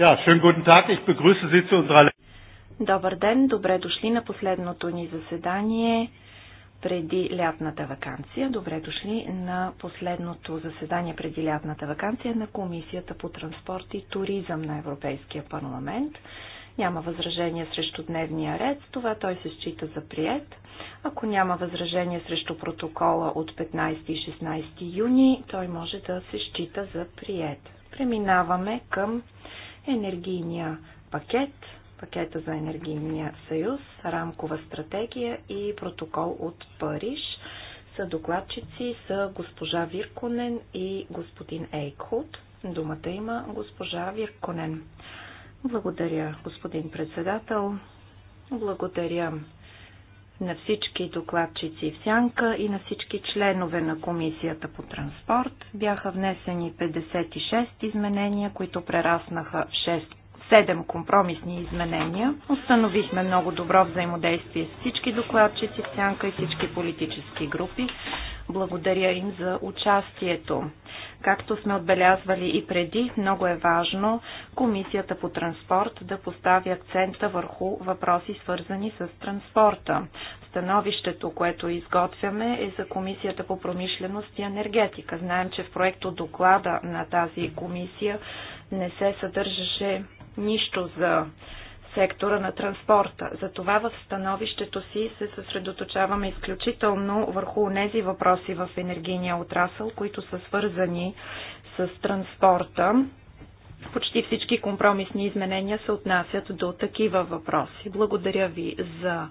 Ja, schönen guten Tag. Ich begrüße Sie zu unserer Добър ден, добре дошли на последното ни заседание преди лятната вакансия. Добре дошли на последното заседание преди лятната вакансия на Комисията по транспорт и туризъм на Европейския парламент. Няма възражение срещу дневния ред, това той се счита за прият. Ако няма възражение срещу протокола от 15 и 16 юни, той може да се счита за прият. Преминаваме към енергийния пакет, пакета за енергийния съюз, рамкова стратегия и протокол от Париж. Са докладчици са госпожа Вирконен и господин Ейкхуд. Думата има госпожа Вирконен. Благодаря, господин председател. Благодаря на всички докладчици в сянка и на всички членове на Комисията по транспорт. Бяха внесени 56 изменения, които прераснаха в 6 7 компромисни изменения. Установихме много добро взаимодействие с всички докладчици в сянка и всички политически групи. Благодаря им за участието. Както сме отбелязвали и преди, много е важно Комисията по транспорт да постави акцента върху въпроси свързани с транспорта. Становището, което изготвяме, е за Комисията по промишленост и енергетика. Знаем, че в проекто доклада на тази комисия не се съдържаше нищо за сектора на транспорта. Затова в становището си се съсредоточаваме изключително върху тези въпроси в енергийния отрасъл, които са свързани с транспорта. Почти всички компромисни изменения се отнасят до такива въпроси. Благодаря ви за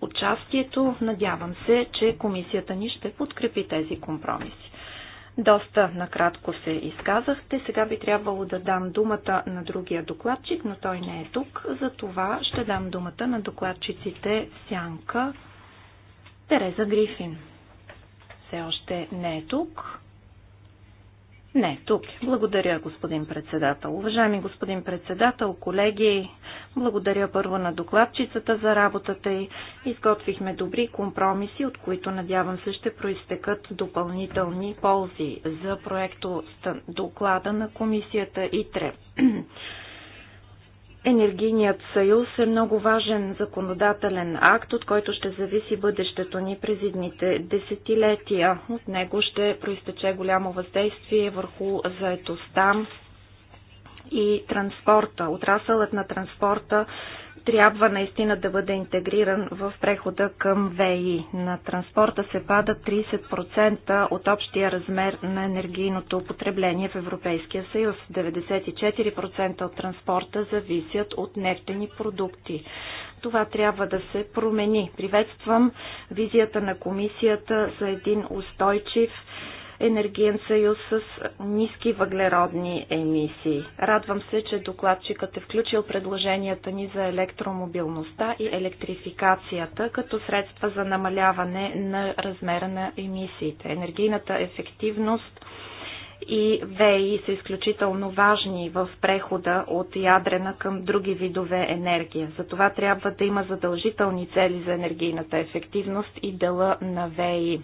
участието. Надявам се, че комисията ни ще подкрепи тези компромиси. Доста накратко се изказахте. Сега би трябвало да дам думата на другия докладчик, но той не е тук. За това ще дам думата на докладчиците Сянка Тереза Грифин. Все още не е тук. Не, тук. Благодаря, господин председател. Уважаеми господин председател, колеги, благодаря първо на докладчицата за работата й. Изготвихме добри компромиси, от които надявам се ще проистекат допълнителни ползи за проекто доклада на комисията ИТРЕ. Енергийният съюз е много важен законодателен акт, от който ще зависи бъдещето ни през едните десетилетия. От него ще проистече голямо въздействие върху заетостта и транспорта. Отрасълът на транспорта трябва наистина да бъде интегриран в прехода към ВИ. На транспорта се пада 30% от общия размер на енергийното потребление в Европейския съюз. 94% от транспорта зависят от нефтени продукти. Това трябва да се промени. Приветствам визията на комисията за един устойчив енергиен съюз с ниски въглеродни емисии. Радвам се, че докладчикът е включил предложенията ни за електромобилността и електрификацията като средства за намаляване на размера на емисиите. Енергийната ефективност и ВЕИ са изключително важни в прехода от ядрена към други видове енергия. Затова трябва да има задължителни цели за енергийната ефективност и дела на ВЕИ.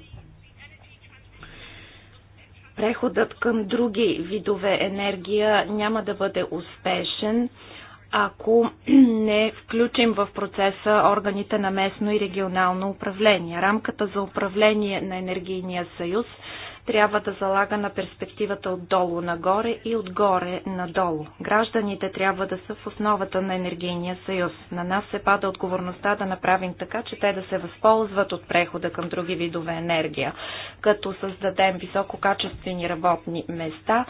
Преходът към други видове енергия няма да бъде успешен, ако не включим в процеса органите на местно и регионално управление. Рамката за управление на енергийния съюз трябва да залага на перспективата отдолу нагоре и отгоре надолу. Гражданите трябва да са в основата на енергийния съюз. На нас се пада отговорността да направим така, че те да се възползват от прехода към други видове енергия, като създадем висококачествени работни места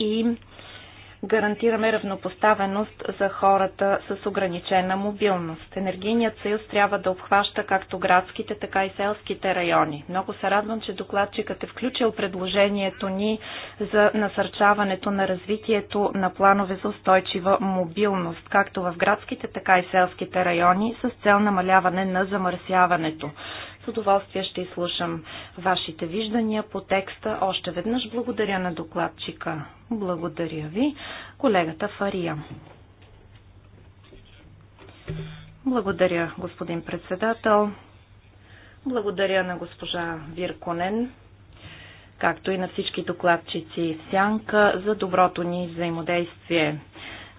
и гарантираме равнопоставеност за хората с ограничена мобилност. Енергийният съюз трябва да обхваща както градските, така и селските райони. Много се радвам, че докладчикът е включил предложението ни за насърчаването на развитието на планове за устойчива мобилност, както в градските, така и селските райони, с цел намаляване на замърсяването. С удоволствие ще изслушам вашите виждания по текста. Още веднъж благодаря на докладчика. Благодаря ви, колегата Фария. Благодаря, господин председател. Благодаря на госпожа Вирконен, както и на всички докладчици в Сянка за доброто ни взаимодействие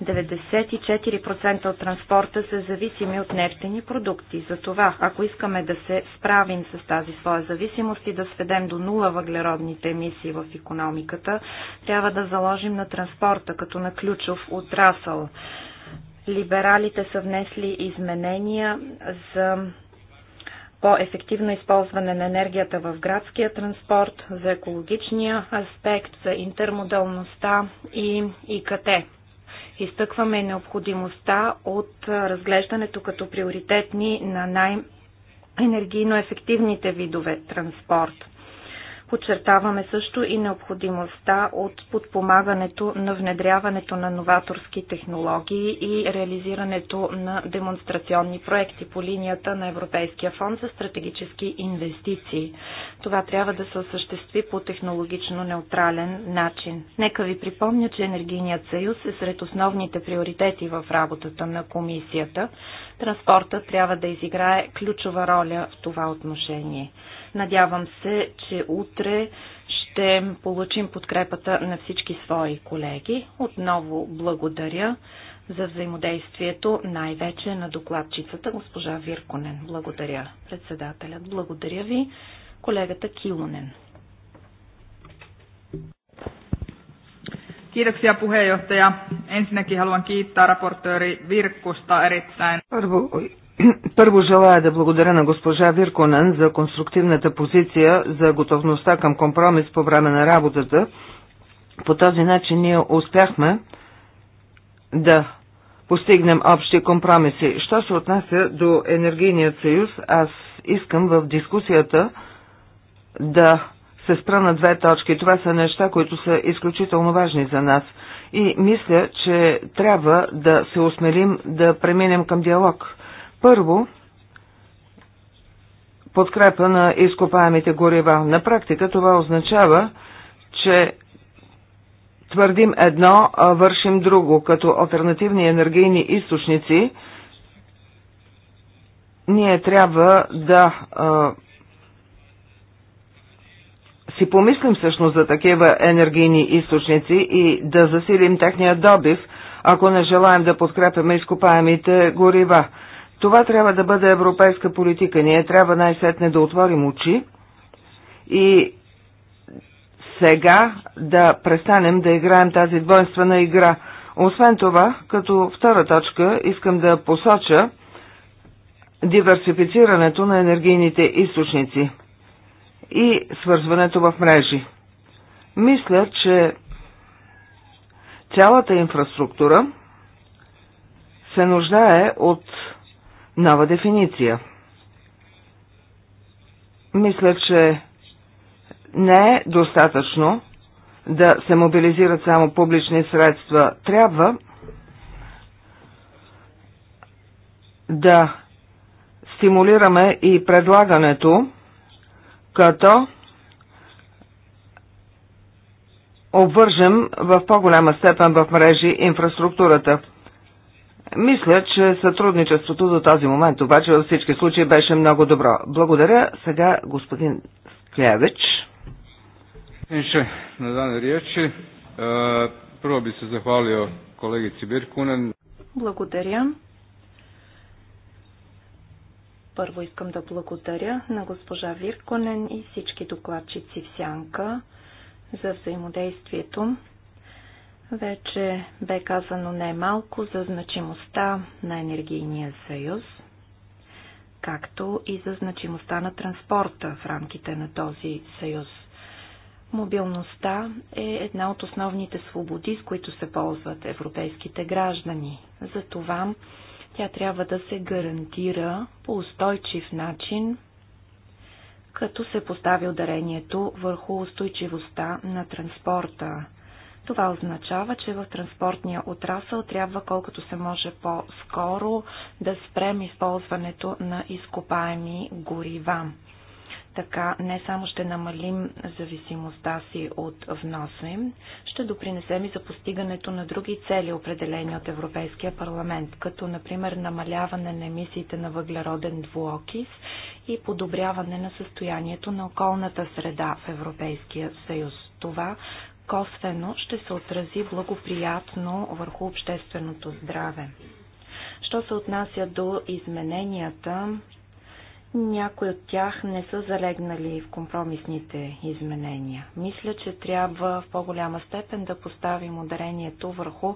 94% от транспорта са зависими от нефтени продукти. Затова, ако искаме да се справим с тази своя зависимост и да сведем до нула въглеродните емисии в економиката, трябва да заложим на транспорта като на ключов отрасъл. Либералите са внесли изменения за по-ефективно използване на енергията в градския транспорт, за екологичния аспект, за интермодалността и ИКТ изтъкваме необходимостта от разглеждането като приоритетни на най- енергийно ефективните видове транспорт. Подчертаваме също и необходимостта от подпомагането на внедряването на новаторски технологии и реализирането на демонстрационни проекти по линията на Европейския фонд за стратегически инвестиции. Това трябва да се осъществи по технологично неутрален начин. Нека ви припомня, че Енергийният съюз е сред основните приоритети в работата на комисията. Транспорта трябва да изиграе ключова роля в това отношение. Надявам се, че утре ще получим подкрепата на всички свои колеги. Отново благодаря за взаимодействието, най-вече на докладчицата госпожа Вирконен. Благодаря, председателят. Благодаря ви, колегата Килонен. Kiitoksia puheenjohtaja. Ensinnäkin haluan kiittää raportööri Virkkusta erittäin. Arvo, Първо желая да благодаря на госпожа Вирконен за конструктивната позиция, за готовността към компромис по време на работата. По този начин ние успяхме да постигнем общи компромиси. Що се отнася до енергийният съюз, аз искам в дискусията да се спра на две точки. Това са неща, които са изключително важни за нас. И мисля, че трябва да се осмелим да преминем към диалог първо, подкрепа на изкопаемите горива. На практика това означава, че твърдим едно, а вършим друго. Като альтернативни енергийни източници, ние трябва да а, си помислим всъщност за такива енергийни източници и да засилим техния добив, ако не желаем да подкрепяме изкопаемите горива. Това трябва да бъде европейска политика. Ние трябва най-сетне да отворим очи и сега да престанем да играем тази двойствена игра. Освен това, като втора точка, искам да посоча диверсифицирането на енергийните източници и свързването в мрежи. Мисля, че цялата инфраструктура се нуждае от нова дефиниция. Мисля, че не е достатъчно да се мобилизират само публични средства. Трябва да стимулираме и предлагането, като обвържем в по-голяма степен в мрежи инфраструктурата. Мисля, че сътрудничеството до този момент обаче във всички случаи беше много добро. Благодаря. Сега господин Склявич. Инше, на дане речи. Първо би се захвалио колегици Биркунен. Благодаря. Първо искам да благодаря на госпожа Вирконен и всички докладчици в Сянка за взаимодействието вече бе казано най малко за значимостта на енергийния съюз, както и за значимостта на транспорта в рамките на този съюз. Мобилността е една от основните свободи, с които се ползват европейските граждани. Затова тя трябва да се гарантира по устойчив начин, като се постави ударението върху устойчивостта на транспорта. Това означава, че в транспортния отрасъл трябва колкото се може по-скоро да спрем използването на изкопаеми горива. Така не само ще намалим зависимостта си от вноса им, ще допринесем и за постигането на други цели, определени от Европейския парламент, като например намаляване на емисиите на въглероден двуокис и подобряване на състоянието на околната среда в Европейския съюз. Това косвено ще се отрази благоприятно върху общественото здраве. Що се отнася до измененията, някои от тях не са залегнали в компромисните изменения. Мисля, че трябва в по-голяма степен да поставим ударението върху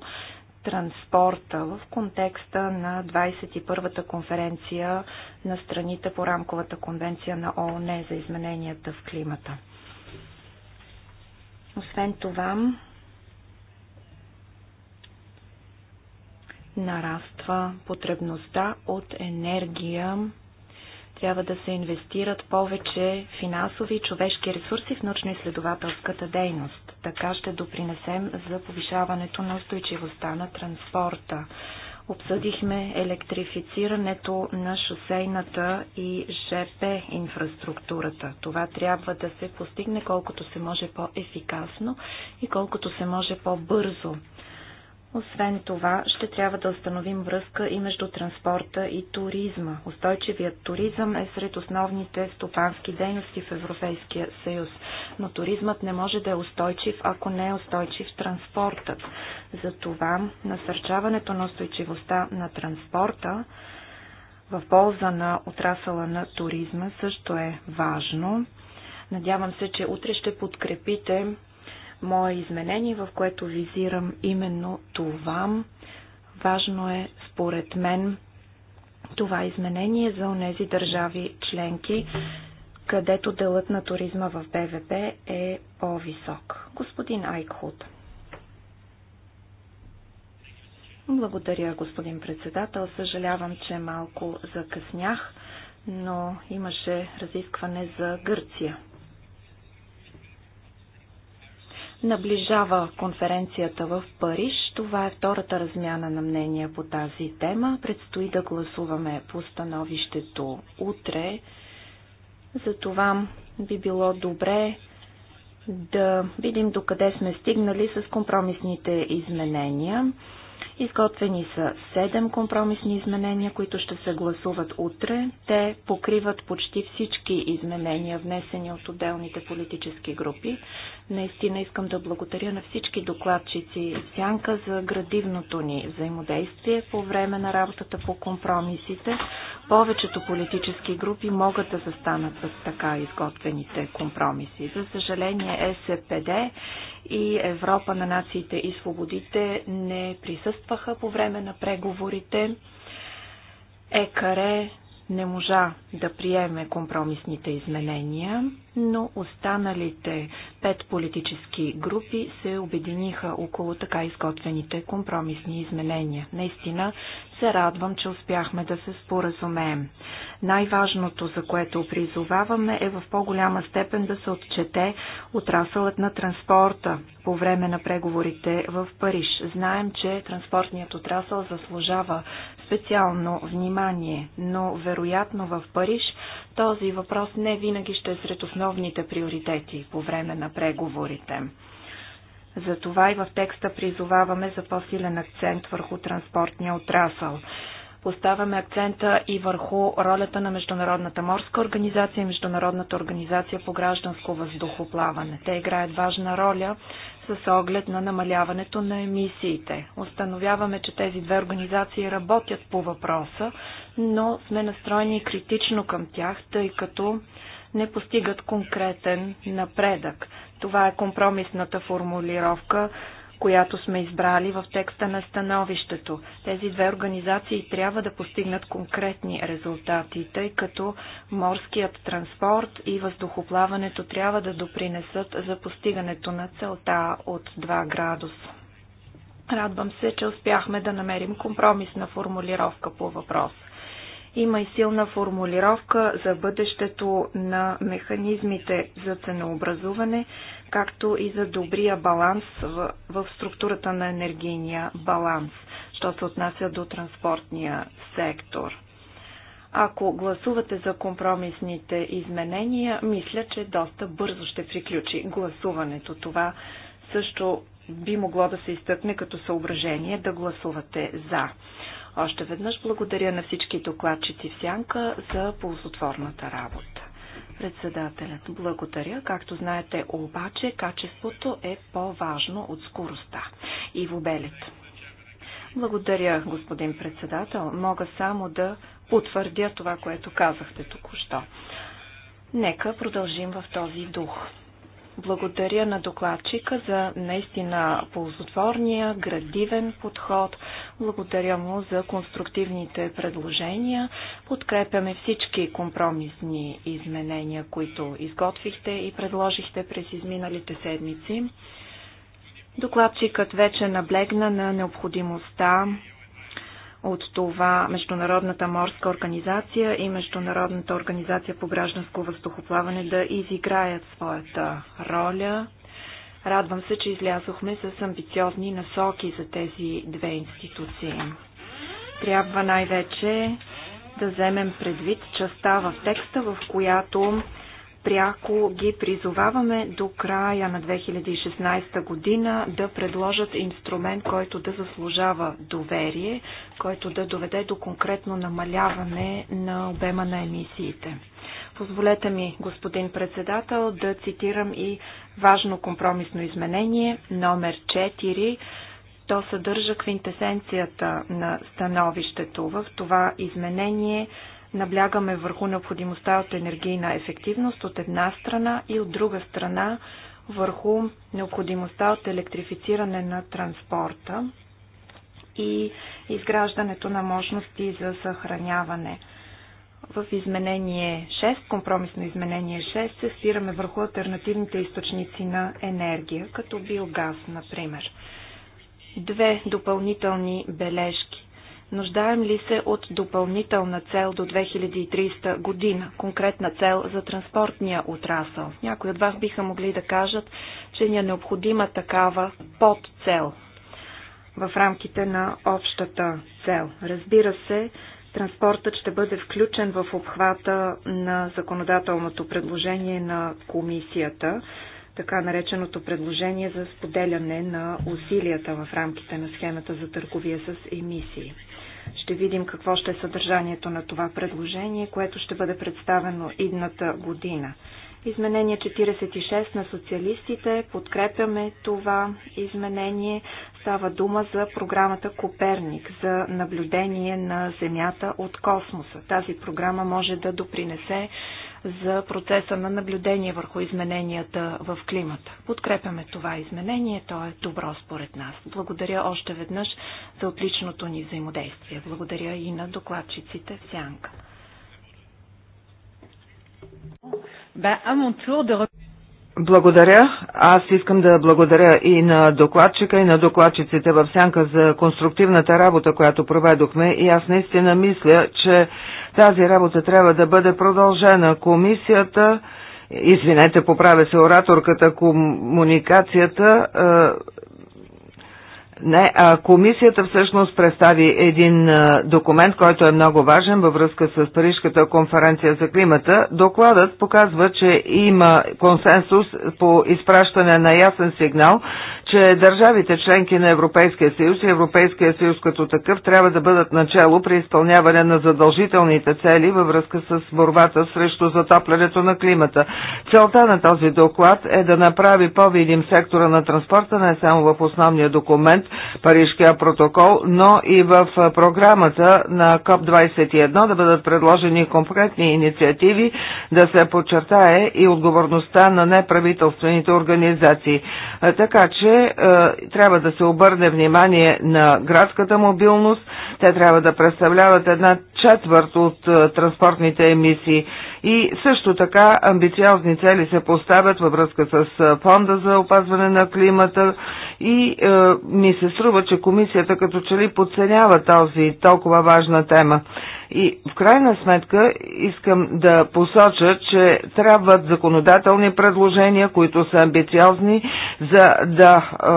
транспорта в контекста на 21-та конференция на страните по рамковата конвенция на ООН за измененията в климата. Освен това, нараства потребността от енергия. Трябва да се инвестират повече финансови и човешки ресурси в научно-изследователската дейност. Така ще допринесем за повишаването на устойчивостта на транспорта. Обсъдихме електрифицирането на шосейната и ЖП инфраструктурата. Това трябва да се постигне колкото се може по-ефикасно и колкото се може по-бързо. Освен това, ще трябва да установим връзка и между транспорта и туризма. Устойчивият туризъм е сред основните стопански дейности в Европейския съюз, но туризмът не може да е устойчив, ако не е устойчив транспортът. Затова насърчаването на устойчивостта на транспорта в полза на отрасъла на туризма също е важно. Надявам се, че утре ще подкрепите мое изменение, в което визирам именно това. Важно е, според мен, това изменение за онези държави членки, където делът на туризма в БВП е по-висок. Господин Айкхуд. Благодаря, господин председател. Съжалявам, че малко закъснях, но имаше разискване за Гърция. Наближава конференцията в Париж. Това е втората размяна на мнения по тази тема. Предстои да гласуваме по становището утре. Затова би било добре да видим докъде сме стигнали с компромисните изменения. Изготвени са 7 компромисни изменения, които ще се гласуват утре. Те покриват почти всички изменения, внесени от отделните политически групи. Наистина искам да благодаря на всички докладчици Сянка за градивното ни взаимодействие по време на работата по компромисите. Повечето политически групи могат да застанат с така изготвените компромиси. За съжаление, СПД и Европа на нациите и свободите не присъстваха по време на преговорите. ЕКАРЕ не можа да приеме компромисните изменения, но останалите пет политически групи се обединиха около така изготвените компромисни изменения. Наистина се радвам, че успяхме да се споразумеем. Най-важното, за което призоваваме, е в по-голяма степен да се отчете отрасълът на транспорта по време на преговорите в Париж. Знаем, че транспортният отрасъл заслужава специално внимание, но вероятно в Париж този въпрос не винаги ще е сред основните приоритети по време на преговорите. Затова и в текста призоваваме за по-силен акцент върху транспортния отрасъл. Поставяме акцента и върху ролята на Международната морска организация и Международната организация по гражданско въздухоплаване. Те играят важна роля с оглед на намаляването на емисиите. Установяваме, че тези две организации работят по въпроса, но сме настроени критично към тях, тъй като не постигат конкретен напредък. Това е компромисната формулировка, която сме избрали в текста на становището. Тези две организации трябва да постигнат конкретни резултати, тъй като морският транспорт и въздухоплаването трябва да допринесат за постигането на целта от 2 градуса. Радвам се, че успяхме да намерим компромисна формулировка по въпроса. Има и силна формулировка за бъдещето на механизмите за ценообразуване, както и за добрия баланс в, в структурата на енергийния баланс, що се отнася до транспортния сектор. Ако гласувате за компромисните изменения, мисля, че доста бързо ще приключи гласуването. Това също би могло да се изтъкне като съображение да гласувате за. Още веднъж благодаря на всички докладчици в Сянка за ползотворната работа. Председателят, благодаря. Както знаете, обаче качеството е по-важно от скоростта. и в Белет. Благодаря, господин председател. Мога само да потвърдя това, което казахте току-що. Нека продължим в този дух. Благодаря на докладчика за наистина ползотворния, градивен подход. Благодаря му за конструктивните предложения. Подкрепяме всички компромисни изменения, които изготвихте и предложихте през изминалите седмици. Докладчикът вече наблегна на необходимостта от това Международната морска организация и Международната организация по гражданско въздухоплаване да изиграят своята роля. Радвам се, че излязохме с амбициозни насоки за тези две институции. Трябва най-вече да вземем предвид частта в текста, в която пряко ги призоваваме до края на 2016 година да предложат инструмент, който да заслужава доверие, който да доведе до конкретно намаляване на обема на емисиите. Позволете ми, господин председател, да цитирам и важно компромисно изменение номер 4 то съдържа квинтесенцията на становището. В това изменение Наблягаме върху необходимостта от енергийна ефективност от една страна и от друга страна върху необходимостта от електрифициране на транспорта и изграждането на мощности за съхраняване. В изменение 6, компромисно изменение 6, се спираме върху альтернативните източници на енергия, като биогаз, например. Две допълнителни бележки. Нуждаем ли се от допълнителна цел до 2030 година, конкретна цел за транспортния отрасъл? Някои от вас биха могли да кажат, че ни е необходима такава подцел в рамките на общата цел. Разбира се, транспортът ще бъде включен в обхвата на законодателното предложение на комисията, така нареченото предложение за споделяне на усилията в рамките на схемата за търговия с емисии. Ще видим какво ще е съдържанието на това предложение, което ще бъде представено идната година. Изменение 46 на социалистите. Подкрепяме това изменение. Става дума за програмата Коперник за наблюдение на Земята от космоса. Тази програма може да допринесе за процеса на наблюдение върху измененията в климата. Подкрепяме това изменение, то е добро според нас. Благодаря още веднъж за отличното ни взаимодействие. Благодаря и на докладчиците в Сянка. Благодаря. Аз искам да благодаря и на докладчика, и на докладчиците в Сянка за конструктивната работа, която проведохме. И аз наистина мисля, че тази работа трябва да бъде продължена. Комисията, извинете, поправя се ораторката, комуникацията е, не, а комисията всъщност представи един документ, който е много важен във връзка с Парижката конференция за климата. Докладът показва, че има консенсус по изпращане на ясен сигнал, че държавите членки на Европейския съюз и Европейския съюз като такъв трябва да бъдат начало при изпълняване на задължителните цели във връзка с борбата срещу затоплянето на климата. Целта на този доклад е да направи по-видим сектора на транспорта не само в основния документ Парижкия протокол, но и в програмата на КОП-21 да бъдат предложени конкретни инициативи да се подчертае и отговорността на неправителствените организации. Така че е, трябва да се обърне внимание на градската мобилност. Те трябва да представляват една четвърт от е, транспортните емисии. И също така амбициозни цели се поставят във връзка с е, фонда за опазване на климата и е, ми се струва, че комисията като че ли подценява този толкова важна тема. И в крайна сметка искам да посоча, че трябват законодателни предложения, които са амбициозни, за да е,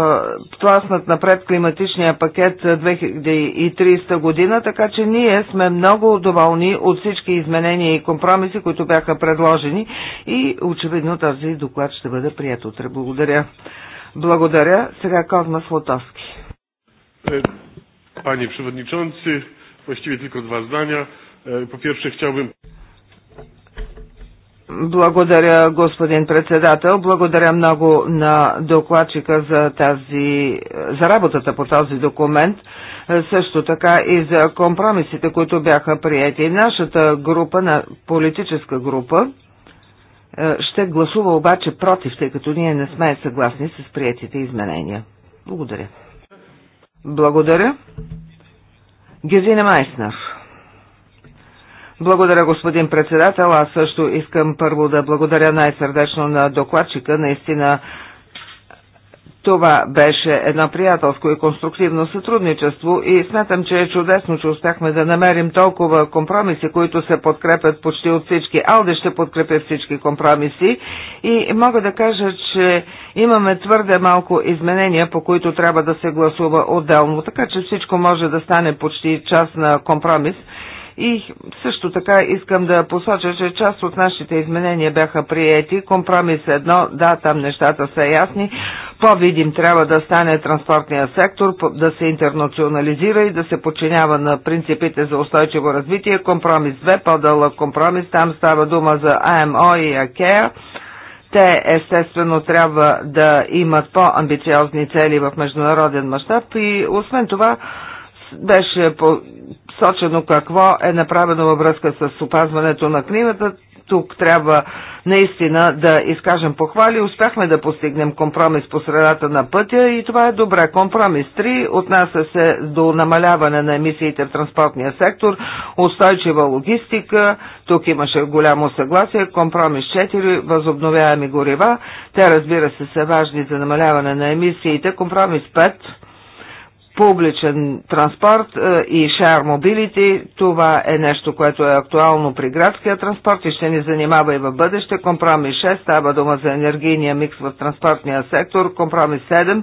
тласнат напред климатичния пакет 2030 година, така че ние сме много доволни от всички изменения и компромиси, които бяха предложени и очевидно този доклад ще бъде прият утре. Благодаря. Благодаря. Сега Козма Слотовски. Е, пани Przewodniczący, Właściwie tylko dwa zdania. E, po pierwsze chciałbym... Благодаря, господин председател. Благодаря много на докладчика за, тази, за работата по този документ, е, също така и за компромисите, които бяха приети. Нашата група, на политическа група, е, ще гласува обаче против, тъй като ние не сме съгласни с приетите изменения. Благодаря. Благодаря. Гезина Майснер. Благодаря, господин председател. Аз също искам първо да благодаря най-сърдечно на докладчика. Наистина това беше едно приятелско и конструктивно сътрудничество и смятам, че е чудесно, че успяхме да намерим толкова компромиси, които се подкрепят почти от всички. Алде ще подкрепя всички компромиси и мога да кажа, че имаме твърде малко изменения, по които трябва да се гласува отделно, така че всичко може да стане почти част на компромис. И също така искам да посоча, че част от нашите изменения бяха приети. Компромис едно, да, там нещата са ясни. По-видим трябва да стане транспортния сектор, да се интернационализира и да се подчинява на принципите за устойчиво развитие. Компромис 2, по-дълъг компромис, там става дума за АМО и АКЕА. Те естествено трябва да имат по-амбициозни цели в международен мащаб и освен това беше посочено какво е направено във връзка с опазването на климата. Тук трябва наистина да изкажем похвали. Успяхме да постигнем компромис по средата на пътя и това е добре. Компромис 3 отнася се до намаляване на емисиите в транспортния сектор, устойчива логистика, тук имаше голямо съгласие, компромис 4 възобновяеми горива, те разбира се са важни за намаляване на емисиите, компромис 5 публичен транспорт е, и share mobility. Това е нещо, което е актуално при градския транспорт и ще ни занимава и в бъдеще. Компромис 6 става дума за енергийния микс в транспортния сектор. Компромис 7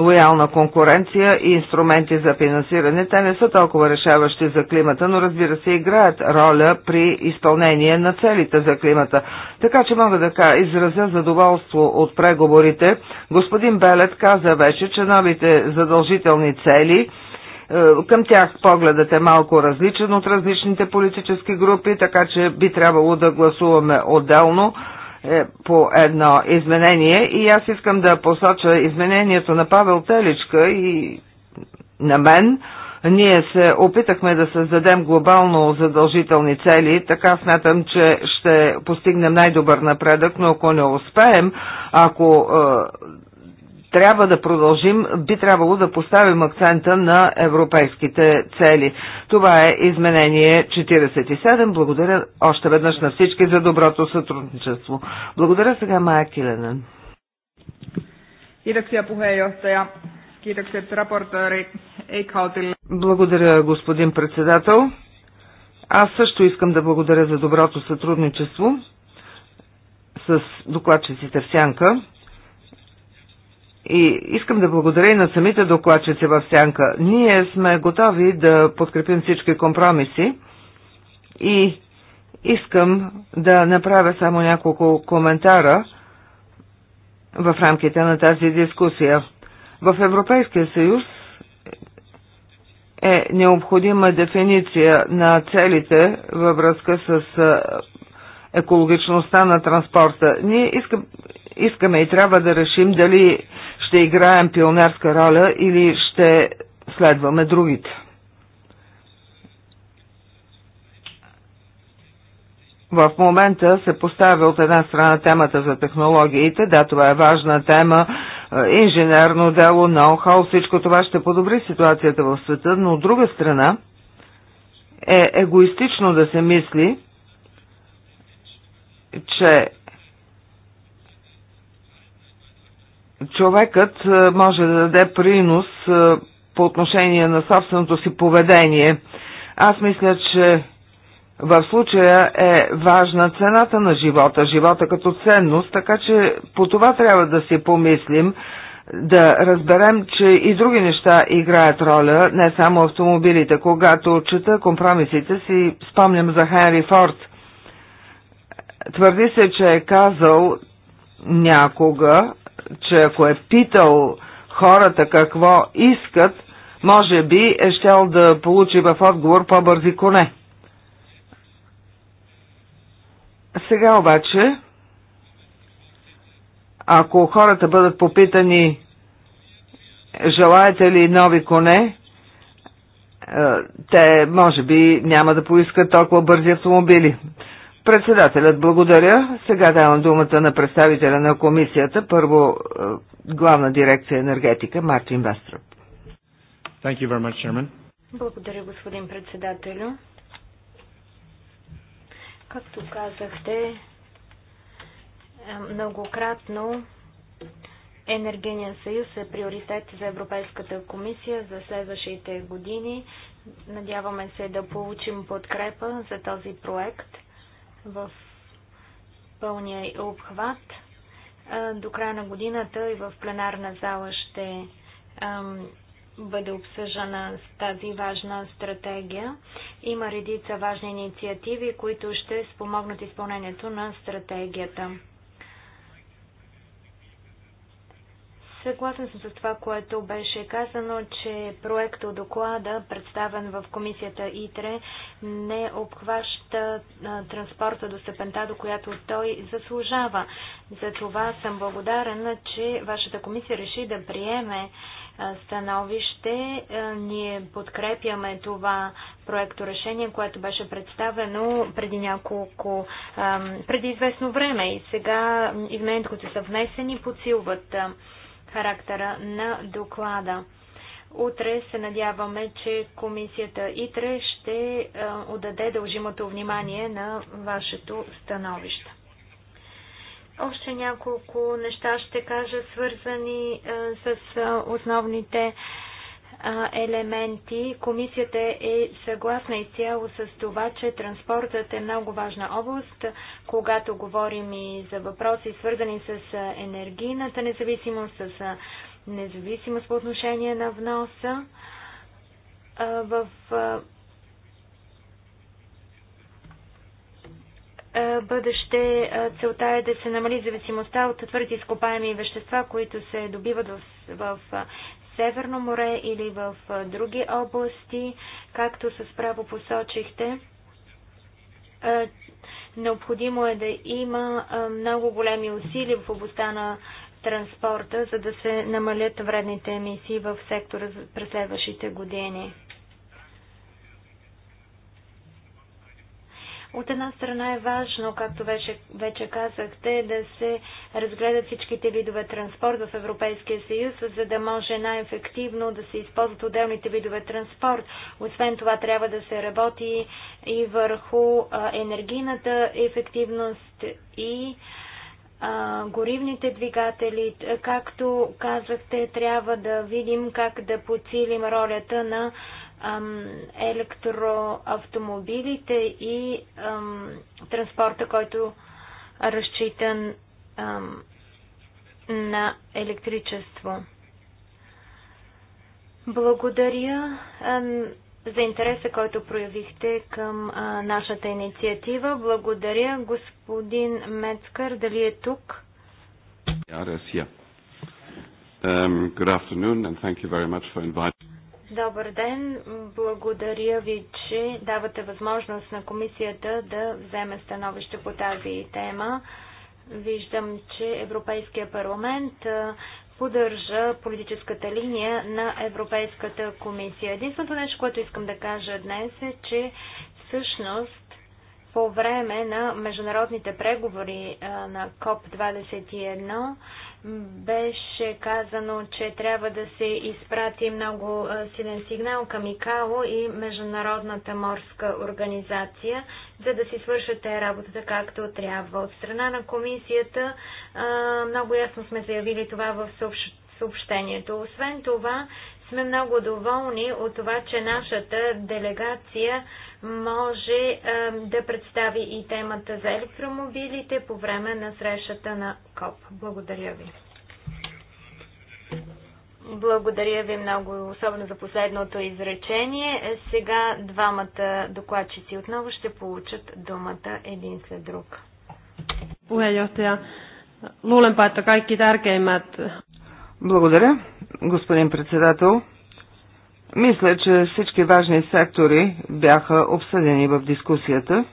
лоялна конкуренция и инструменти за финансиране, те не са толкова решаващи за климата, но разбира се играят роля при изпълнение на целите за климата. Така че мога да кажа, изразя задоволство от преговорите. Господин Белет каза вече, че новите задължителни цели е, към тях погледът е малко различен от различните политически групи, така че би трябвало да гласуваме отделно. Е, по едно изменение и аз искам да посоча изменението на Павел Теличка и на мен. Ние се опитахме да създадем глобално задължителни цели, така смятам, че ще постигнем най-добър напредък, но ако не успеем, ако е, трябва да продължим, би трябвало да поставим акцента на европейските цели. Това е изменение 47. Благодаря още веднъж на всички за доброто сътрудничество. Благодаря сега Майя Киленен. Kiitoksia puheenjohtaja. Kiitokset raportööri Eichhautille. Благодаря, господин председател. Аз също искам да благодаря за доброто сътрудничество с докладчиците в Сянка. И искам да благодаря и на самите докладчици в Сянка. Ние сме готови да подкрепим всички компромиси и искам да направя само няколко коментара в рамките на тази дискусия. В Европейския съюз е необходима дефиниция на целите във връзка с екологичността на транспорта. Ние искам, искаме и трябва да решим дали ще играем пионерска роля или ще следваме другите. В момента се поставя от една страна темата за технологиите, да, това е важна тема, инженерно дело, ноу-хау, всичко това ще подобри ситуацията в света, но от друга страна е егоистично да се мисли, че човекът е, може да даде принос е, по отношение на собственото си поведение. Аз мисля, че в случая е важна цената на живота, живота като ценност, така че по това трябва да си помислим, да разберем, че и други неща играят роля, не само автомобилите. Когато чета компромисите си, спомням за Хенри Форд. Твърди се, че е казал някога, че ако е питал хората какво искат, може би е щел да получи в отговор по-бързи коне. Сега обаче, ако хората бъдат попитани желаете ли нови коне, е, те може би няма да поискат толкова бързи автомобили. Председателят, благодаря. Сега давам думата на представителя на комисията, първо е, главна дирекция енергетика, Мартин Вестръп. Благодаря, господин председателю. Както казахте, е, многократно Енергийният съюз е приоритет за Европейската комисия за следващите години. Надяваме се да получим подкрепа за този проект – в пълния обхват. До края на годината и в пленарна зала ще бъде обсъждана с тази важна стратегия. Има редица важни инициативи, които ще спомогнат изпълнението на стратегията. Съгласен съм с това, което беше казано, че проекто доклада, представен в комисията ИТРЕ, не обхваща транспорта до степента, до която той заслужава. За това съм благодарен, че вашата комисия реши да приеме становище. Ние подкрепяме това проекто решение, което беше представено преди няколко, преди известно време и сега измененията, които са внесени, подсилват характера на доклада. Утре се надяваме, че комисията ИТРЕ ще отдаде дължимото внимание на вашето становище. Още няколко неща ще кажа, свързани с основните елементи. Комисията е съгласна изцяло с това, че транспортът е много важна област, когато говорим и за въпроси, свързани с енергийната независимост, с независимост по отношение на вноса. В бъдеще целта е да се намали зависимостта от твърди изкопаеми вещества, които се добиват в, в Северно море или в други области, както с право посочихте. Необходимо е да има много големи усилия в областта на транспорта, за да се намалят вредните емисии в сектора през следващите години. От една страна е важно, както вече, вече казахте, да се разгледат всичките видове транспорт в Европейския съюз, за да може най-ефективно да се използват отделните видове транспорт. Освен това трябва да се работи и върху енергийната ефективност и горивните двигатели, както казахте, трябва да видим как да подсилим ролята на електроавтомобилите и транспорта, който разчитан на електричество. Благодаря за интереса, който проявихте към а, нашата инициатива. Благодаря. Господин Мецкър, дали е тук? Yeah, yes, yeah. Um, good afternoon and thank you very much for inviting Добър ден! Благодаря ви, че давате възможност на комисията да вземе становище по тази тема. Виждам, че Европейския парламент поддържа политическата линия на Европейската комисия. Единственото нещо, което искам да кажа днес е, че всъщност по време на международните преговори на КОП-21 беше казано, че трябва да се изпрати много силен сигнал към ИКАО и Международната морска организация, за да си свършате работата както трябва. От страна на комисията много ясно сме заявили това в съобщението. Освен това, сме много доволни от това, че нашата делегация може да представи и темата за електромобилите по време на срещата на КОП. Благодаря ви. Благодаря ви много, особено за последното изречение. Сега двамата докладчици отново ще получат думата един след друг. Puheenjohtaja, luulenpa, että kaikki tärkeimmät... Благодаря господин председател. Мисля, че всички важни сектори бяха обсъдени в дискусията.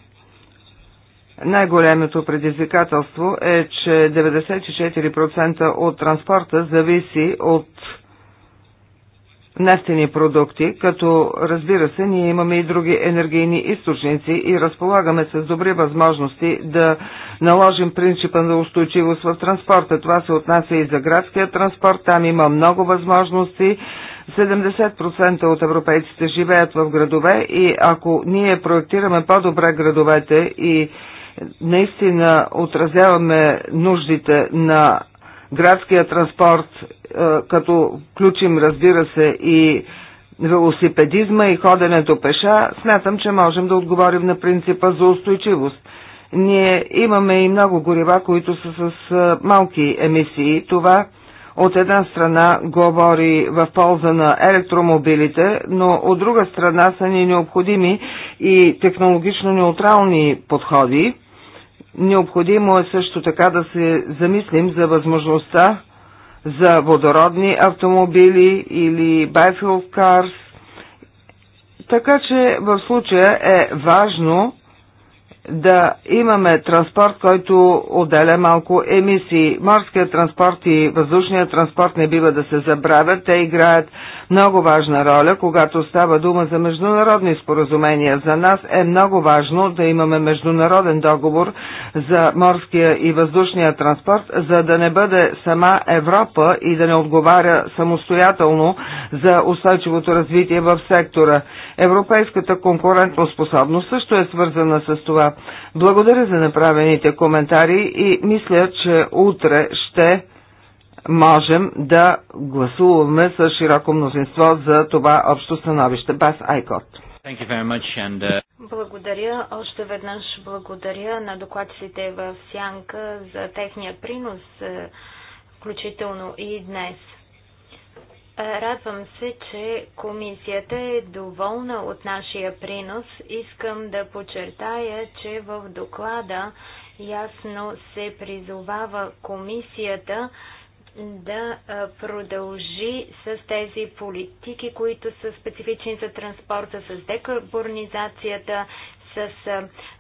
Най-големото предизвикателство е, че 94% от транспорта зависи от нефтени продукти, като разбира се, ние имаме и други енергийни източници и разполагаме с добри възможности да наложим принципа на устойчивост в транспорта. Това се отнася и за градския транспорт, там има много възможности. 70% от европейците живеят в градове и ако ние проектираме по-добре градовете и наистина отразяваме нуждите на градския транспорт, е, като включим, разбира се, и велосипедизма и ходенето пеша, смятам, че можем да отговорим на принципа за устойчивост. Ние имаме и много горива, които са с е, малки емисии. Това от една страна говори в полза на електромобилите, но от друга страна са ни необходими и технологично неутрални подходи. Необходимо е също така да се замислим за възможността за водородни автомобили или biofuel Карс. Така че в случая е важно да имаме транспорт, който отделя малко емисии. Морският транспорт и въздушният транспорт не бива да се забравят. Те играят много важна роля, когато става дума за международни споразумения. За нас е много важно да имаме международен договор за морския и въздушния транспорт, за да не бъде сама Европа и да не отговаря самостоятелно за устойчивото развитие в сектора. Европейската конкурентоспособност също е свързана с това. Благодаря за направените коментари и мисля, че утре ще можем да гласуваме с широко мнозинство за това общо становище. Бас Айкот. Uh, благодаря. Още веднъж благодаря на докладците в Сянка за техния принос, е, включително и днес. Е, радвам се, че комисията е доволна от нашия принос. Искам да подчертая, че в доклада ясно се призовава комисията да продължи с тези политики, които са специфични за транспорта, с декарбонизацията, с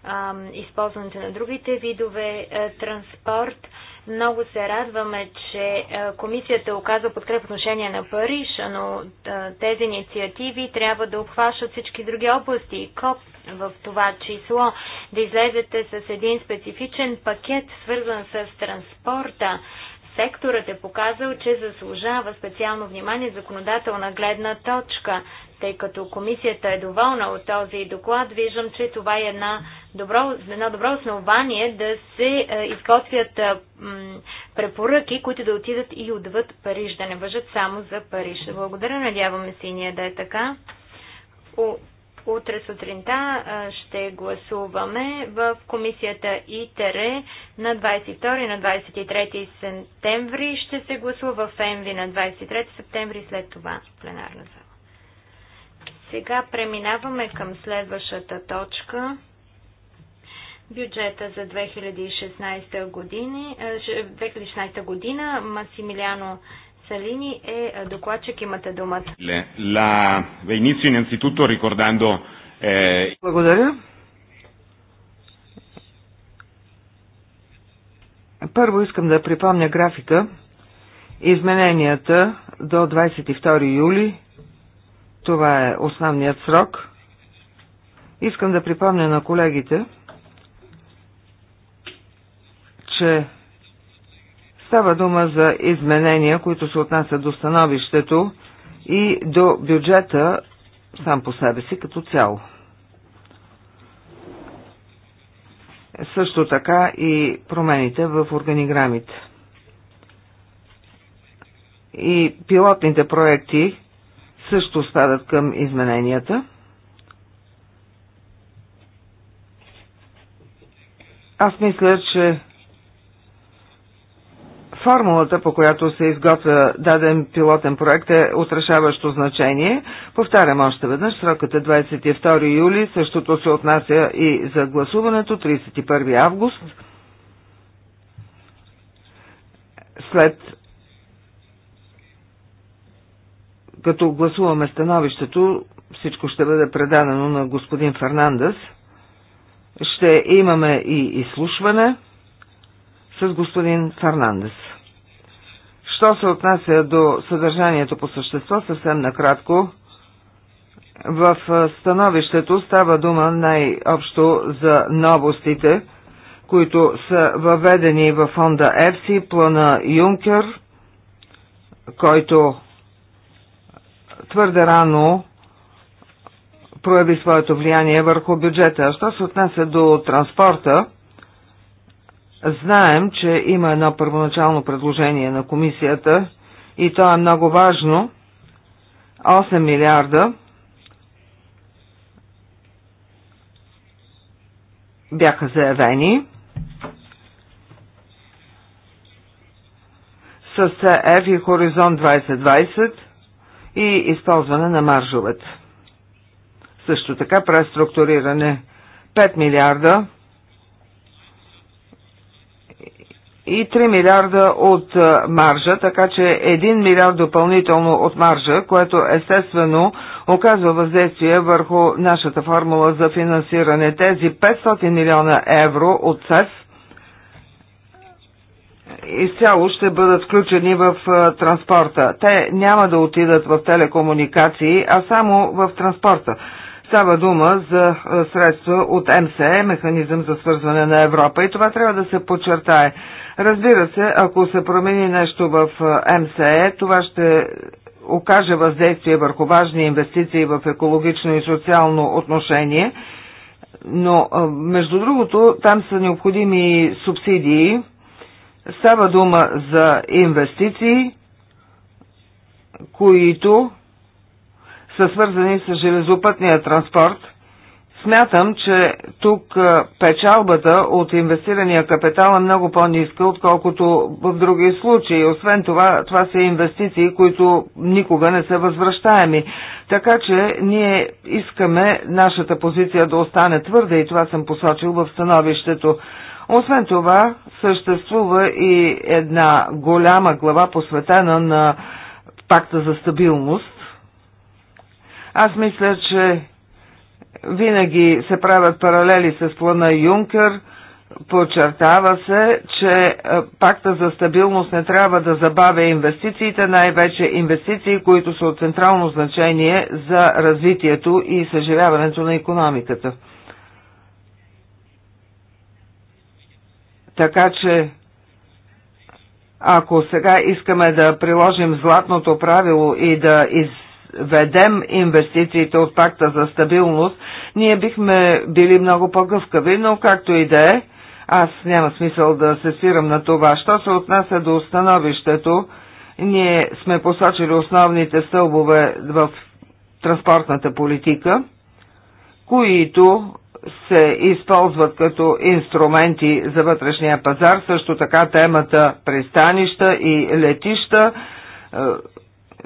а, използването на другите видове а, транспорт. Много се радваме, че комисията оказва подкреп отношение на Париж, но тези инициативи трябва да обхващат всички други области и КОП в това число. Да излезете с един специфичен пакет, свързан с транспорта. Секторът е показал, че заслужава специално внимание законодателна гледна точка. Тъй като комисията е доволна от този доклад, виждам, че това е една добро, едно добро основание да се е, изготвят е, препоръки, които да отидат и отвъд Париж, да не въжат само за Париж. Благодаря, надяваме се и ние да е така. Утре сутринта ще гласуваме в комисията ИТРЕ на 22 и на 23 септември. Ще се гласува в ЕМВИ на 23 септември след това в пленарна зала. Сега преминаваме към следващата точка. Бюджета за 2016 година, 2016 година Масимилиано Salini е, е докладчик, имате думата. La... inizio innanzitutto ricordando... Eh... Благодаря. Първо искам да припомня графика. Измененията до 22 юли. Това е основният срок. Искам да припомня на колегите, че Става дума за изменения, които се отнасят до становището и до бюджета сам по себе си като цяло. Също така и промените в органиграмите. И пилотните проекти също спадат към измененията. Аз мисля, че формулата, по която се изготвя даден пилотен проект е отрешаващо значение. Повтарям още веднъж, срокът е 22 юли, същото се отнася и за гласуването 31 август. След като гласуваме становището, всичко ще бъде предадено на господин Фернандес. Ще имаме и изслушване с господин Фернандес. Що се отнася до съдържанието по същество, съвсем накратко, в становището става дума най-общо за новостите, които са въведени в фонда ЕФСИ, плана Юнкер, който твърде рано прояви своето влияние върху бюджета. Що се отнася до транспорта, Знаем, че има едно първоначално предложение на комисията и то е много важно. 8 милиарда бяха заявени. с ЕФ и Хоризонт 2020 и използване на маржовете. Също така преструктуриране 5 милиарда и 3 милиарда от маржа, така че 1 милиард допълнително от маржа, което естествено оказва въздействие върху нашата формула за финансиране. Тези 500 милиона евро от СЕС изцяло ще бъдат включени в транспорта. Те няма да отидат в телекомуникации, а само в транспорта. Става дума за средства от МСЕ, механизъм за свързване на Европа и това трябва да се подчертае. Разбира се, ако се промени нещо в МСЕ, това ще окаже въздействие върху важни инвестиции в екологично и социално отношение, но между другото там са необходими субсидии. Става дума за инвестиции, които са свързани с железопътния транспорт, смятам, че тук печалбата от инвестирания капитал е много по-ниска, отколкото в други случаи. Освен това, това са инвестиции, които никога не са възвръщаеми. Така че ние искаме нашата позиция да остане твърда и това съм посочил в становището. Освен това, съществува и една голяма глава посветена на пакта за стабилност, аз мисля, че винаги се правят паралели с плана Юнкер. Подчертава се, че е, пакта за стабилност не трябва да забавя инвестициите, най-вече инвестиции, които са от централно значение за развитието и съживяването на економиката. Така че, ако сега искаме да приложим златното правило и да из изведем инвестициите от пакта за стабилност, ние бихме били много по-гъвкави, но както и да е, аз няма смисъл да се свирам на това. Що се отнася до установището, ние сме посочили основните стълбове в транспортната политика, които се използват като инструменти за вътрешния пазар, също така темата пристанища и летища,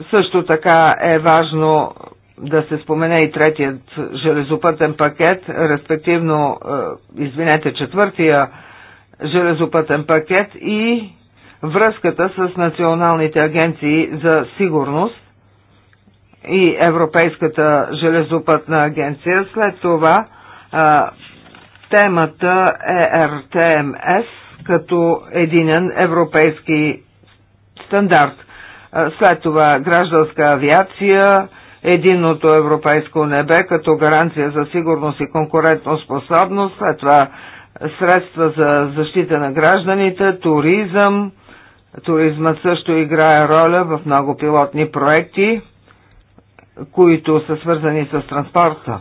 също така е важно да се спомене и третият железопътен пакет, респективно, е, извинете, четвъртия железопътен пакет и връзката с националните агенции за сигурност и Европейската железопътна агенция. След това е, темата ЕРТМС като единен европейски стандарт. След това гражданска авиация, единното европейско небе като гаранция за сигурност и конкурентоспособност, след това средства за защита на гражданите, туризъм. Туризмът също играе роля в много пилотни проекти, които са свързани с транспорта.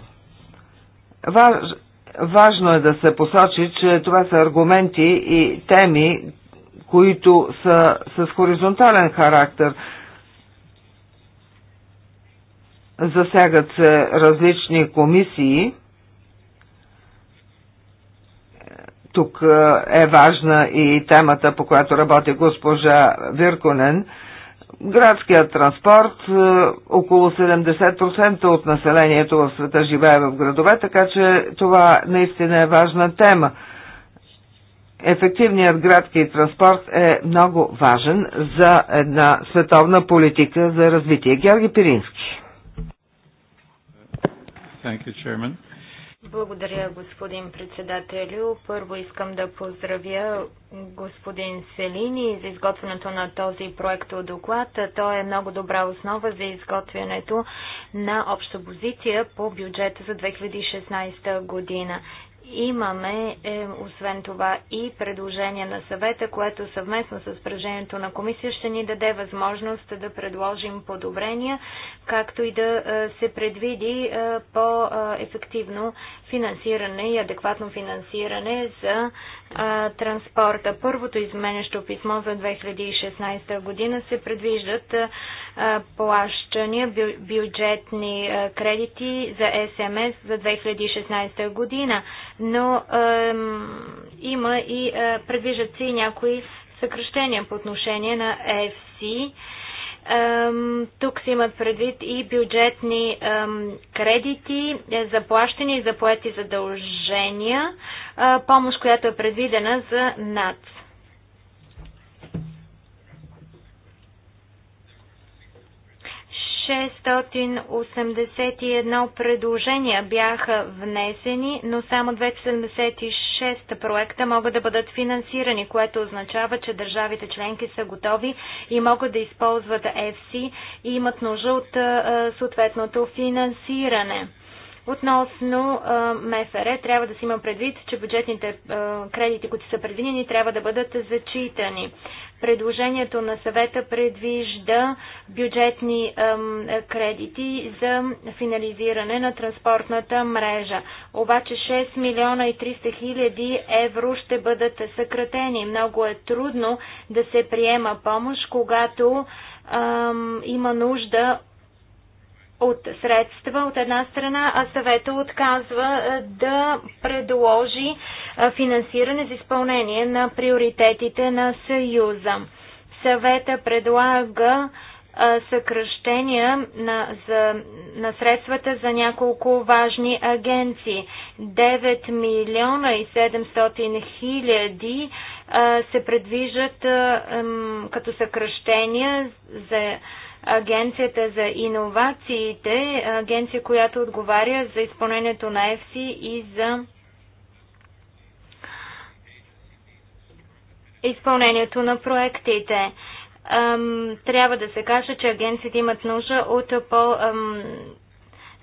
Важно е да се посочи, че това са аргументи и теми, които са с хоризонтален характер. Засягат се различни комисии. Тук е, е важна и темата, по която работи госпожа Вирконен. Градският транспорт, е, около 70% от населението в света живее в градове, така че това наистина е важна тема. Ефективният градски транспорт е много важен за една световна политика за развитие. Георги Пирински. You, Благодаря, господин председателю. Първо искам да поздравя господин Селини за изготвянето на този проект от доклад. Той е много добра основа за изготвянето на обща позиция по бюджета за 2016 година. Имаме, е, освен това, и предложение на съвета, което съвместно с предложението на комисия ще ни даде възможност да предложим подобрения, както и да е, се предвиди е, по-ефективно финансиране и адекватно финансиране за е, транспорта. Първото изменещо писмо за 2016 година се предвиждат е, плащания, бюджетни кредити за СМС за 2016 година, но има и предвиждат се и някои съкръщения по отношение на ЕФСИ. Тук се имат предвид и бюджетни кредити, е, заплащани и заплати задължения, помощ, която е предвидена за НАЦ. 681 предложения бяха внесени, но само 276 проекта могат да бъдат финансирани, което означава, че държавите членки са готови и могат да използват ЕФСИ и имат нужда от съответното финансиране. Относно МФР, трябва да си има предвид, че бюджетните кредити, които са предвидени, трябва да бъдат зачитани. Предложението на съвета предвижда бюджетни кредити за финализиране на транспортната мрежа. Обаче 6 милиона и 300 хиляди евро ще бъдат съкратени. Много е трудно да се приема помощ, когато има нужда от средства от една страна, а съвета отказва е, да предложи е, финансиране за изпълнение на приоритетите на Съюза. Съвета предлага е, съкръщения на, за, на средствата за няколко важни агенции. 9 милиона и 700 хиляди се предвижат като съкръщения за Агенцията за иновациите, агенция, която отговаря за изпълнението на ЕФСИ и за изпълнението на проектите. Трябва да се каже, че агенциите имат нужда от по-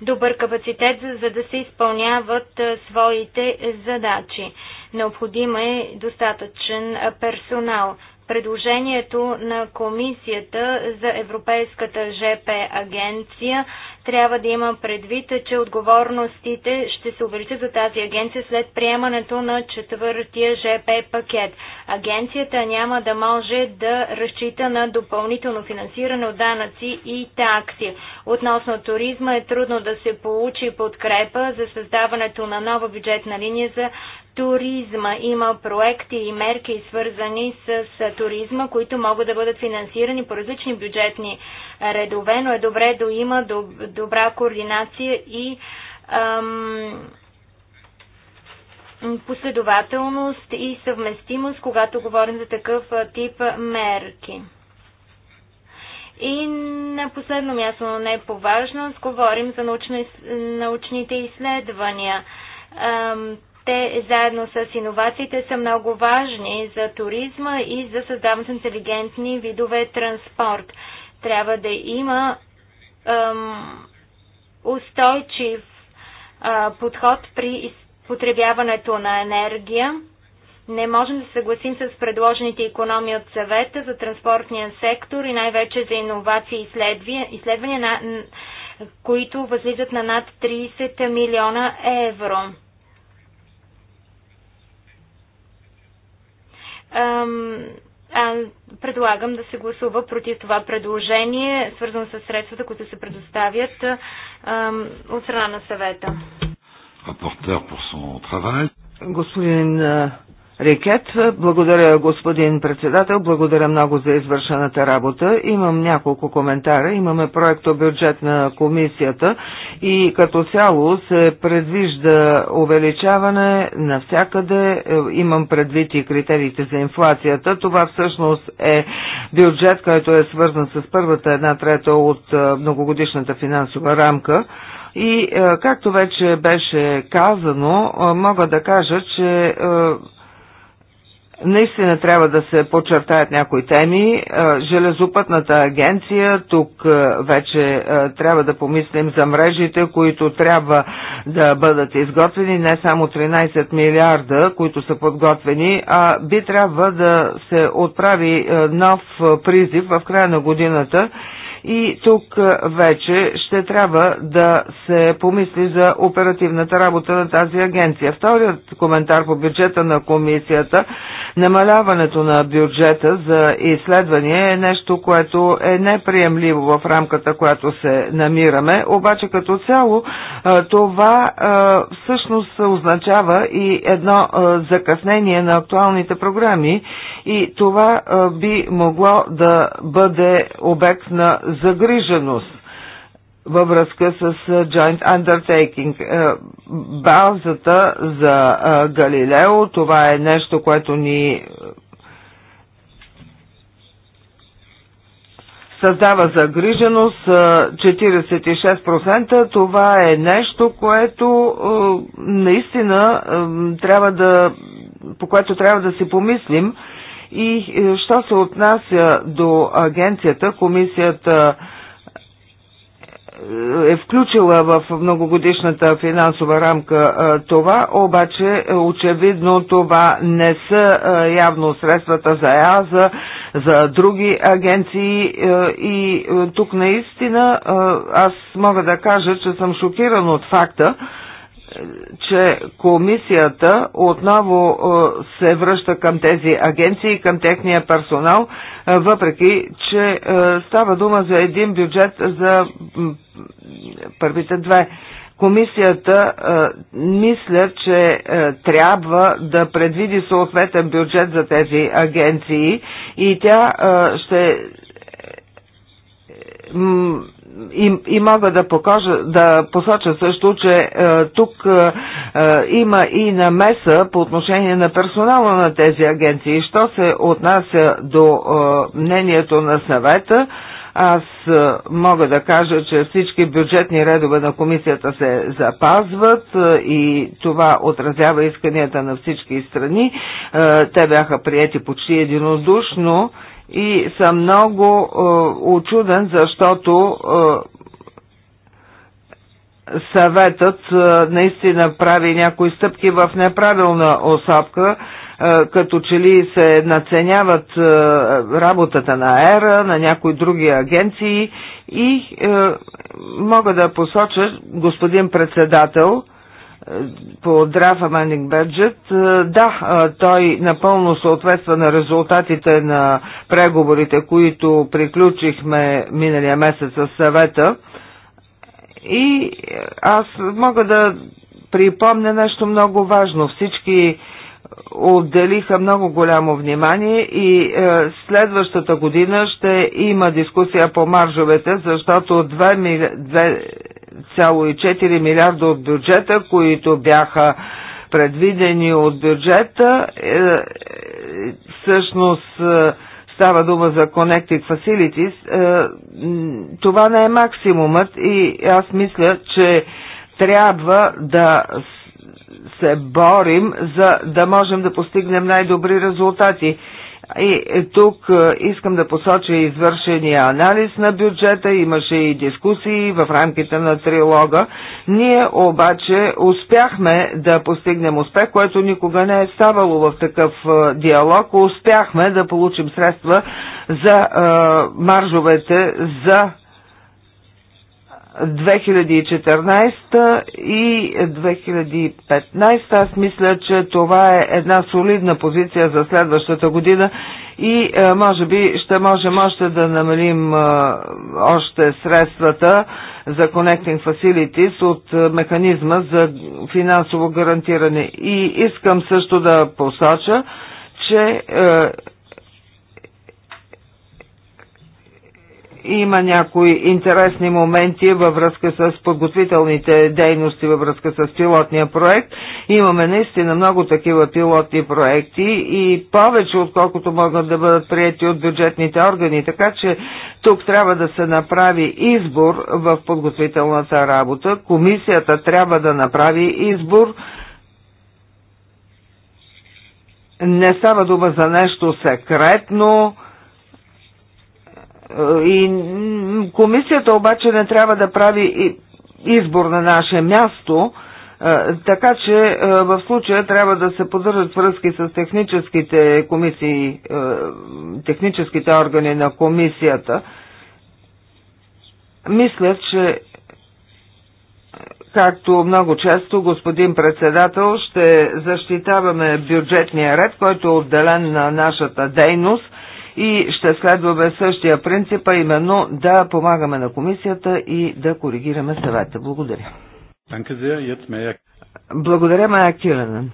добър капацитет, за да се изпълняват своите задачи. Необходим е достатъчен персонал. Предложението на комисията за Европейската ЖП агенция трябва да има предвид, че отговорностите ще се увеличат за тази агенция след приемането на четвъртия ЖП пакет. Агенцията няма да може да разчита на допълнително финансиране от данъци и такси. Относно туризма е трудно да се получи подкрепа за създаването на нова бюджетна линия за туризма. Има проекти и мерки, свързани с туризма, които могат да бъдат финансирани по различни бюджетни редове, но е добре да има добра координация и ам, последователност и съвместимост, когато говорим за такъв тип мерки. И на последно място, но не е по важност, говорим за научни, научните изследвания. Те заедно с иновациите са много важни за туризма и за създаването на интелигентни видове транспорт. Трябва да има ем, устойчив е, подход при потребяването на енергия. Не можем да съгласим с предложените економии от съвета за транспортния сектор и най-вече за иновации и изследвания, които възлизат на над 30 милиона евро. предлагам да се гласува против това предложение, свързано с средствата, които се предоставят от страна на съвета. Господин Рикет, благодаря господин председател, благодаря много за извършената работа. Имам няколко коментара. Имаме проекто бюджет на комисията и като цяло се предвижда увеличаване навсякъде. Имам предвид и критериите за инфлацията. Това всъщност е бюджет, който е свързан с първата една трета от многогодишната финансова рамка. И както вече беше казано, мога да кажа, че Наистина трябва да се подчертаят някои теми. Е, железопътната агенция, тук е, вече е, трябва да помислим за мрежите, които трябва да бъдат изготвени, не само 13 милиарда, които са подготвени, а би трябва да се отправи нов призив в края на годината и тук вече ще трябва да се помисли за оперативната работа на тази агенция. Вторият коментар по бюджета на комисията, намаляването на бюджета за изследване е нещо, което е неприемливо в рамката, която се намираме, обаче като цяло това всъщност означава и едно закъснение на актуалните програми и това би могло да бъде обект на загриженост във връзка с Joint Undertaking. Е, базата за Галилео, това е нещо, което ни е, създава загриженост 46%. Това е нещо, което наистина трябва да, по което трябва да си помислим и е, що се отнася до агенцията, комисията е, е включила в многогодишната финансова рамка е, това, обаче очевидно това не са явно средствата за ЕАЗа, за други агенции и тук наистина аз мога да кажа, че съм шокиран от факта, че комисията отново е, се връща към тези агенции към техния персонал, е, въпреки че е, става дума за един бюджет за първите две. Комисията мисля, че трябва да предвиди съответен бюджет за тези агенции и тя ще и, и мога да, покажа, да посоча също, че е, тук е, е, има и намеса по отношение на персонала на тези агенции. Що се отнася до е, мнението на съвета, аз е, мога да кажа, че всички бюджетни редове на комисията се запазват е, и това отразява исканията на всички страни. Те бяха приети почти единодушно и съм много е, очуден, защото е, съветът е, наистина прави някои стъпки в неправилна осапка, като че ли се наценяват работата на ЕРА, на някои други агенции и мога да посоча, господин председател, по драфа Манинг Беджет. Да, е, той напълно съответства на резултатите на преговорите, които приключихме миналия месец с съвета. И е, аз мога да припомня нещо много важно. Всички отделиха много голямо внимание и е, следващата година ще има дискусия по маржовете, защото 2, 2 ,4 милиарда от бюджета, които бяха предвидени от бюджета. Е, е, всъщност е, става дума за Connected Facilities. Това не е максимумът и аз мисля, че трябва да се борим, за да можем да постигнем най-добри резултати. И е, тук е, искам да посоча извършения анализ на бюджета, имаше и дискусии в рамките на трилога. Ние обаче успяхме да постигнем успех, което никога не е ставало в такъв е, диалог. Успяхме да получим средства за е, маржовете за 2014 и 2015. Аз мисля, че това е една солидна позиция за следващата година и е, може би ще можем още да намалим е, още средствата за Connecting Facilities от е, механизма за финансово гарантиране. И искам също да посоча, че има някои интересни моменти във връзка с подготвителните дейности, във връзка с пилотния проект. Имаме наистина много такива пилотни проекти и повече отколкото могат да бъдат прияти от бюджетните органи, така че тук трябва да се направи избор в подготвителната работа. Комисията трябва да направи избор не става дума за нещо секретно, и комисията обаче не трябва да прави избор на наше място, е, така че е, в случая трябва да се поддържат връзки с техническите комисии, е, техническите органи на комисията. Мисля, че както много често, господин председател, ще защитаваме бюджетния ред, който е отделен на нашата дейност – и ще следваме същия принцип, а именно да помагаме на комисията и да коригираме съвета. Благодаря. Благодаря, Майя Киланен.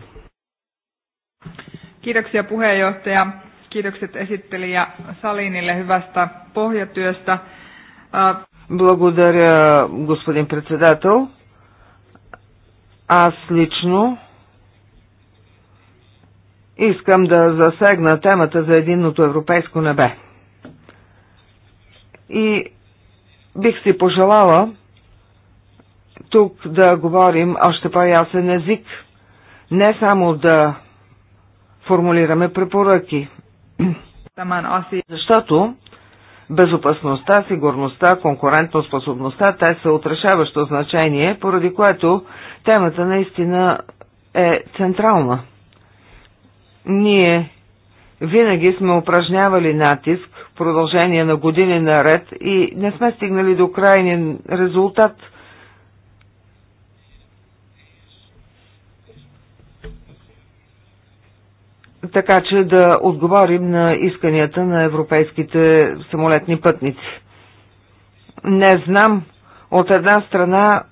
Kiitoksia puheenjohtaja. Kiitokset esittelijä Salinille hyvästä pohjatyöstä. Благодаря, господин председател. Аз лично Искам да засегна темата за единното европейско небе. И бих си пожелала тук да говорим още по-ясен език, не само да формулираме препоръки. Защото безопасността, сигурността, конкурентоспособността, те са отрешаващо значение, поради което темата наистина е централна. Ние винаги сме упражнявали натиск в продължение на години наред и не сме стигнали до крайния резултат. Така че да отговорим на исканията на европейските самолетни пътници. Не знам, от една страна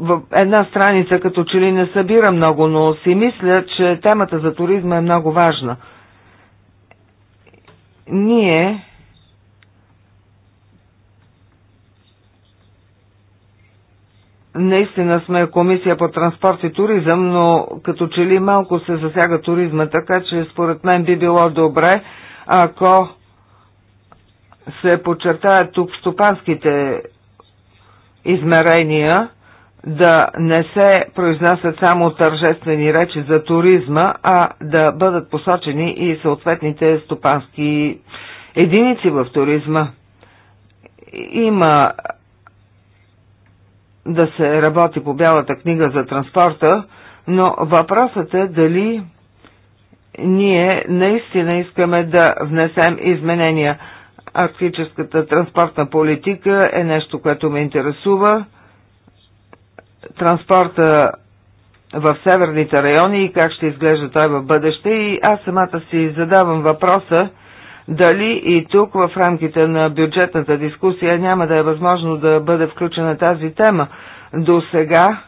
в една страница като че ли не събира много, но си мисля, че темата за туризма е много важна. Ние наистина сме комисия по транспорт и туризъм, но като че ли малко се засяга туризма, така че според мен би било добре, ако се подчертаят тук стопанските измерения, да не се произнасят само тържествени речи за туризма, а да бъдат посочени и съответните стопански единици в туризма. Има да се работи по бялата книга за транспорта, но въпросът е дали ние наистина искаме да внесем изменения. Арктическата транспортна политика е нещо, което ме интересува – транспорта в северните райони и как ще изглежда той в бъдеще. И аз самата си задавам въпроса дали и тук в рамките на бюджетната дискусия няма да е възможно да бъде включена тази тема. До сега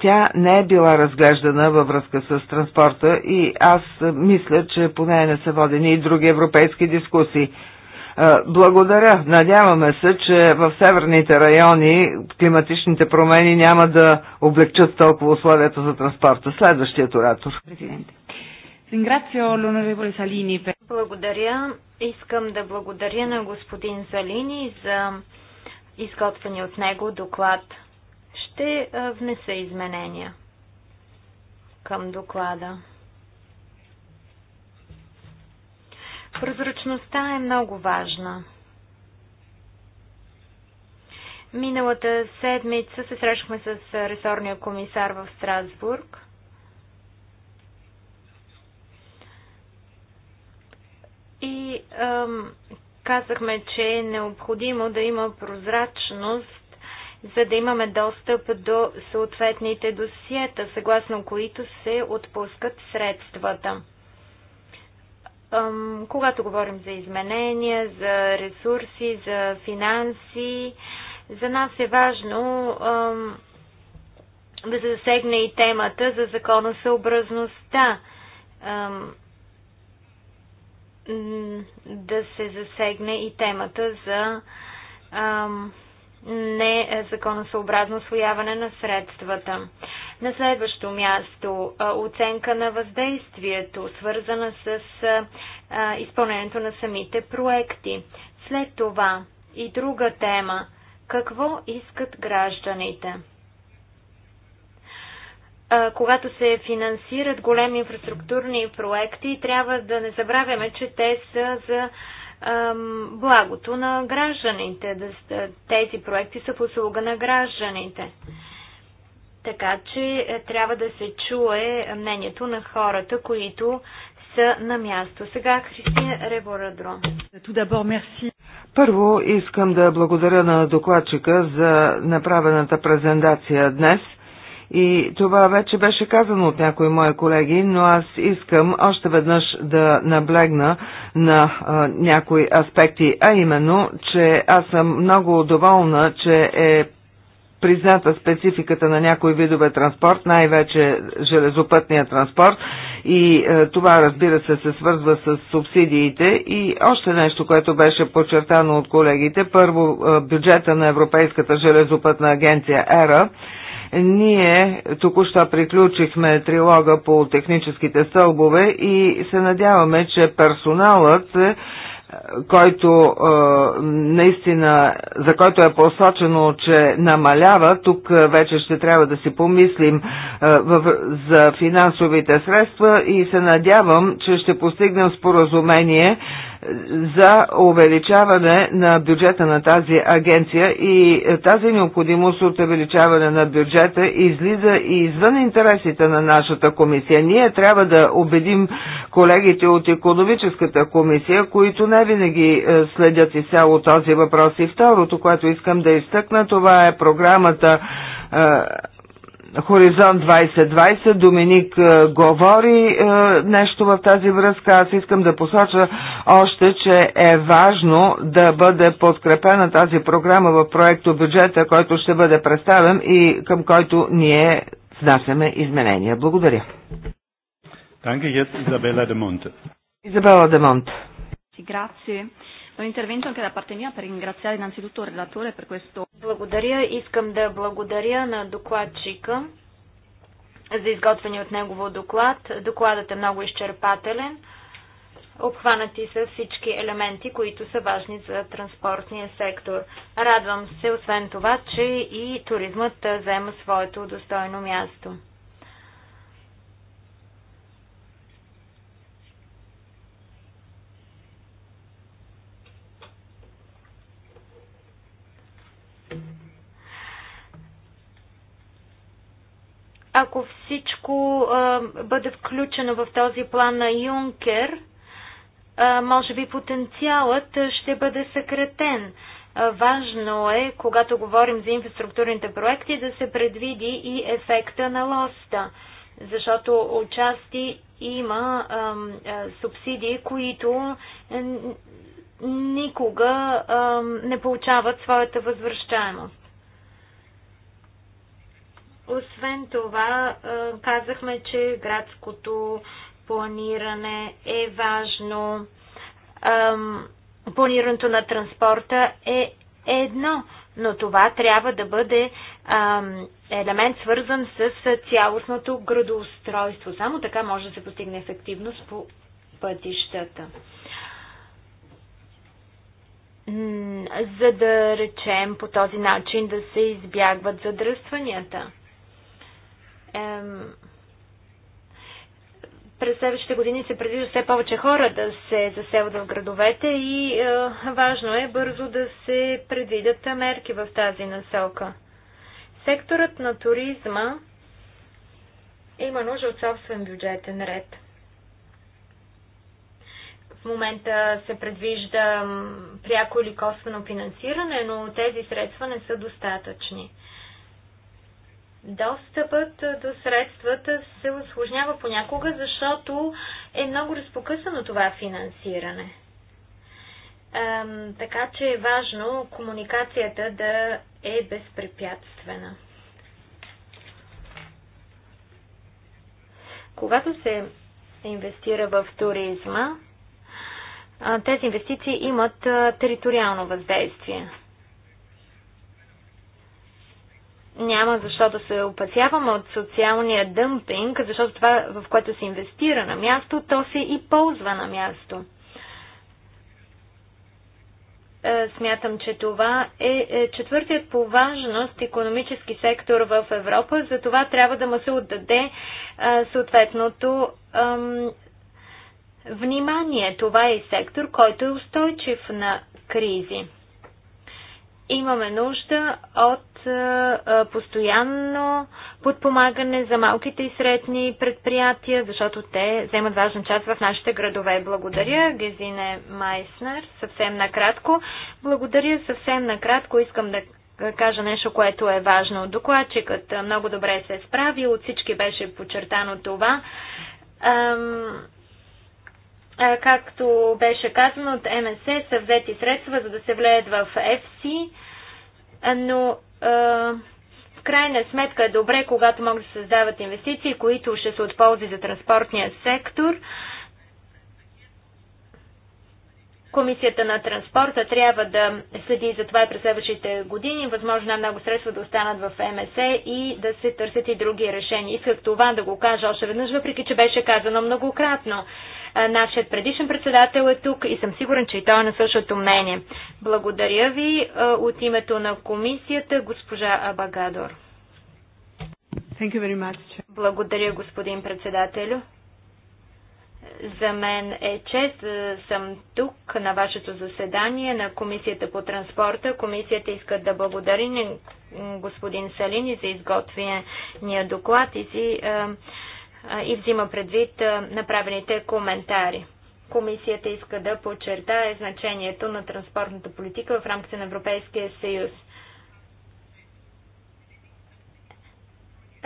тя не е била разглеждана във връзка с транспорта и аз мисля, че по нея не са водени и други европейски дискусии. Благодаря. Надяваме се, че в северните райони климатичните промени няма да облегчат толкова условията за транспорта. Следващият оратор. Благодаря. Искам да благодаря на господин Залини за изготвени от него доклад. Ще внеса изменения към доклада. Прозрачността е много важна. Миналата седмица се срещахме с ресорния комисар в Страсбург. И ам, казахме, че е необходимо да има прозрачност, за да имаме достъп до съответните досиета, съгласно които се отпускат средствата когато говорим за изменения, за ресурси, за финанси, за нас е важно да се засегне и темата за законосъобразността, да се засегне и темата за незаконосъобразно е освояване на средствата. На следващо място оценка на въздействието, свързана с изпълнението на самите проекти. След това и друга тема какво искат гражданите. Когато се финансират големи инфраструктурни проекти, трябва да не забравяме, че те са за благото на гражданите. Тези проекти са в услуга на гражданите. Така че е, трябва да се чуе мнението на хората, които са на място. Сега Христина Реборадро. Първо искам да благодаря на докладчика за направената презентация днес – и това вече беше казано от някои мои колеги, но аз искам още веднъж да наблегна на а, някои аспекти, а именно, че аз съм много доволна, че е призната спецификата на някои видове транспорт, най-вече железопътния транспорт и е, това разбира се се свързва с субсидиите и още нещо, което беше подчертано от колегите, първо е, бюджета на Европейската железопътна агенция ЕРА, ние току-що приключихме трилога по техническите стълбове и се надяваме, че персоналът е, който е, наистина, за който е посочено, че намалява, тук вече ще трябва да си помислим е, за финансовите средства и се надявам, че ще постигнем споразумение за увеличаване на бюджета на тази агенция и тази необходимост от увеличаване на бюджета излиза и извън интересите на нашата комисия. Ние трябва да убедим колегите от економическата комисия, които не винаги е, следят изцяло този въпрос. И второто, което искам да изтъкна, това е програмата е, Хоризонт 2020. Доминик е, говори е, нещо в тази връзка. Аз искам да посоча още, че е важно да бъде подкрепена тази програма в проекто бюджета, който ще бъде представен и към който ние внасяме изменения. Благодаря. Danke, Изабела Isabella Изабела Monte. Grazie. Благодаря. Искам да благодаря на докладчика за изготвяне от негово доклад. Докладът е много изчерпателен. Обхванати са всички елементи, които са важни за транспортния сектор. Радвам се, освен това, че и туризмът заема своето достойно място. ако всичко а, бъде включено в този план на Юнкер, а, може би потенциалът ще бъде съкретен. А, важно е, когато говорим за инфраструктурните проекти, да се предвиди и ефекта на лоста, защото отчасти има а, а, субсидии, които никога а, не получават своята възвръщаемост. Освен това, казахме, че градското планиране е важно. Планирането на транспорта е едно, но това трябва да бъде елемент свързан с цялостното градоустройство. Само така може да се постигне ефективност по пътищата. За да речем по този начин да се избягват задръстванията през следващите години се предвижда все повече хора да се заселват в градовете и е, важно е бързо да се предвидят мерки в тази насока. Секторът на туризма има нужда от собствен бюджетен ред. В момента се предвижда пряко или косвено финансиране, но тези средства не са достатъчни. Достъпът до средствата се осложнява понякога, защото е много разпокъсано това финансиране. Така че е важно комуникацията да е безпрепятствена. Когато се инвестира в туризма, тези инвестиции имат териториално въздействие. Няма защо да се опасяваме от социалния дъмпинг, защото това, в което се инвестира на място, то се и ползва на място. Е, смятам, че това е, е четвъртият по важност економически сектор в Европа, за това трябва да му се отдаде е, съответното внимание. Това е сектор, който е устойчив на кризи. Имаме нужда от за постоянно подпомагане за малките и средни предприятия, защото те вземат важна част в нашите градове. Благодаря, Гезине Майснер, съвсем накратко. Благодаря, съвсем накратко искам да кажа нещо, което е важно. Докладчикът много добре се е справил, от всички беше подчертано това. Както беше казано от МСС, са взети средства, за да се влеят в ЕФСИ но в крайна сметка е добре, когато могат да се създават инвестиции, които ще се отползи за транспортния сектор. Комисията на транспорта трябва да следи за това и през следващите години. Възможно е много средства да останат в МСЕ и да се търсят и други решения. Исках това да го кажа още веднъж, въпреки че беше казано многократно. Нашият предишен председател е тук и съм сигурен, че и той е на същото мнение. Благодаря ви от името на комисията, госпожа Абагадор. Благодаря, господин председателю. За мен е чест е, съм тук на вашето заседание на Комисията по транспорта. Комисията иска да благодари господин Салини за изготвения доклад и, си, е, е, и взима предвид направените коментари. Комисията иска да подчертае значението на транспортната политика в рамките на Европейския съюз.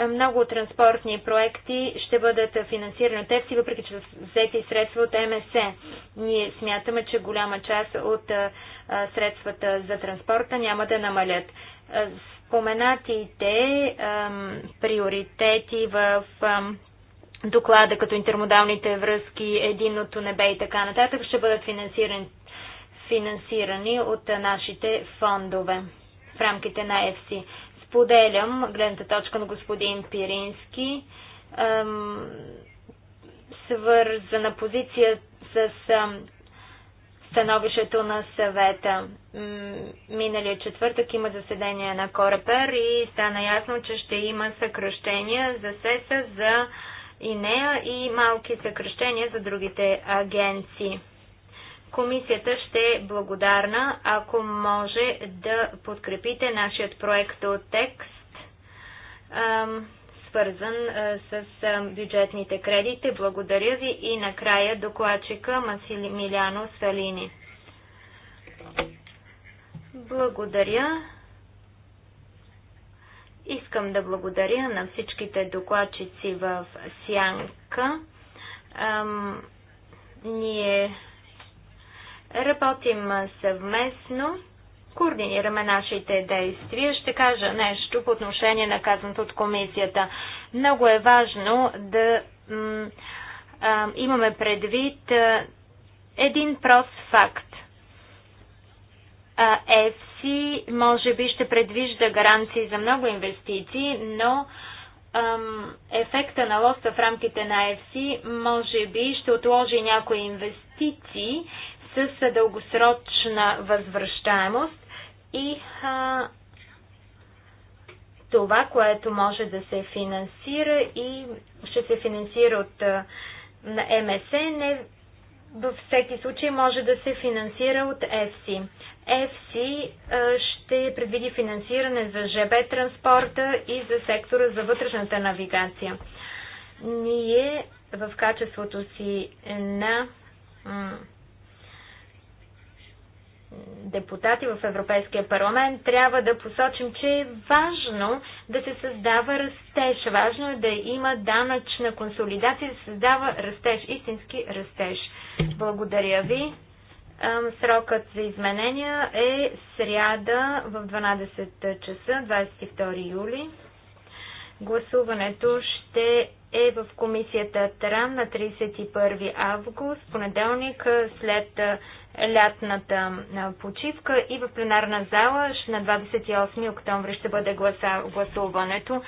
Много транспортни проекти ще бъдат финансирани от ЕФСИ, въпреки че са взети средства от МСЕ. Ние смятаме, че голяма част от средствата за транспорта няма да намалят. Споменатите приоритети в доклада, като интермодалните връзки, единното небе и така нататък, ще бъдат финансирани, финансирани от нашите фондове в рамките на ЕФСИ. Споделям гледната точка на господин Пирински, свързана позиция с становището на съвета. Миналия четвъртък има заседание на Корепер и стана ясно, че ще има съкръщения за СЕСА, за ИНЕА и малки съкръщения за другите агенции. Комисията ще е благодарна, ако може да подкрепите нашият проект от текст, свързан с бюджетните кредити. Благодаря ви и накрая докладчика Миляно Салини. Благодаря. Искам да благодаря на всичките докладчици в Сянка. Ам, ние Работим съвместно, координираме нашите действия. Ще кажа нещо по отношение на казаното от комисията. Много е важно да имаме предвид един прост факт. ЕФСИ може би ще предвижда гаранции за много инвестиции, но ефекта на лоста в рамките на ЕФСИ може би ще отложи някои инвестиции, с дългосрочна възвръщаемост и а, това, което може да се финансира и ще се финансира от а, на МСЕ, не във всеки случай може да се финансира от ЕФСИ. ЕФСИ ще предвиди финансиране за ЖБ транспорта и за сектора за вътрешната навигация. Ние в качеството си на депутати в Европейския парламент, трябва да посочим, че е важно да се създава растеж. Важно е да има данъчна консолидация, да се създава растеж, истински растеж. Благодаря ви. Срокът за изменения е сряда в 12 часа, 22 юли. Гласуването ще е в комисията ТРАН на 31 август, понеделник след лятната почивка и в пленарна зала на 28 октомври ще бъде гласуването.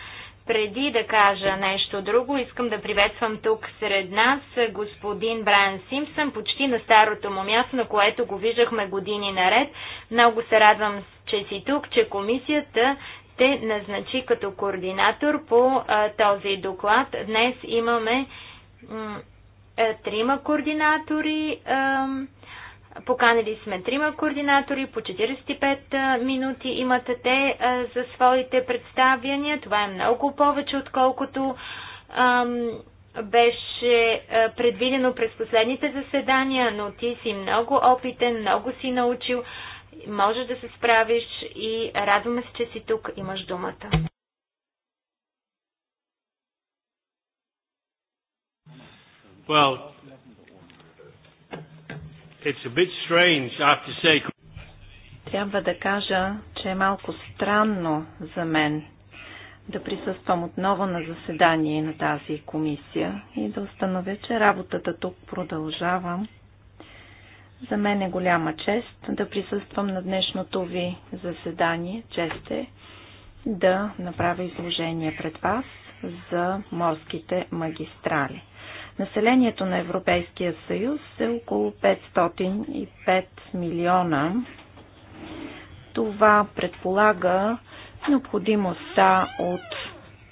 Преди да кажа нещо друго, искам да приветствам тук сред нас господин Брайан Симпсън, почти на старото му място, на което го виждахме години наред. Много се радвам, че си тук, че комисията те назначи като координатор по а, този доклад. Днес имаме м, а, е, трима координатори. А, Поканали сме трима координатори, по 45 минути имат те за своите представяния. Това е много повече, отколкото ам, беше предвидено през последните заседания, но ти си много опитен, много си научил, можеш да се справиш и радваме се, че си тук, имаш думата. Well, It's a bit strange, I have to say. Трябва да кажа, че е малко странно за мен да присъствам отново на заседание на тази комисия и да установя, че работата тук продължава. За мен е голяма чест да присъствам на днешното ви заседание. Чест е да направя изложение пред вас за морските магистрали. Населението на Европейския съюз е около 505 милиона. Това предполага необходимостта от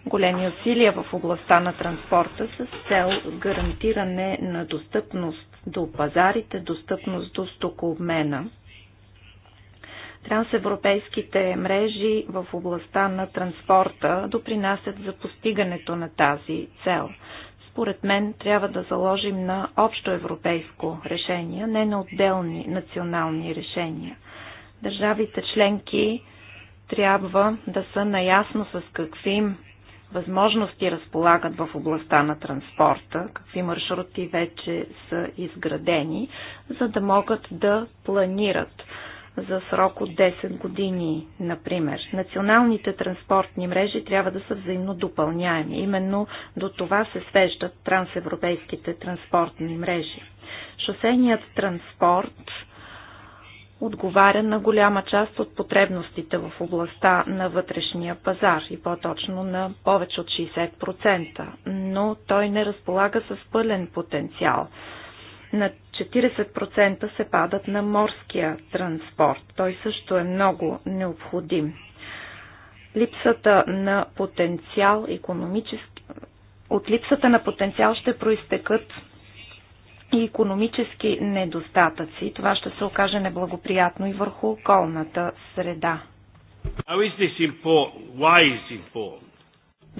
големи усилия в областта на транспорта с цел гарантиране на достъпност до пазарите, достъпност до стокообмена. Трансевропейските мрежи в областта на транспорта допринасят за постигането на тази цел. Според мен трябва да заложим на общо европейско решение, не на отделни национални решения. Държавите членки трябва да са наясно с какви възможности разполагат в областта на транспорта, какви маршрути вече са изградени, за да могат да планират за срок от 10 години, например. Националните транспортни мрежи трябва да са взаимно допълняеми. Именно до това се свеждат трансевропейските транспортни мрежи. Шосейният транспорт отговаря на голяма част от потребностите в областта на вътрешния пазар и по-точно на повече от 60%, но той не разполага с пълен потенциал на 40% се падат на морския транспорт. Той също е много необходим. Липсата на потенциал економически... От липсата на потенциал ще проистекат и економически недостатъци. Това ще се окаже неблагоприятно и върху околната среда. How is this important? Why is it important?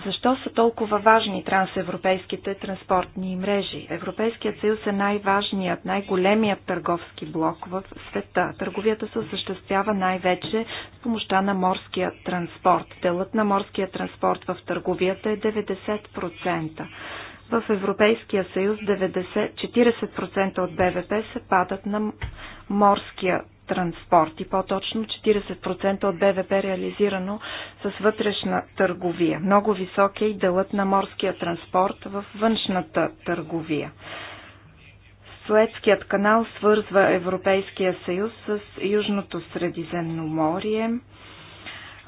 Защо са толкова важни трансевропейските транспортни мрежи? Европейският съюз е най-важният, най-големият търговски блок в света. Търговията се осъществява най-вече с помощта на морския транспорт. Делът на морския транспорт в търговията е 90%. В Европейския съюз 90, 40% от БВП се падат на морския транспорт и по-точно 40% от БВП реализирано с вътрешна търговия. Много висок е и делът на морския транспорт в външната търговия. Суетският канал свързва Европейския съюз с Южното Средиземноморие.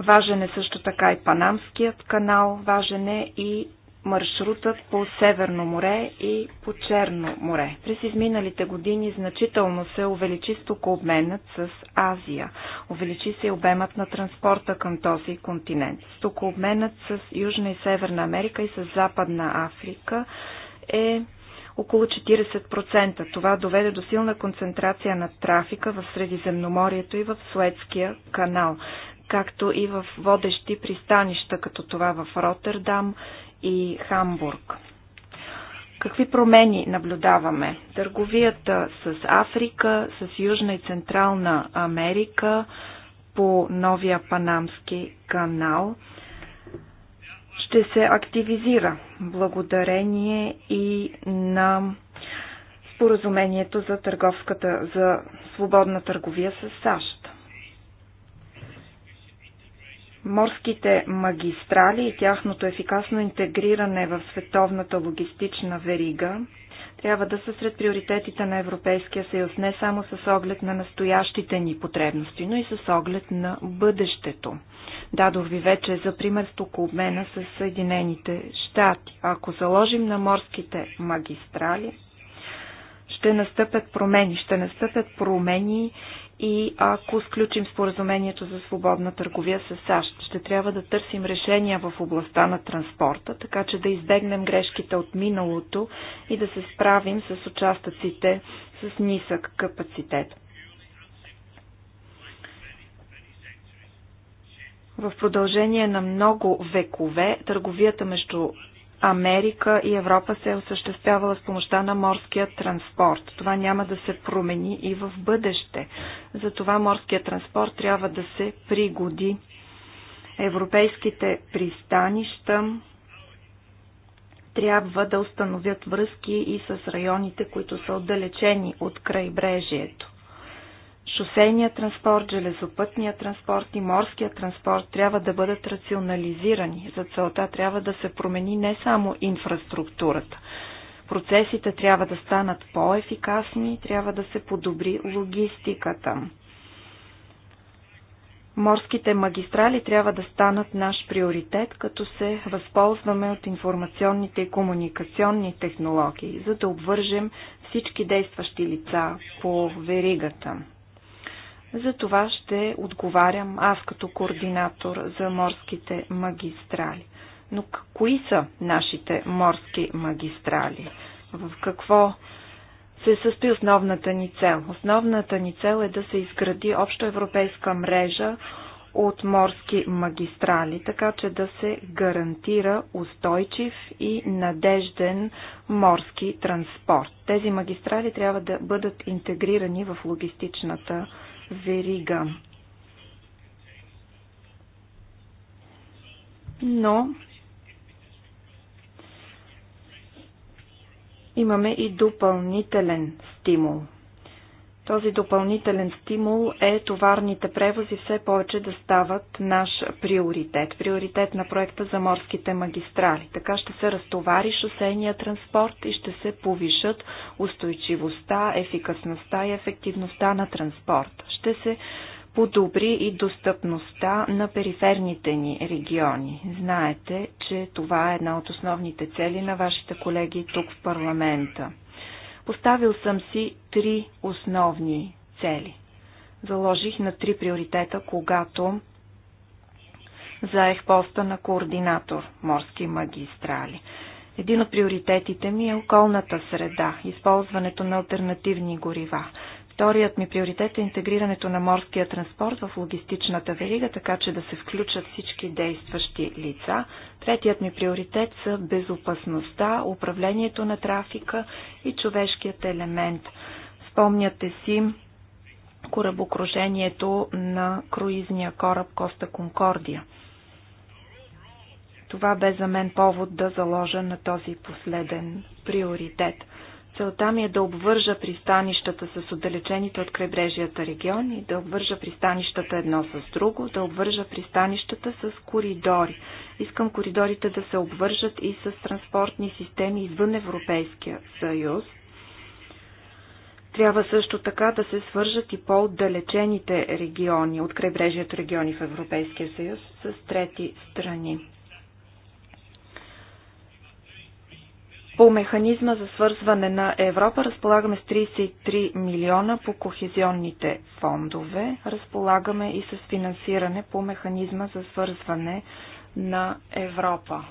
Важен е също така и Панамският канал, важен е и маршрутът по Северно море и по Черно море. През изминалите години значително се увеличи стокообменът с Азия. Увеличи се обемът на транспорта към този континент. Стокообменът с Южна и Северна Америка и с Западна Африка е около 40%. Това доведе до силна концентрация на трафика в Средиземноморието и в Суетския канал както и в водещи пристанища, като това в Роттердам и Хамбург. Какви промени наблюдаваме? Търговията с Африка, с Южна и Централна Америка по новия панамски канал ще се активизира благодарение и на споразумението за търговската, за свободна търговия с САЩ морските магистрали и тяхното ефикасно интегриране в световната логистична верига трябва да са сред приоритетите на Европейския съюз не само с оглед на настоящите ни потребности, но и с оглед на бъдещето. Дадох ви вече за пример стокообмена с Съединените щати. Ако заложим на морските магистрали, ще настъпят промени. Ще настъпят промени и ако сключим споразумението за свободна търговия с САЩ. Ще трябва да търсим решения в областта на транспорта, така че да избегнем грешките от миналото и да се справим с участъците с нисък капацитет. В продължение на много векове търговията между Америка и Европа се е осъществявала с помощта на морския транспорт. Това няма да се промени и в бъдеще. Затова морския транспорт трябва да се пригоди. Европейските пристанища трябва да установят връзки и с районите, които са отдалечени от крайбрежието шосейният транспорт, железопътният транспорт и морският транспорт трябва да бъдат рационализирани. За целта трябва да се промени не само инфраструктурата. Процесите трябва да станат по-ефикасни, трябва да се подобри логистиката. Морските магистрали трябва да станат наш приоритет, като се възползваме от информационните и комуникационни технологии, за да обвържем всички действащи лица по веригата. За това ще отговарям аз като координатор за морските магистрали. Но кои са нашите морски магистрали? В какво се състои основната ни цел? Основната ни цел е да се изгради обща европейска мрежа от морски магистрали, така че да се гарантира устойчив и надежден морски транспорт. Тези магистрали трябва да бъдат интегрирани в логистичната верига. Но имаме и допълнителен стимул – този допълнителен стимул е товарните превози все повече да стават наш приоритет, приоритет на проекта за морските магистрали. Така ще се разтовари шосейния транспорт и ще се повишат устойчивостта, ефикасността и ефективността на транспорт. Ще се подобри и достъпността на периферните ни региони. Знаете, че това е една от основните цели на вашите колеги тук в парламента. Поставил съм си три основни цели. Заложих на три приоритета, когато заех поста на координатор морски магистрали. Един от приоритетите ми е околната среда, използването на альтернативни горива. Вторият ми приоритет е интегрирането на морския транспорт в логистичната верига, така че да се включат всички действащи лица. Третият ми приоритет са безопасността, управлението на трафика и човешкият елемент. Спомняте си корабокружението на круизния кораб Коста Конкордия. Това бе за мен повод да заложа на този последен приоритет – Целта ми е да обвържа пристанищата с отдалечените от крайбрежията региони, да обвържа пристанищата едно с друго, да обвържа пристанищата с коридори. Искам коридорите да се обвържат и с транспортни системи извън Европейския съюз. Трябва също така да се свържат и по-отдалечените региони от крайбрежието региони в Европейския съюз с трети страни. По механизма за свързване на Европа разполагаме с 33 милиона по кохезионните фондове. Разполагаме и с финансиране по механизма за свързване на Европа.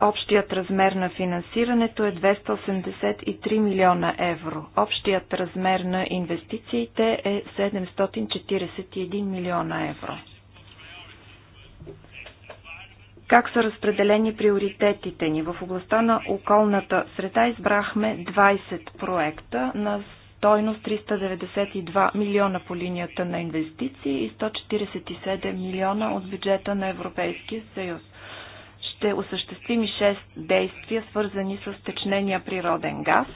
Общият размер на финансирането е 283 милиона евро. Общият размер на инвестициите е 741 милиона евро как са разпределени приоритетите ни. В областта на околната среда избрахме 20 проекта на стойност 392 милиона по линията на инвестиции и 147 милиона от бюджета на Европейския съюз. Ще осъществим и 6 действия, свързани с течнения природен газ.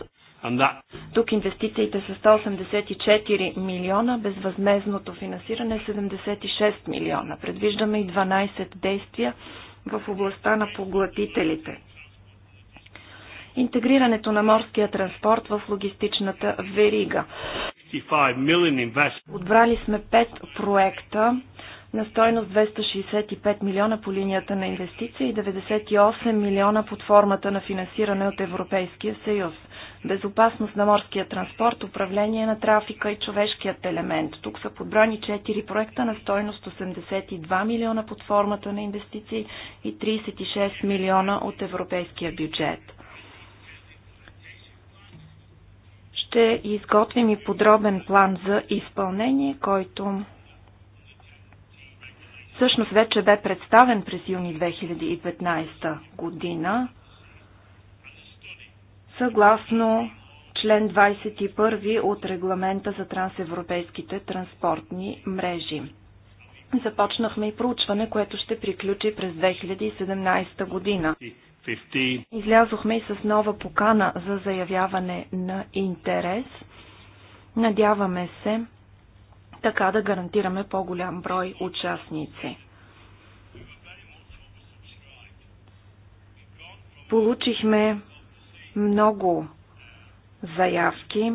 Да. Тук инвестициите са 184 милиона, безвъзмезното финансиране е 76 милиона. Предвиждаме и 12 действия, в областта на поглътителите. Интегрирането на морския транспорт в логистичната верига. Отбрали сме 5 проекта на стойност 265 милиона по линията на инвестиции и 98 милиона под формата на финансиране от Европейския съюз безопасност на морския транспорт, управление на трафика и човешкият елемент. Тук са подбрани 4 проекта на стойност 82 милиона под формата на инвестиции и 36 милиона от европейския бюджет. Ще изготвим и подробен план за изпълнение, който всъщност вече бе представен през юни 2015 година съгласно член 21 от регламента за трансевропейските транспортни мрежи. Започнахме и проучване, което ще приключи през 2017 година. Излязохме и с нова покана за заявяване на интерес. Надяваме се така да гарантираме по-голям брой участници. Получихме много заявки.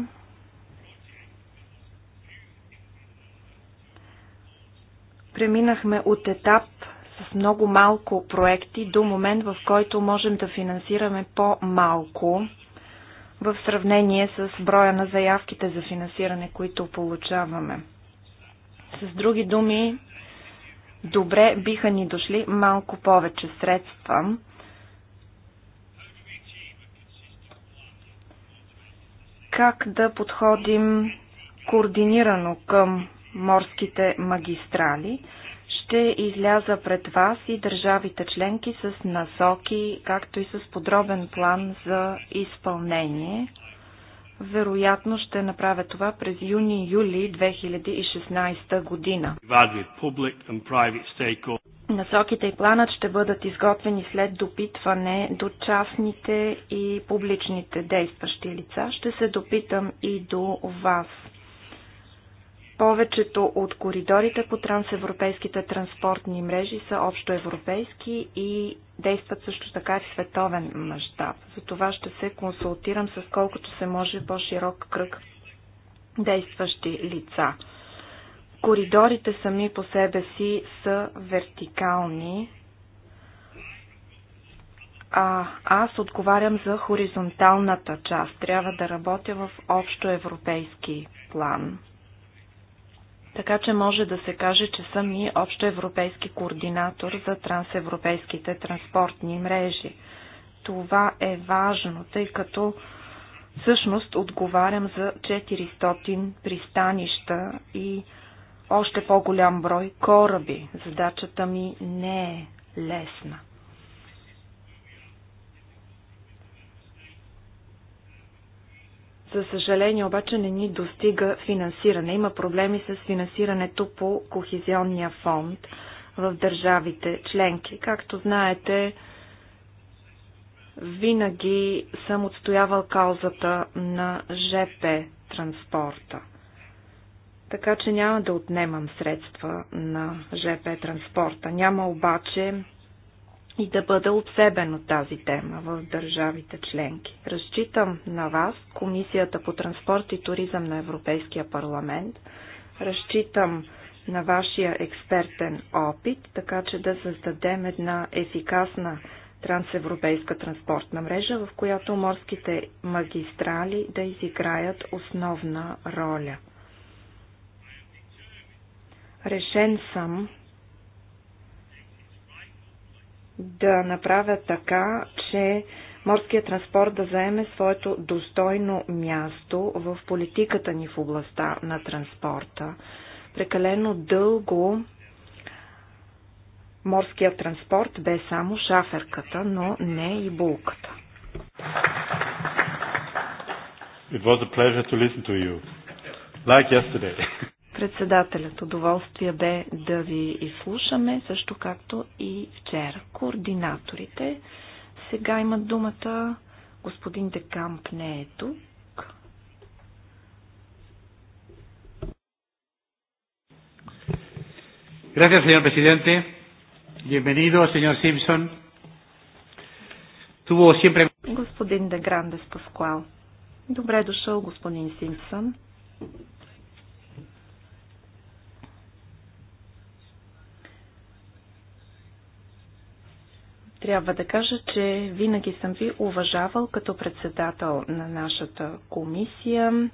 Преминахме от етап с много малко проекти до момент, в който можем да финансираме по-малко в сравнение с броя на заявките за финансиране, които получаваме. С други думи, добре биха ни дошли малко повече средства. как да подходим координирано към морските магистрали. Ще изляза пред вас и държавите членки с насоки, както и с подробен план за изпълнение. Вероятно ще направя това през юни-юли 2016 година. Насоките и планът ще бъдат изготвени след допитване до частните и публичните действащи лица. Ще се допитам и до вас. Повечето от коридорите по трансевропейските транспортни мрежи са общоевропейски и действат също така в световен мащаб. За това ще се консултирам с колкото се може по-широк кръг действащи лица. Коридорите сами по себе си са вертикални, а аз отговарям за хоризонталната част. Трябва да работя в общо европейски план. Така че може да се каже, че съм и общо европейски координатор за трансевропейските транспортни мрежи. Това е важно, тъй като всъщност отговарям за 400 пристанища и още по-голям брой кораби. Задачата ми не е лесна. За съжаление обаче не ни достига финансиране. Има проблеми с финансирането по Кохизионния фонд в държавите членки. Както знаете, винаги съм отстоявал каузата на ЖП транспорта така че няма да отнемам средства на ЖП транспорта. Няма обаче и да бъда обсебен от тази тема в държавите членки. Разчитам на вас, Комисията по транспорт и туризъм на Европейския парламент, разчитам на вашия експертен опит, така че да създадем една ефикасна трансевропейска транспортна мрежа, в която морските магистрали да изиграят основна роля – Решен съм да направя така, че морският транспорт да заеме своето достойно място в политиката ни в областта на транспорта. Прекалено дълго морският транспорт бе само шаферката, но не и булката. It was a pleasure to listen to you. Like yesterday. Председателят удоволствие бе да ви изслушаме, също както и вчера. Координаторите сега имат думата. Господин Декамп не е тук. Gracias, señor presidente. Bienvenido, señor Simpson. Tuvo siempre... Господин Де Грандес Добре дошъл, господин Симпсон. Трябва да кажа, че винаги съм ви уважавал като председател на нашата комисия.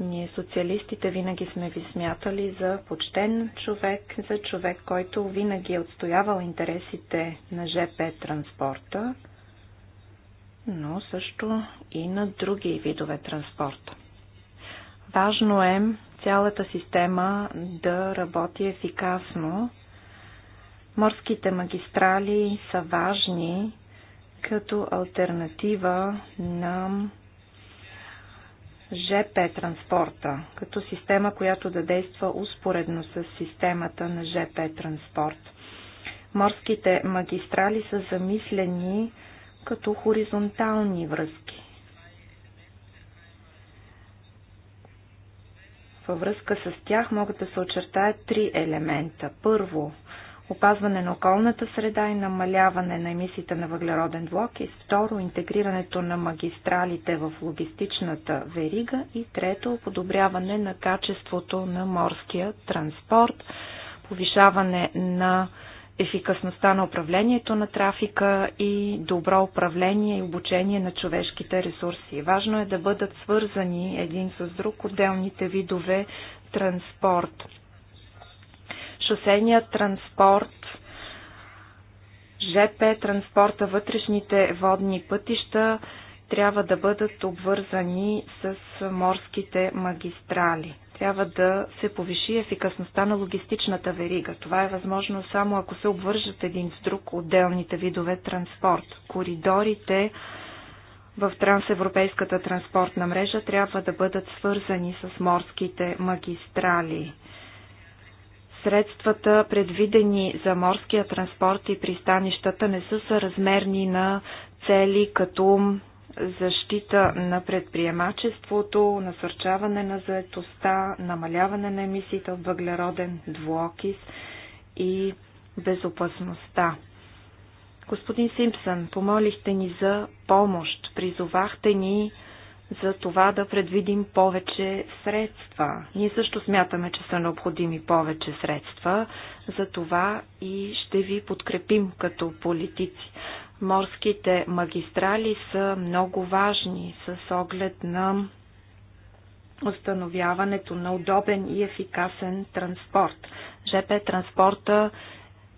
Ние социалистите винаги сме ви смятали за почтен човек, за човек, който винаги е отстоявал интересите на ЖП транспорта, но също и на други видове транспорт. Важно е цялата система да работи ефикасно, Морските магистрали са важни като альтернатива на ЖП транспорта, като система, която да действа успоредно с системата на ЖП транспорт. Морските магистрали са замислени като хоризонтални връзки. Във връзка с тях могат да се очертаят три елемента. Първо, опазване на околната среда и намаляване на емисиите на въглероден блок и второ интегрирането на магистралите в логистичната верига и трето подобряване на качеството на морския транспорт, повишаване на ефикасността на управлението на трафика и добро управление и обучение на човешките ресурси. Важно е да бъдат свързани един с друг отделните видове транспорт шосения транспорт, ЖП транспорта, вътрешните водни пътища трябва да бъдат обвързани с морските магистрали. Трябва да се повиши ефикасността на логистичната верига. Това е възможно само ако се обвържат един с друг отделните видове транспорт. Коридорите в трансевропейската транспортна мрежа трябва да бъдат свързани с морските магистрали средствата, предвидени за морския транспорт и пристанищата, не са съразмерни на цели като защита на предприемачеството, насърчаване на заетостта, намаляване на емисиите от въглероден двуокис и безопасността. Господин Симпсън, помолихте ни за помощ, призовахте ни за това да предвидим повече средства. Ние също смятаме, че са необходими повече средства, за това и ще ви подкрепим като политици. Морските магистрали са много важни с оглед на установяването на удобен и ефикасен транспорт. ЖП транспорта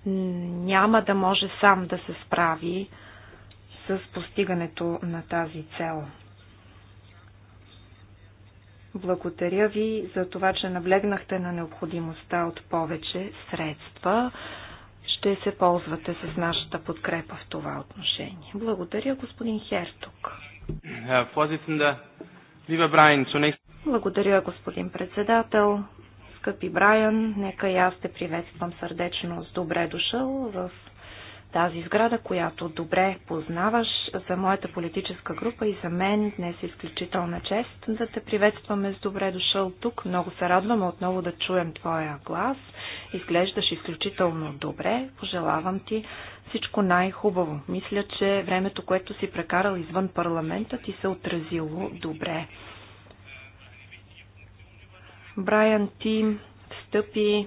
няма да може сам да се справи с постигането на тази цел. Благодаря ви за това, че наблегнахте на необходимостта от повече средства. Ще се ползвате с нашата подкрепа в това отношение. Благодаря, господин Хертук. Благодаря, господин председател. Скъпи Брайан, нека и аз те приветствам сърдечно с добре дошъл в тази сграда, която добре познаваш за моята политическа група и за мен днес е изключителна чест да те приветстваме с добре дошъл тук. Много се радваме отново да чуем твоя глас. Изглеждаш изключително добре. Пожелавам ти всичко най-хубаво. Мисля, че времето, което си прекарал извън парламента, ти се отразило добре. Брайан ти стъпи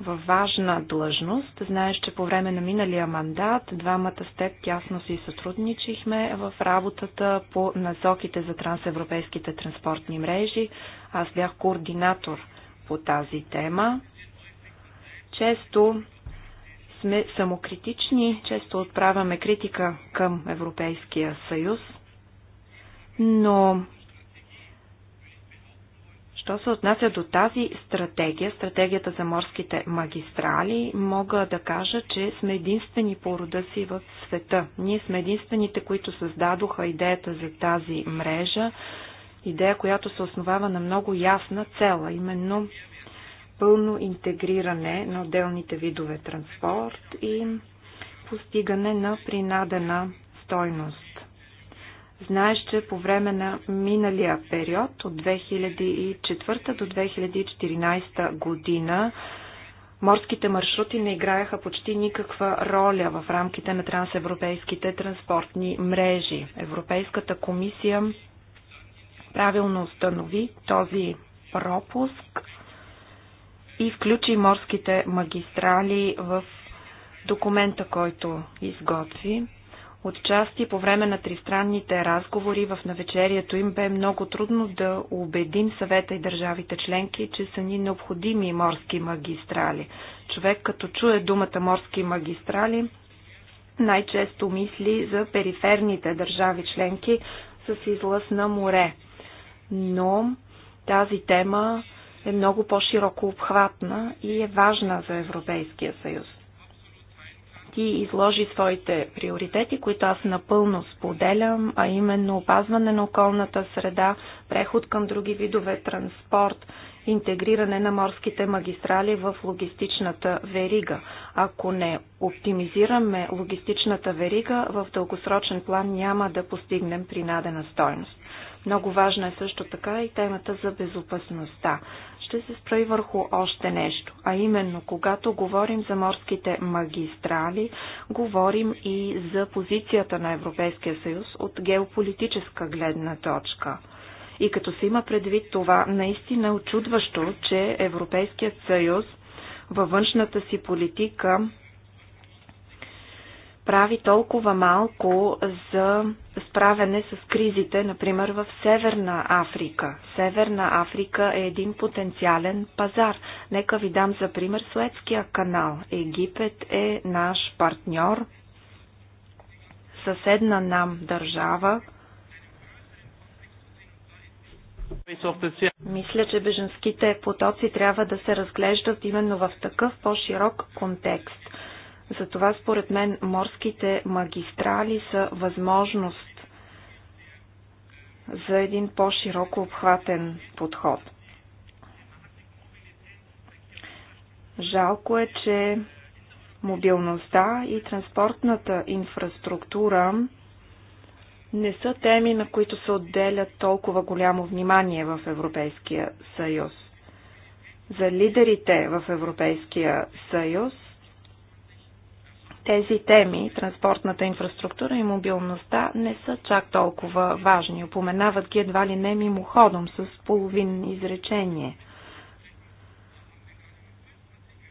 във важна длъжност. Знаеш, че по време на миналия мандат двамата с теб тясно си сътрудничихме в работата по насоките за трансевропейските транспортни мрежи. Аз бях координатор по тази тема. Често сме самокритични, често отправяме критика към Европейския съюз, но Що се отнася до тази стратегия, стратегията за морските магистрали, мога да кажа, че сме единствени по рода си в света. Ние сме единствените, които създадоха идеята за тази мрежа, идея, която се основава на много ясна цела, именно пълно интегриране на отделните видове транспорт и постигане на принадена стойност. Знаеш, че по време на миналия период от 2004 до 2014 година морските маршрути не играеха почти никаква роля в рамките на трансевропейските транспортни мрежи. Европейската комисия правилно установи този пропуск и включи морските магистрали в документа, който изготви. Отчасти по време на тристранните разговори в навечерието им бе много трудно да убедим съвета и държавите членки, че са ни необходими морски магистрали. Човек като чуе думата морски магистрали, най-често мисли за периферните държави членки с излъз на море. Но тази тема е много по-широко обхватна и е важна за Европейския съюз ти изложи своите приоритети, които аз напълно споделям, а именно опазване на околната среда, преход към други видове транспорт, интегриране на морските магистрали в логистичната верига. Ако не оптимизираме логистичната верига, в дългосрочен план няма да постигнем принадена стойност. Много важна е също така и темата за безопасността ще се спра и върху още нещо, а именно, когато говорим за морските магистрали, говорим и за позицията на Европейския съюз от геополитическа гледна точка. И като се има предвид това, наистина е очудващо, че Европейският съюз във външната си политика прави толкова малко за справяне с кризите, например в Северна Африка. Северна Африка е един потенциален пазар. Нека ви дам за пример Суетския канал. Египет е наш партньор, съседна нам държава. Мисля, че беженските потоци трябва да се разглеждат именно в такъв по-широк контекст. Затова според мен морските магистрали са възможност за един по-широко обхватен подход. Жалко е, че мобилността и транспортната инфраструктура не са теми, на които се отделят толкова голямо внимание в Европейския съюз. За лидерите в Европейския съюз тези теми, транспортната инфраструктура и мобилността, не са чак толкова важни. Опоменават ги едва ли не мимоходом с половин изречение.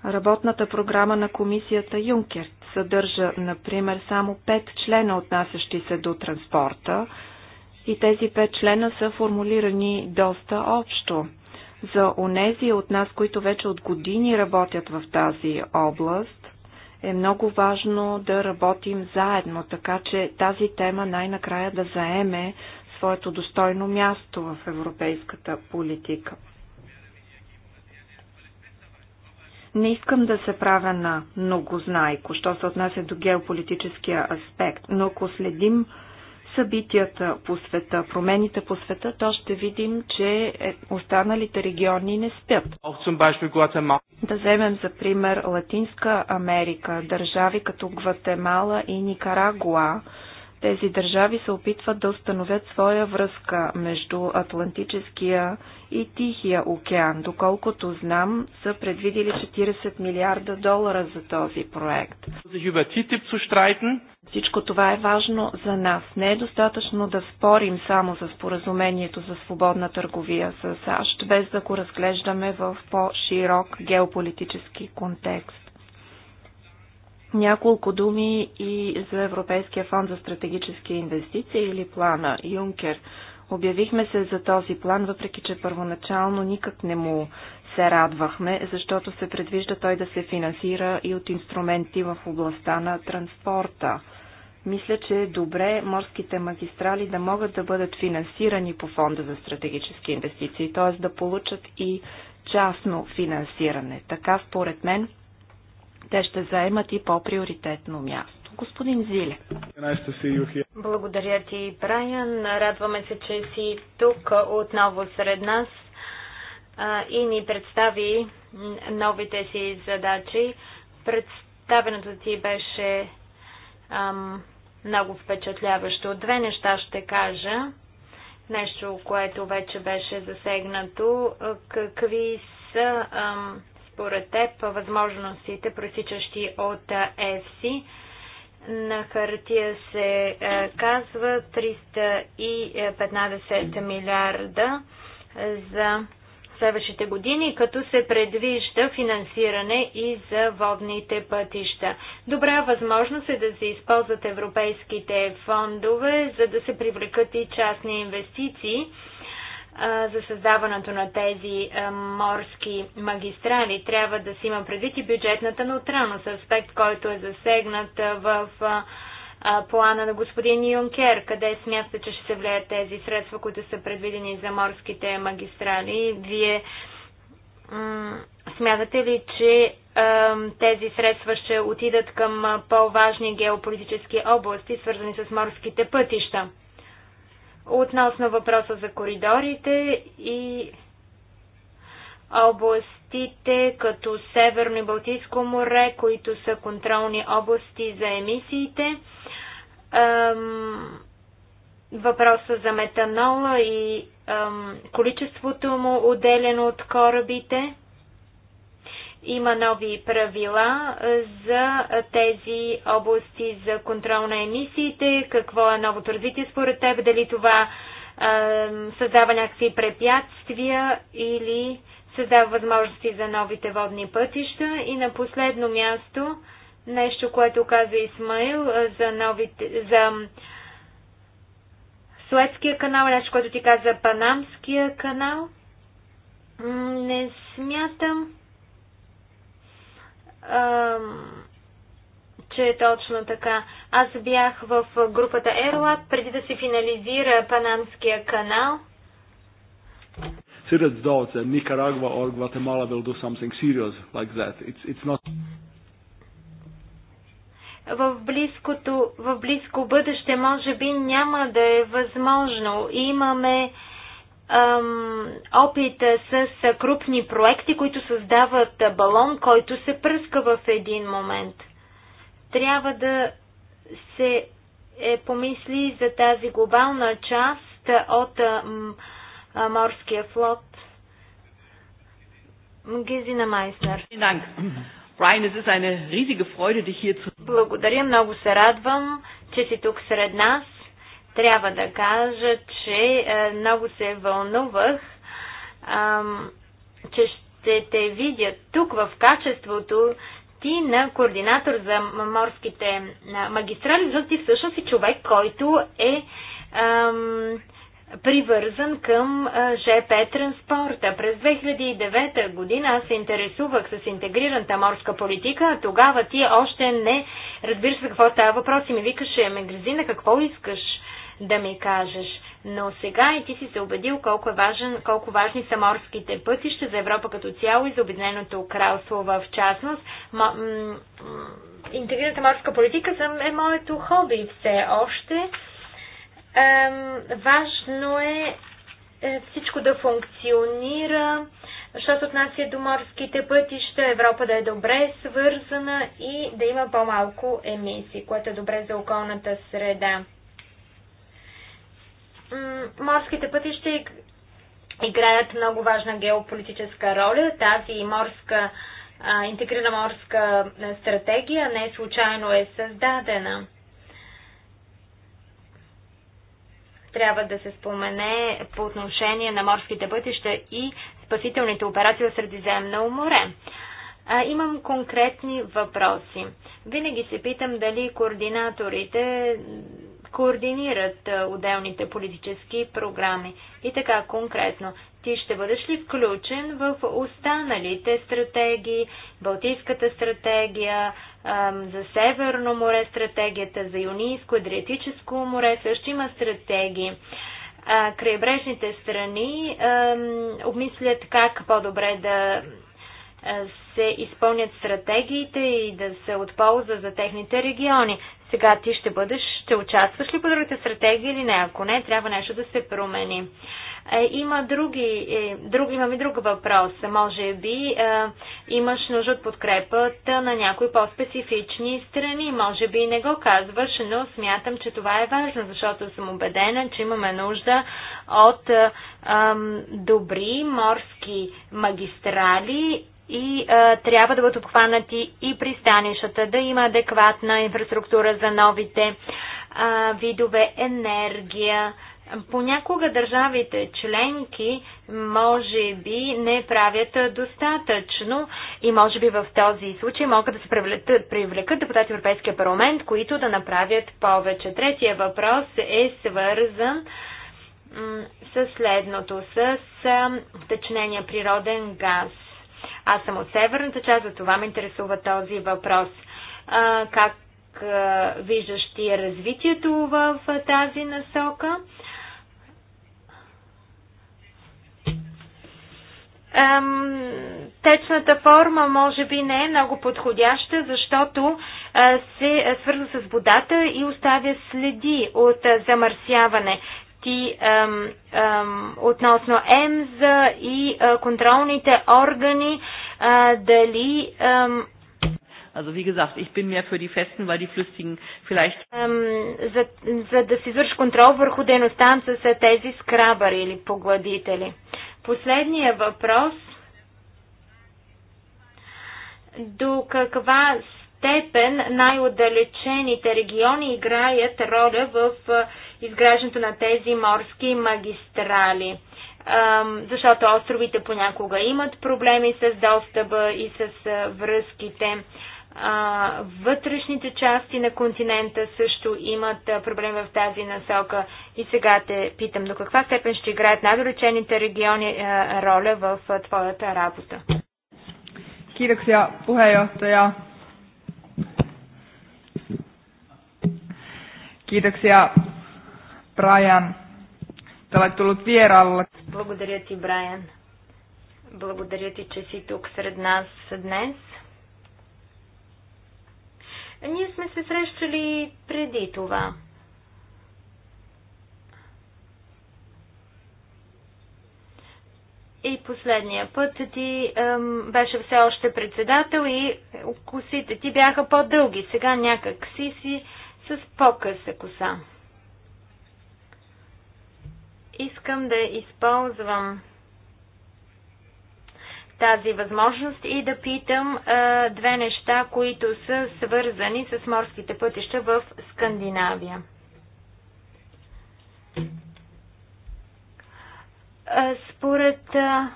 Работната програма на комисията Юнкер съдържа, например, само пет члена, отнасящи се до транспорта, и тези пет члена са формулирани доста общо. За онези от нас, които вече от години работят в тази област, е много важно да работим заедно, така че тази тема най-накрая да заеме своето достойно място в европейската политика. Не искам да се правя на многознайко, що се отнася до геополитическия аспект, но ако следим събитията по света, промените по света, то ще видим, че е, останалите региони не спят. Да вземем за пример Латинска Америка, държави като Гватемала и Никарагуа, тези държави се опитват да установят своя връзка между Атлантическия и Тихия океан. Доколкото знам, са предвидили 40 милиарда долара за този проект. Всичко това е важно за нас. Не е достатъчно да спорим само за споразумението за свободна търговия с САЩ, без да го разглеждаме в по-широк геополитически контекст. Няколко думи и за Европейския фонд за стратегически инвестиции или плана Юнкер. Обявихме се за този план, въпреки че първоначално никак не му се радвахме, защото се предвижда той да се финансира и от инструменти в областта на транспорта. Мисля, че е добре морските магистрали да могат да бъдат финансирани по фонда за стратегически инвестиции, т.е. да получат и частно финансиране. Така, според мен, те ще заемат и по-приоритетно място. Господин Зиле. Благодаря ти, Брайан. Радваме се, че си тук отново сред нас и ни представи новите си задачи. Представенето ти беше ам, много впечатляващо. Две неща ще кажа. Нещо, което вече беше засегнато. Какви са ам, според теб възможностите, просичащи от FC? На хартия се казва 315 милиарда за следващите години, като се предвижда финансиране и за водните пътища. Добра възможност е да се използват европейските фондове, за да се привлекат и частни инвестиции за създаването на тези морски магистрали. Трябва да се има предвид и бюджетната неутралност, аспект, който е засегнат в плана на господин Юнкер, къде смята, че ще се влеят тези средства, които са предвидени за морските магистрали. Вие смятате ли, че тези средства ще отидат към по-важни геополитически области, свързани с морските пътища? Относно въпроса за коридорите и областите като Северно и Балтийско море, които са контролни области за емисиите, въпроса за метанола и количеството му отделено от корабите, има нови правила за тези области за контрол на емисиите. Какво е новото развитие според теб? Дали това е, създава някакви препятствия или създава възможности за новите водни пътища? И на последно място, нещо, което каза Исмаил за новите, за Суетския канал, нещо, което ти каза Панамския канал. Не смятам, ам, че е точно така. Аз бях в групата Ерлат преди да се финализира Панамския канал. Serious doubts that uh, Nicaragua or Гватемала will do something serious like that. It's, it's not... В, близкото, в близко бъдеще може би няма да е възможно. Имаме uh, опит с крупни проекти, които създават балон, който се пръска в един момент. Трябва да се е, помисли за тази глобална част от морския флот. Гизина Майснер. Благодаря, много се радвам, че си тук сред нас трябва да кажа, че е, много се вълнувах, че ще те видя тук в качеството ти на координатор за морските магистрали, защото ти всъщност си човек, който е привързан към ЖП транспорта. През 2009 година аз се интересувах с интегрираната морска политика, а тогава ти още не разбираш за какво става въпрос и ми викаше магазина «Ами, какво искаш да ми кажеш. Но сега и ти си се убедил колко, е важен, колко важни са морските пътища за Европа като цяло и за Обединеното кралство в частност. М- м- интегрираната морска политика е моето хоби все още. Ем, важно е, е всичко да функционира, що се отнася до морските пътища, Европа да е добре свързана и да има по-малко емисии, което е добре за околната среда морските пътища играят много важна геополитическа роля. Тази морска интегрирана морска стратегия не случайно е създадена. Трябва да се спомене по отношение на морските пътища и спасителните операции в Средиземно море. А, имам конкретни въпроси. Винаги се питам дали координаторите координират отделните политически програми. И така конкретно, ти ще бъдеш ли включен в останалите стратегии, Балтийската стратегия, за Северно море стратегията, за Юнийско, Адриатическо море също има стратегии. Крайбрежните страни обмислят как по-добре да се изпълнят стратегиите и да се от полза за техните региони. Сега ти ще бъдеш, ще участваш ли по другите стратегии или не? Ако не, трябва нещо да се промени. Е, има други, е, друг, имам и друг въпрос. Може би е, имаш нужда от подкрепата на някои по-специфични страни. Може би не го казваш, но смятам, че това е важно, защото съм убедена, че имаме нужда от е, е, добри морски магистрали и а, трябва да бъдат обхванати и пристанищата, да има адекватна инфраструктура за новите а, видове енергия. Понякога държавите членки може би не правят достатъчно и може би в този случай могат да се привлекат, привлекат депутати в Европейския парламент, които да направят повече. Третия въпрос е свързан с следното, с уточнения природен газ. Аз съм от северната част, за това ме интересува този въпрос. А, как а, виждаш ти развитието в, тази насока? течната форма може би не е много подходяща, защото се е, свързва с водата и оставя следи от замърсяване дейности ам, ам, относно ЕМЗА и а, контролните органи, а, дали ам, Also wie gesagt, ich bin mehr für die festen, weil die flüssigen vielleicht. За, за да се извърши контрол върху дейността с тези скрабари или погладители. Последния въпрос. До каква степен най-отдалечените региони играят роля в изграждането на тези морски магистрали. Защото островите понякога имат проблеми с достъпа и с връзките. Вътрешните части на континента също имат проблеми в тази насока. И сега те питам, до каква степен ще играят най-долечените региони роля в твоята работа? Kiitoksia puheenjohtaja. Kiitoksia Брайан. Te olet Благодаря ти, Брайан. Благодаря ти, че си тук сред нас днес. Ние сме се срещали преди това. И последния път ти ем, беше все още председател и косите ти бяха по-дълги. Сега някак си си с по-къса коса искам да използвам тази възможност и да питам а, две неща, които са свързани с морските пътища в Скандинавия. А, според а,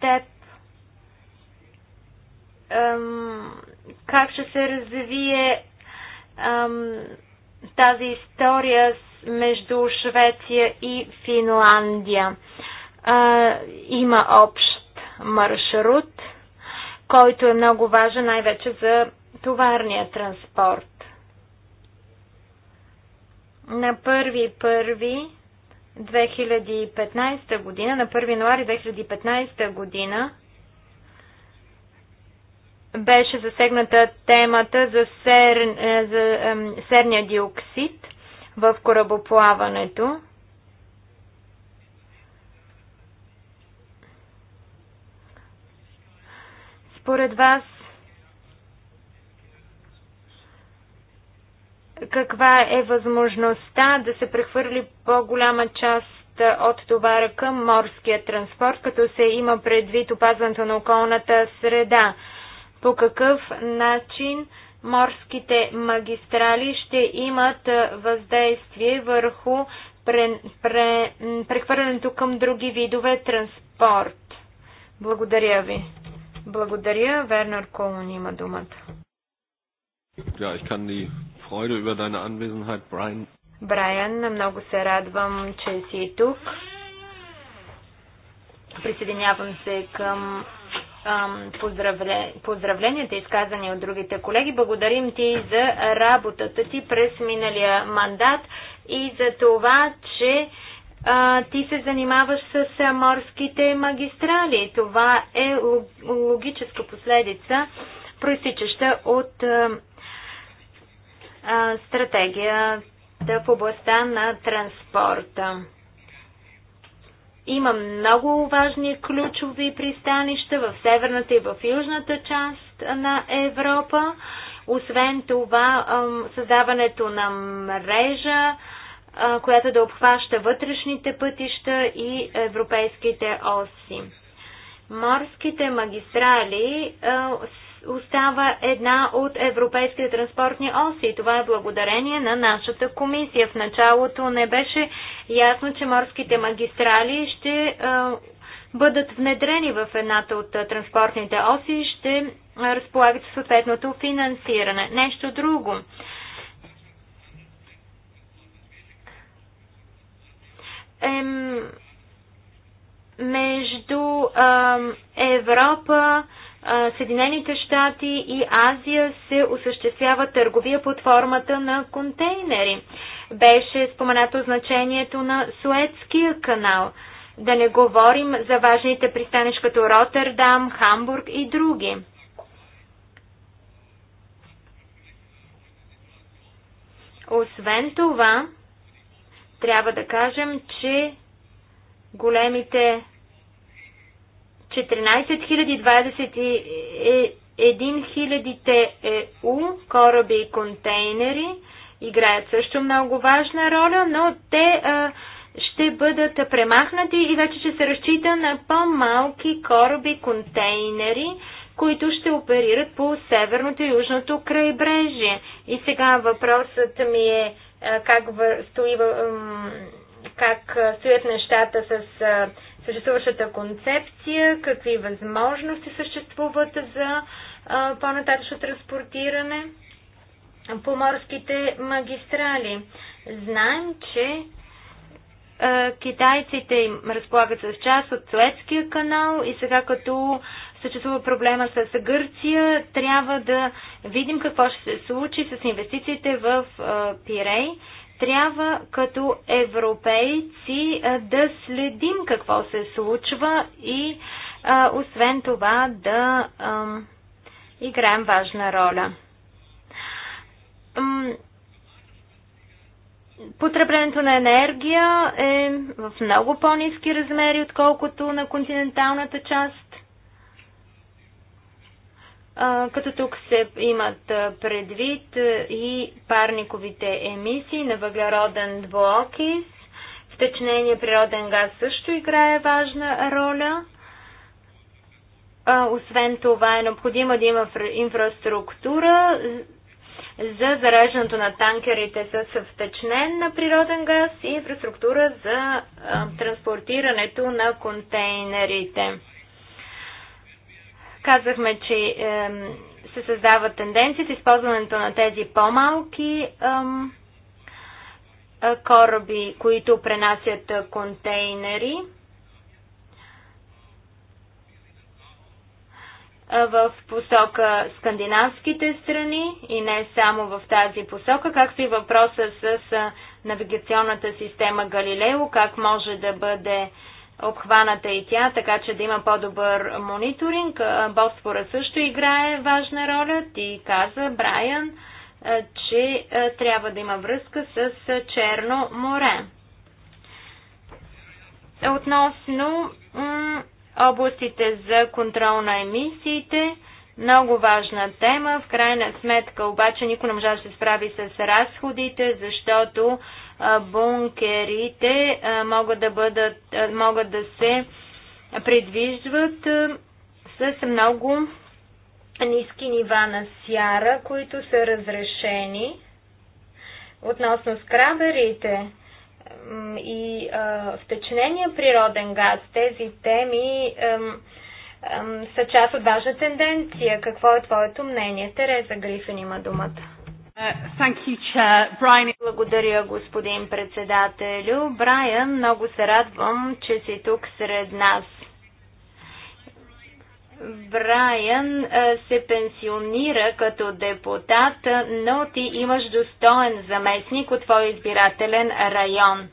теб, ам, как ще се развие ам, тази история между Швеция и Финландия. А, има общ маршрут, който е много важен най-вече за товарния транспорт. На 1.1.2015 година, на 1 януари 2015 година, беше засегната темата за, сер, е, за серния диоксид в корабоплаването. Според вас, каква е възможността да се прехвърли по-голяма част е, от товара към морския транспорт, като се има предвид опазването на околната среда? по какъв начин морските магистрали ще имат въздействие върху прехвърлянето към други видове транспорт. Благодаря ви. Благодаря. Вернер Колон има думата. Брайан, много се радвам, че си тук. Присъединявам се към поздравле, поздравленията, изказани от другите колеги. Благодарим ти за работата ти през миналия мандат и за това, че а, ти се занимаваш с морските магистрали. Това е логическа последица, проистичаща от а, а, стратегията в областта на транспорта. Има много важни ключови пристанища в северната и в южната част на Европа. Освен това, създаването на мрежа, която да обхваща вътрешните пътища и европейските оси. Морските магистрали остава една от европейските транспортни оси. Това е благодарение на нашата комисия. В началото не беше ясно, че морските магистрали ще бъдат внедрени в едната от транспортните оси и ще разполагат съответното финансиране. Нещо друго. Ем, между а, Европа, Съединените щати и Азия се осъществява търговия под формата на контейнери. Беше споменато значението на Суетския канал. Да не говорим за важните пристанища като Роттердам, Хамбург и други. Освен това, трябва да кажем, че големите 14 000 ЕУ кораби и контейнери играят също много важна роля, но те а, ще бъдат премахнати и вече ще се разчита на по-малки кораби, контейнери, които ще оперират по северното и южното крайбрежие. И сега въпросът ми е а, как, стои, а, как стоят нещата с съществуващата концепция, какви възможности съществуват за по-нататъчно транспортиране по морските магистрали. Знаем, че китайците им разполагат с част от Суетския канал и сега като съществува проблема с Гърция, трябва да видим какво ще се случи с инвестициите в Пирей. Трябва като европейци да следим какво се случва и а, освен това да а, играем важна роля. Потреблението на енергия е в много по-низки размери, отколкото на континенталната част като тук се имат предвид и парниковите емисии на въглероден двуокис. Втечнение природен газ също играе важна роля. Освен това е необходимо да има инфраструктура за зареждането на танкерите с втечнен на природен газ и инфраструктура за транспортирането на контейнерите. Казахме, че е, се създава тенденция с използването на тези по-малки е, кораби, които пренасят е, контейнери. Е, в посока скандинавските страни и не само в тази посока, както и въпроса с е, навигационната система Галилео, как може да бъде обхваната и тя, така че да има по-добър мониторинг. Босфора също играе важна роля. Ти каза, Брайан, че трябва да има връзка с Черно море. Относно областите за контрол на емисиите, много важна тема. В крайна сметка обаче никой не може да се справи с разходите, защото бункерите могат да, бъдат, могат да се предвиждат с много ниски нива на сяра, които са разрешени. Относно скраберите и втечнения природен газ, тези теми са част от важна тенденция. Какво е твоето мнение? Тереза Грифен има думата. You, Благодаря, господин председателю. Брайан, много се радвам, че си тук сред нас. Брайан се пенсионира като депутат, но ти имаш достоен заместник от твой избирателен район.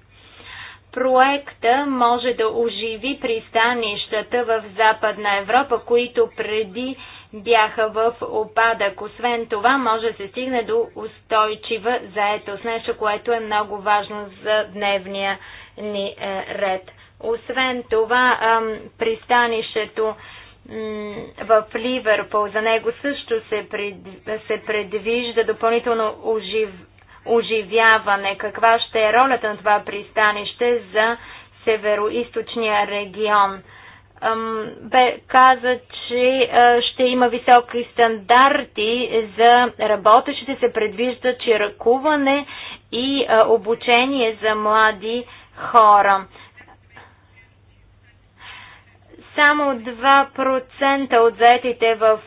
Проекта може да оживи пристанищата в Западна Европа, които преди бяха в опадък. Освен това, може да се стигне до устойчива заетост, нещо, което е много важно за дневния ни е, ред. Освен това, пристанището в Ливърпул, за него също се, пред, се предвижда допълнително ожив, оживяване. Каква ще е ролята на това пристанище за северо регион? бе каза, че ще има високи стандарти за работещите. Се предвижда чиракуване и обучение за млади хора. Само 2% от заетите в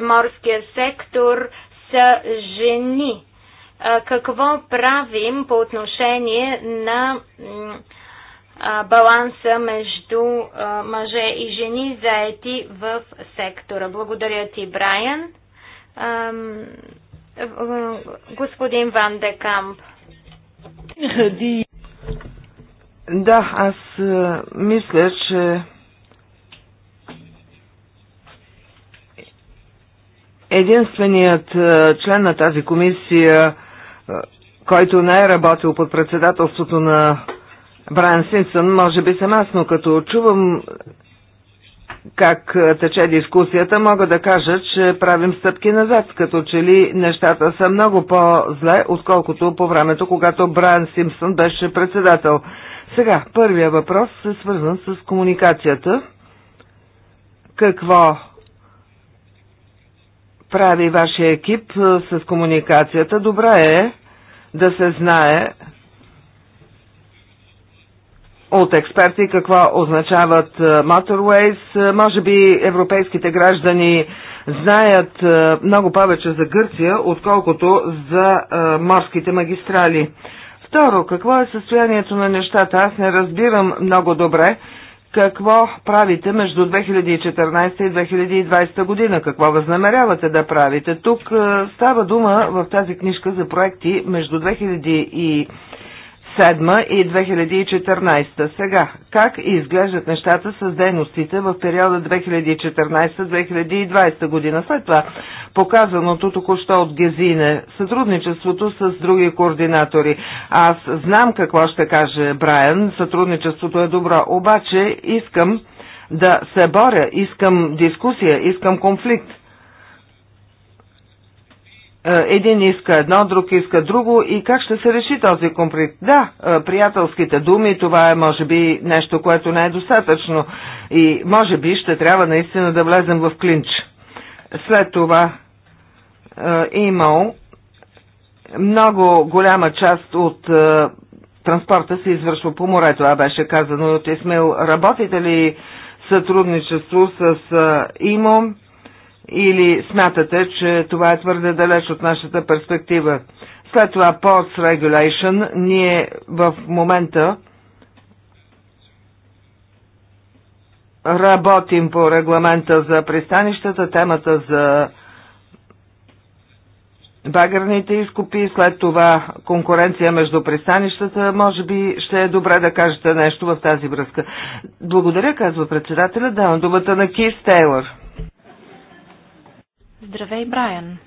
морския сектор са жени. Какво правим по отношение на баланса между мъже и жени заети в сектора. Благодаря ти, Брайан. Господин Ван де Камп. Да, аз мисля, че единственият член на тази комисия, който не е работил под председателството на Брайан Симпсън, може би съм аз, но като чувам как е, тече дискусията, мога да кажа, че правим стъпки назад, като че ли нещата са много по-зле, отколкото по времето, когато Брайан Симпсън беше председател. Сега, първия въпрос е свързан с комуникацията. Какво прави вашия екип е, с комуникацията? Добре е да се знае от експерти какво означават е, motorways. Е, може би европейските граждани знаят е, много повече за Гърция, отколкото за морските магистрали. Второ, какво е състоянието на нещата? Аз не разбирам много добре какво правите между 2014 и 2020 година, какво възнамерявате да правите. Тук става дума в тази книжка за проекти между 2000 и 2007 и 2014. Сега, как изглеждат нещата с дейностите в периода 2014-2020 година? След това, показаното току-що от Гезине, сътрудничеството с други координатори. Аз знам какво ще каже Брайан, сътрудничеството е добро, обаче искам да се боря, искам дискусия, искам конфликт. Е, един иска едно, друг иска друго и как ще се реши този конфликт? Да, е, приятелските думи, това е може би нещо, което не е достатъчно и може би ще трябва наистина да влезем в клинч. След това е имал много голяма част от е, транспорта се извършва по море, това беше казано от Исмил. Работите ли сътрудничество с ИМО? или смятате, че това е твърде далеч от нашата перспектива. След това Ports Regulation, ние в момента работим по регламента за пристанищата, темата за багърните изкупи, след това конкуренция между пристанищата, може би ще е добре да кажете нещо в тази връзка. Благодаря, казва председателя, давам думата на Кис Тейлър. Здравей, Брайан!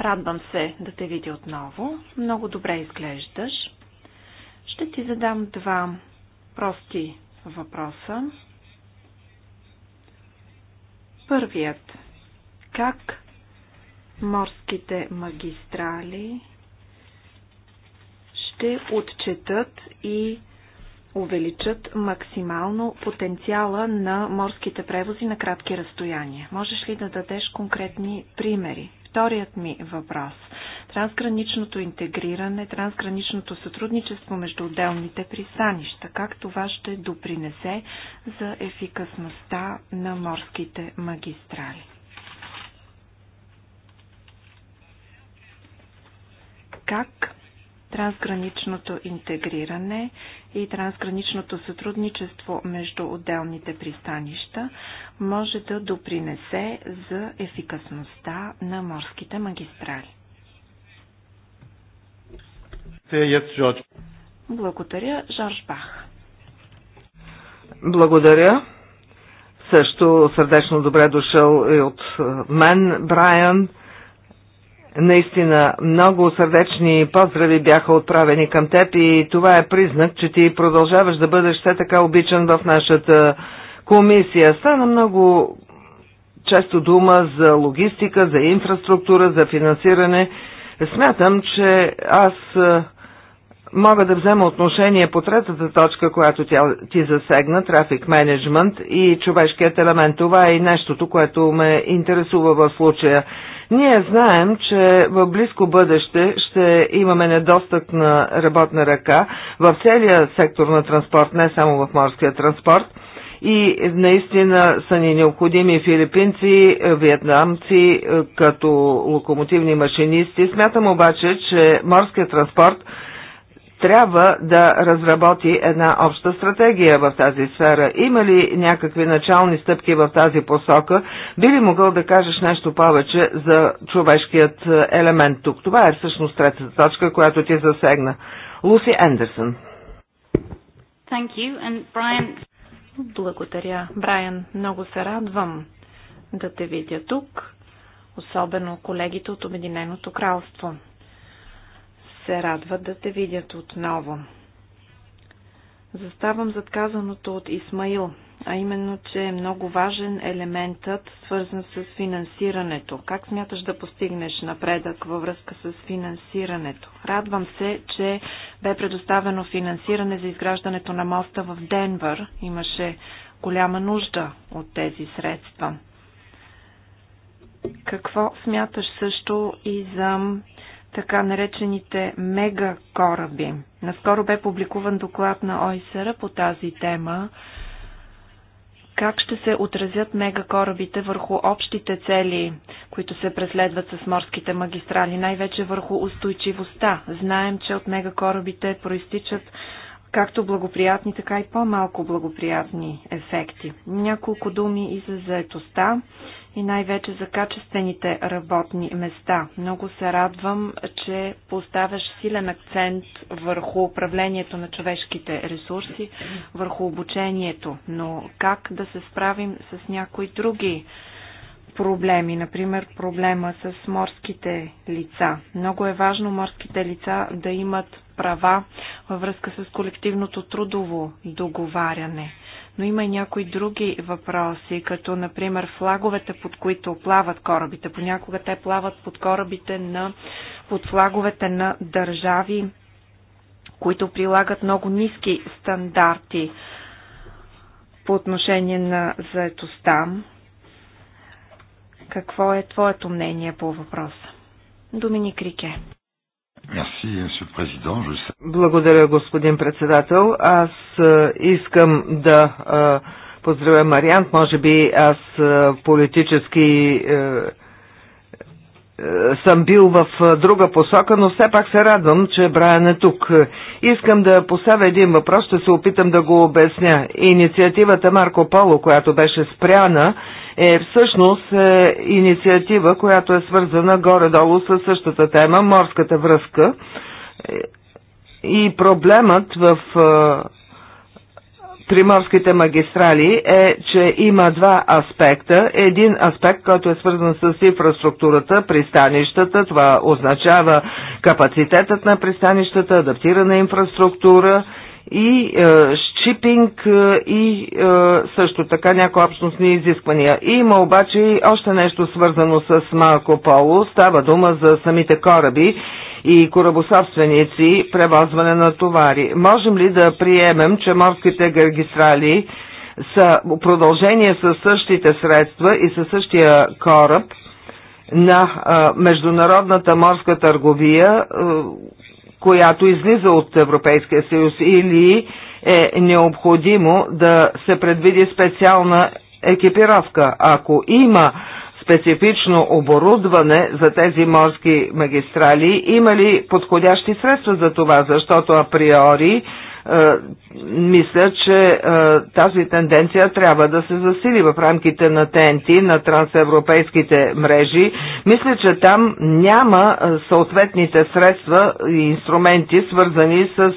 Радвам се да те видя отново. Много добре изглеждаш. Ще ти задам два прости въпроса. Първият. Как морските магистрали ще отчетат и увеличат максимално потенциала на морските превози на кратки разстояния? Можеш ли да дадеш конкретни примери? Вторият ми въпрос. Трансграничното интегриране, трансграничното сътрудничество между отделните пристанища. Как това ще допринесе за ефикасността на морските магистрали? Как трансграничното интегриране и трансграничното сътрудничество между отделните пристанища може да допринесе за ефикасността на морските магистрали. Е, Благодаря, Жорж Бах. Благодаря. Също сърдечно добре дошъл и от е, мен, Брайан. Наистина много сърдечни поздрави бяха отправени към теб и това е признак, че ти продължаваш да бъдеш все така обичан в нашата комисия. Стана много често дума за логистика, за инфраструктура, за финансиране. Смятам, че аз мога да взема отношение по третата точка, която тя, ти засегна, трафик менеджмент и човешкият елемент. Това е и нещото, което ме интересува в случая. Ние знаем, че в близко бъдеще ще имаме недостъг на работна ръка в целия сектор на транспорт, не само в морския транспорт. И наистина са ни необходими филипинци, вьетнамци е, като локомотивни машинисти. Смятам обаче, че морският транспорт трябва да разработи една обща стратегия в тази сфера. Има ли някакви начални стъпки в тази посока? Би ли могъл да кажеш нещо повече за човешкият елемент тук? Това е всъщност третата точка, която ти засегна. Луси Ендерсън. Brian... Благодаря, Брайан. Много се радвам да те видя тук, особено колегите от Обединеното кралство се радват да те видят отново. Заставам зад казаното от Исмаил, а именно, че е много важен елементът, свързан с финансирането. Как смяташ да постигнеш напредък във връзка с финансирането? Радвам се, че бе предоставено финансиране за изграждането на моста в Денвър. Имаше голяма нужда от тези средства. Какво смяташ също и за така наречените мега кораби. Наскоро бе публикуван доклад на ОИСР по тази тема. Как ще се отразят мегакорабите върху общите цели, които се преследват с морските магистрали, най-вече върху устойчивостта? Знаем, че от мегакорабите проистичат както благоприятни, така и по-малко благоприятни ефекти. Няколко думи и за заетостта и най-вече за качествените работни места. Много се радвам, че поставяш силен акцент върху управлението на човешките ресурси, върху обучението, но как да се справим с някои други проблеми, например проблема с морските лица. Много е важно морските лица да имат права във връзка с колективното трудово договаряне но има и някои други въпроси, като например флаговете, под които плават корабите. Понякога те плават под корабите на, под флаговете на държави, които прилагат много ниски стандарти по отношение на заетостта. Какво е твоето мнение по въпроса? Доминик Рике. Euh, Благодаря, господин председател. Аз е, искам да е, поздравя Мариант. Може би аз е, политически съм бил в друга посока, но все пак се радвам, че Брайан е тук. Искам да поставя един въпрос, ще се опитам да го обясня. Инициативата Марко Поло, която беше спряна, е всъщност е инициатива, която е свързана горе-долу с същата тема, морската връзка. И проблемът в приморските магистрали е, че има два аспекта. Един аспект, който е свързан с инфраструктурата, пристанищата, това означава капацитетът на пристанищата, адаптирана инфраструктура и е, шипинг е, и е, също така някои общностни изисквания. Има обаче и още нещо свързано с Марко Поло. Става дума за самите кораби и корабособственици, превозване на товари. Можем ли да приемем, че морските гаргистрали са продължение със същите средства и със същия кораб на а, е, международната морска търговия, а, е, която излиза от Европейския съюз или е необходимо да се предвиди специална екипировка. Ако има специфично оборудване за тези морски магистрали, има ли подходящи средства за това, защото априори е, мисля, че е, тази тенденция трябва да се засили в рамките на ТНТ, на трансевропейските мрежи. Мисля, че там няма е, съответните средства и инструменти, свързани с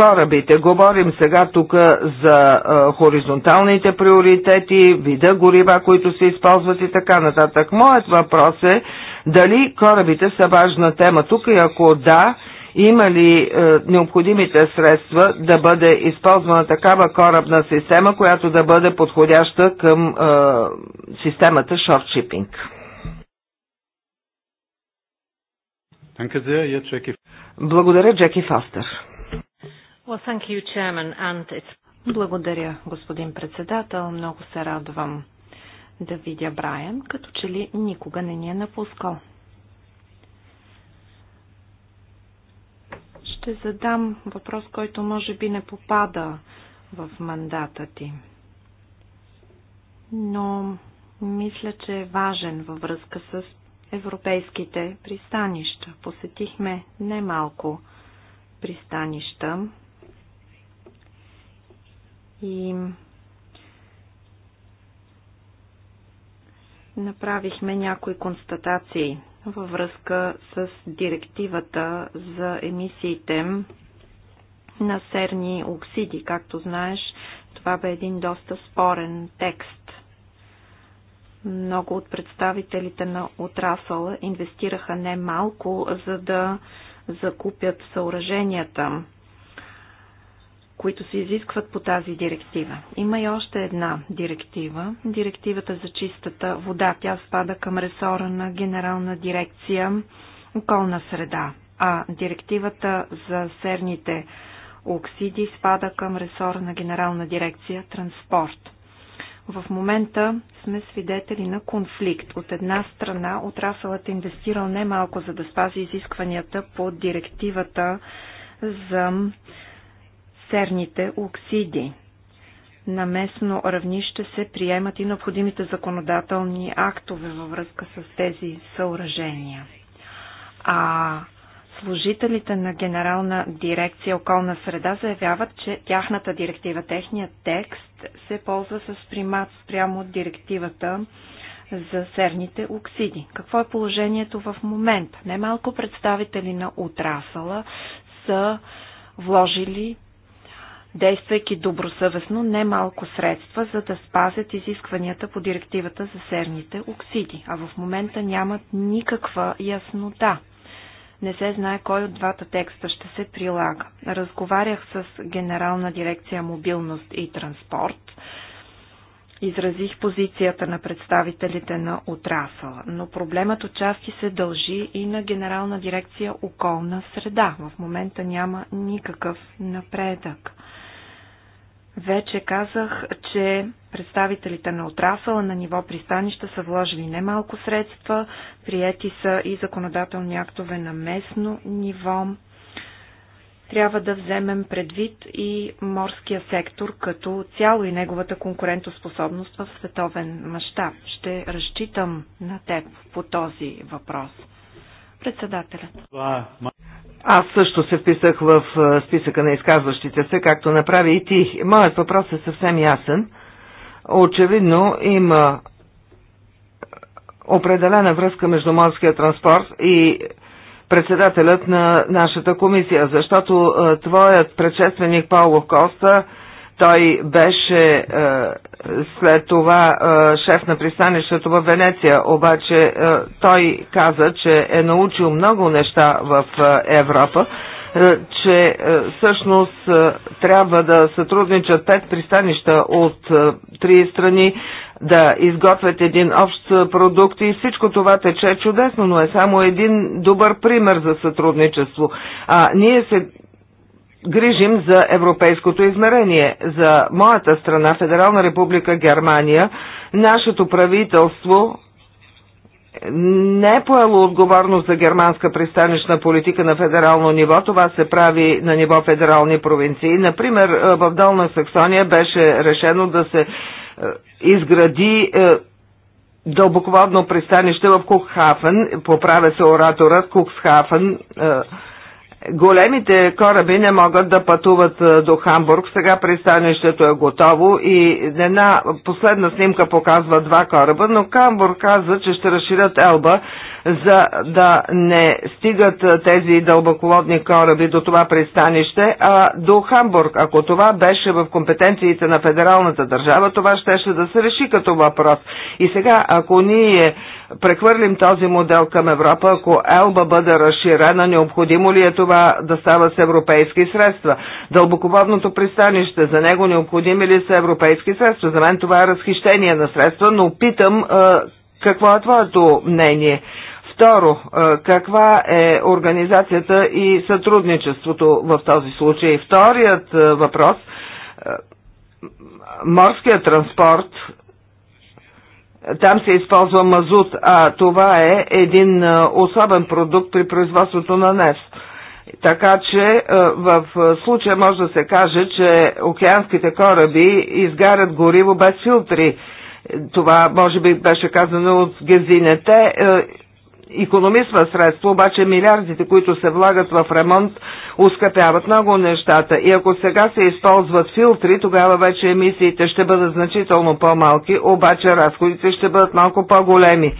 корабите. Говорим сега тук за хоризонталните приоритети, вида горива, които се използват и така нататък. Моят въпрос е дали корабите са важна тема тук и ако да, има ли е, необходимите средства да бъде използвана такава корабна система, която да бъде подходяща към е, системата шорт-шипинг? Благодаря, Джеки Фастер. Благодаря, господин председател. Много се радвам да видя Брайан, като че ли никога не ни е напускал. ще задам въпрос, който може би не попада в мандата ти. Но мисля, че е важен във връзка с европейските пристанища. Посетихме немалко пристанища и направихме някои констатации във връзка с директивата за емисиите на серни оксиди. Както знаеш, това бе един доста спорен текст. Много от представителите на отрасъла инвестираха не малко, за да закупят съоръженията които се изискват по тази директива. Има и още една директива. Директивата за чистата вода. Тя спада към ресора на Генерална дирекция околна среда, а директивата за серните оксиди спада към ресора на Генерална дирекция транспорт. В момента сме свидетели на конфликт. От една страна отрасълът е инвестирал немалко, за да спази изискванията по директивата за серните оксиди. На местно равнище се приемат и необходимите законодателни актове във връзка с тези съоръжения. А служителите на Генерална дирекция околна среда заявяват, че тяхната директива, техният текст се ползва с примат спрямо от директивата за серните оксиди. Какво е положението в момента? Немалко представители на отрасала са вложили действайки добросъвестно немалко средства, за да спазят изискванията по директивата за серните оксиди, а в момента нямат никаква яснота. Не се знае кой от двата текста ще се прилага. Разговарях с Генерална дирекция мобилност и транспорт. Изразих позицията на представителите на отрасъла, но проблемът отчасти се дължи и на Генерална дирекция околна среда. В момента няма никакъв напредък. Вече казах, че представителите на отрасъла на ниво пристанища са вложили немалко средства, приети са и законодателни актове на местно ниво. Трябва да вземем предвид и морския сектор като цяло и неговата конкурентоспособност в световен мащаб. Ще разчитам на теб по този въпрос. Председателят. Аз също се вписах в списъка на изказващите се, както направи и ти. Моят въпрос е съвсем ясен. Очевидно има определена връзка между морския транспорт и председателят на нашата комисия, защото твоят предшественик Пауло Коста, той беше след това шеф на пристанището в Венеция, обаче той каза, че е научил много неща в Европа, че всъщност трябва да сътрудничат пет пристанища от три страни, да изготвят един общ продукт и всичко това тече чудесно, но е само един добър пример за сътрудничество. А ние се грижим за европейското измерение. За моята страна, Федерална република Германия, нашето правителство не е поело отговорност за германска пристанищна политика на федерално ниво. Това се прави на ниво федерални провинции. Например, е, в Долна Саксония беше решено да се е, изгради е, дълбоководно пристанище в Кукхафен. Поправя се ораторът Кукхафен. Куксхафен Големите кораби не могат да пътуват е, до Хамбург. Сега пристанището е готово и една последна снимка показва два кораба, но Хамбург каза, че ще разширят Елба за да не стигат тези дълбоководни кораби до това пристанище, а до Хамбург. Ако това беше в компетенциите на федералната държава, това щеше да се реши като въпрос. И сега, ако ние прехвърлим този модел към Европа, ако Елба бъде разширена, необходимо ли е това да става с европейски средства? Дълбоководното пристанище, за него необходими ли са европейски средства? За мен това е разхищение на средства, но питам какво е твоето мнение? Второ, каква е организацията и сътрудничеството в този случай? Вторият въпрос морският транспорт, там се използва мазут, а това е един особен продукт при производството на нефт. Така че в случая може да се каже, че океанските кораби изгарят гориво без филтри. Това може би беше казано от газинете економисва средства, обаче милиардите, които се влагат в ремонт, ускъпяват много нещата. И ако сега се използват филтри, тогава вече емисиите ще бъдат значително по-малки, обаче разходите ще бъдат малко по-големи. Е,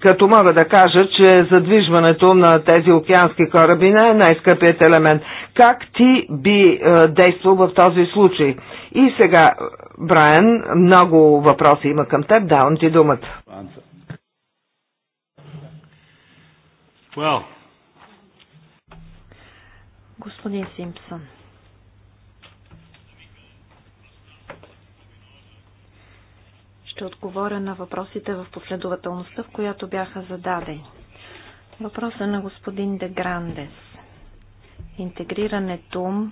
като мога да кажа, че задвижването на тези океански кораби не е най-скъпият елемент. Как ти би е, действал в този случай? И сега, Брайан, много въпроси има към теб. Давам ти думата. Well. Господин Симпсън. Ще отговоря на въпросите в последователността, в която бяха зададени. Въпроса е на господин Де Грандес. Интегрирането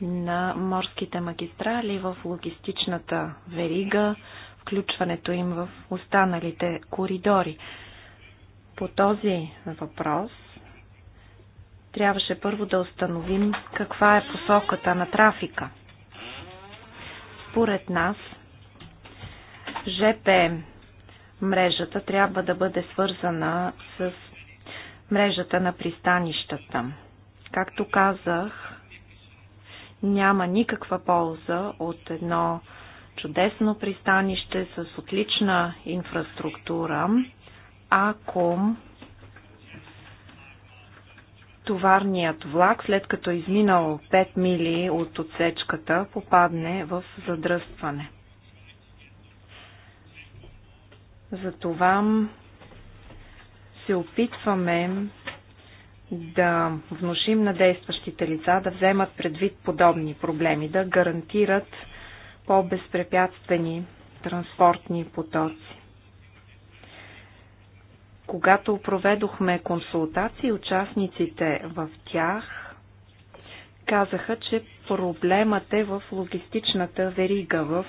на морските магистрали в логистичната верига, включването им в останалите коридори. По този въпрос трябваше първо да установим каква е посоката на трафика. Според нас, ЖП мрежата трябва да бъде свързана с мрежата на пристанищата. Както казах, няма никаква полза от едно чудесно пристанище с отлична инфраструктура, ако товарният влак, след като е изминал 5 мили от отсечката, попадне в задръстване. Затова се опитваме да внушим на действащите лица да вземат предвид подобни проблеми, да гарантират по-безпрепятствени транспортни потоци. Когато проведохме консултации, участниците в тях казаха, че проблемът е в логистичната верига, в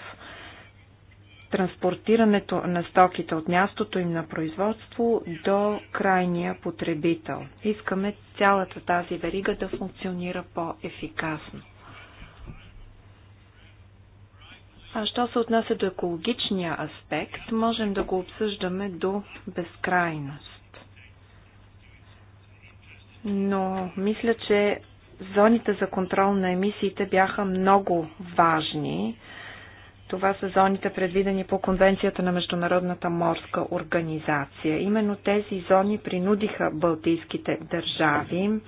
транспортирането на стоките от мястото им на производство до крайния потребител. Искаме цялата тази верига да функционира по-ефикасно. А що се отнася до екологичния аспект, можем да го обсъждаме до безкрайност. Но мисля, че зоните за контрол на емисиите бяха много важни. Това са зоните предвидени по Конвенцията на Международната морска организация. Именно тези зони принудиха балтийските държави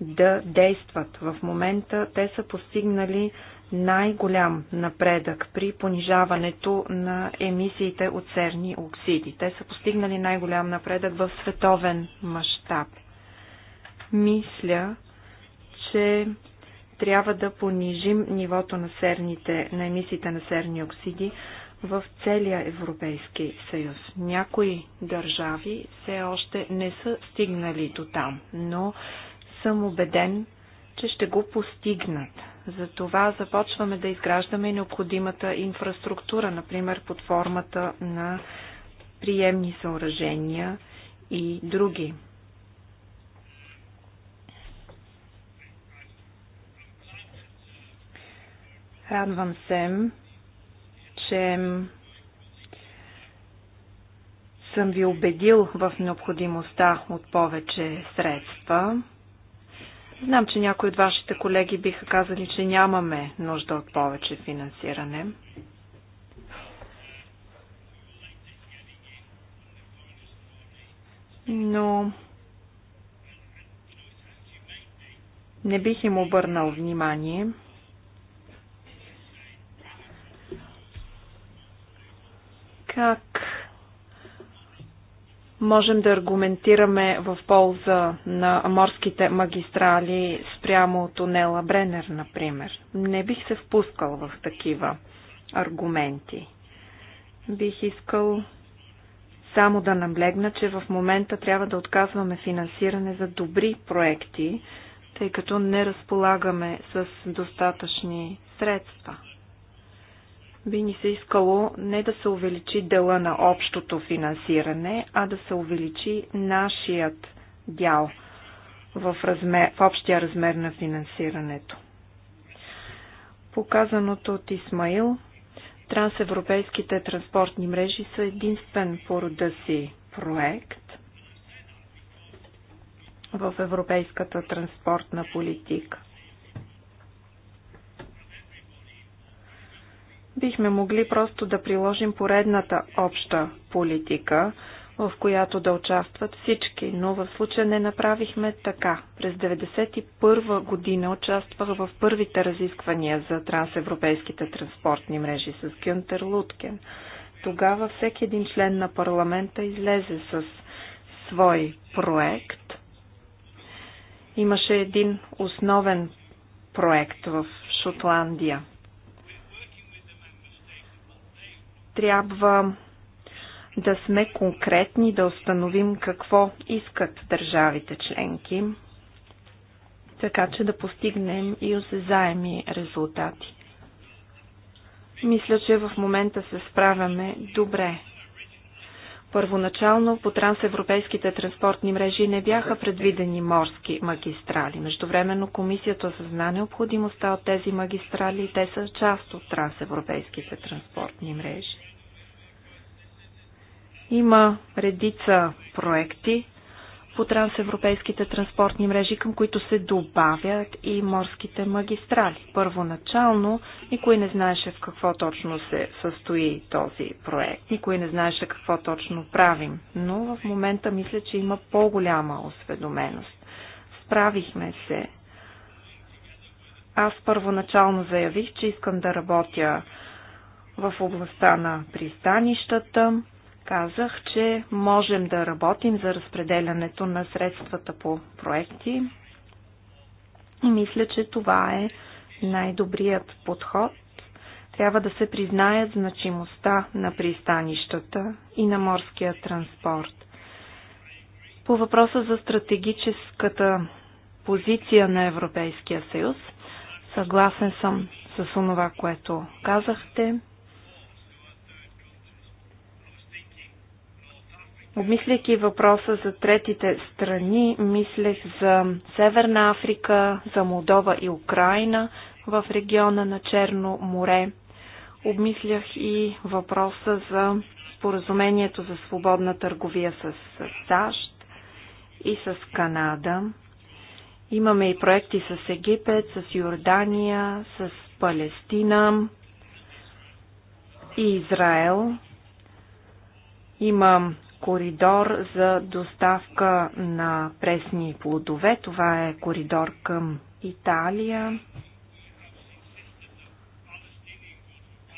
да действат. В момента те са постигнали най-голям напредък при понижаването на емисиите от серни оксиди. Те са постигнали най-голям напредък в световен мащаб. Мисля, че трябва да понижим нивото на, серните, на емисиите на серни оксиди в целия Европейски съюз. Някои държави все още не са стигнали до там, но съм убеден, че ще го постигнат. Затова започваме да изграждаме необходимата инфраструктура, например под формата на приемни съоръжения и други. Радвам се, че съм ви убедил в необходимостта от повече средства. Знам, че някои от вашите колеги биха казали, че нямаме нужда от повече финансиране. Но не бих им обърнал внимание. Как можем да аргументираме в полза на морските магистрали спрямо тунела Бренер, например. Не бих се впускал в такива аргументи. Бих искал само да наблегна, че в момента трябва да отказваме финансиране за добри проекти, тъй като не разполагаме с достатъчни средства би ни се искало не да се увеличи дела на общото финансиране, а да се увеличи нашият дял в, размер, в общия размер на финансирането. Показаното от Исмаил, трансевропейските транспортни мрежи са единствен по рода си проект в европейската транспортна политика. бихме могли просто да приложим поредната обща политика, в която да участват всички, но в случая не направихме така. През 1991 година участвах в първите разисквания за трансевропейските транспортни мрежи с Кюнтер Луткен. Тогава всеки един член на парламента излезе с свой проект. Имаше един основен проект в Шотландия – трябва да сме конкретни, да установим какво искат държавите членки, така че да постигнем и осезаеми резултати. Мисля, че в момента се справяме добре. Първоначално по трансевропейските транспортни мрежи не бяха предвидени морски магистрали. Междувременно комисията осъзна необходимостта от тези магистрали и те са част от трансевропейските транспортни мрежи. Има редица проекти по трансевропейските транспортни мрежи, към които се добавят и морските магистрали. Първоначално никой не знаеше в какво точно се състои този проект, никой не знаеше какво точно правим, но в момента мисля, че има по-голяма осведоменост. Справихме се. Аз първоначално заявих, че искам да работя в областта на пристанищата, Казах, че можем да работим за разпределянето на средствата по проекти. И мисля, че това е най-добрият подход. Трябва да се признаят значимостта на пристанищата и на морския транспорт. По въпроса за стратегическата позиция на Европейския съюз, съгласен съм с онова, което казахте. Обмисляйки въпроса за третите страни, мислех за Северна Африка, за Молдова и Украина в региона на Черно море. Обмислях и въпроса за споразумението за свободна търговия с САЩ и с Канада. Имаме и проекти с Египет, с Йордания, с Палестина и Израел. Има коридор за доставка на пресни плодове. Това е коридор към Италия.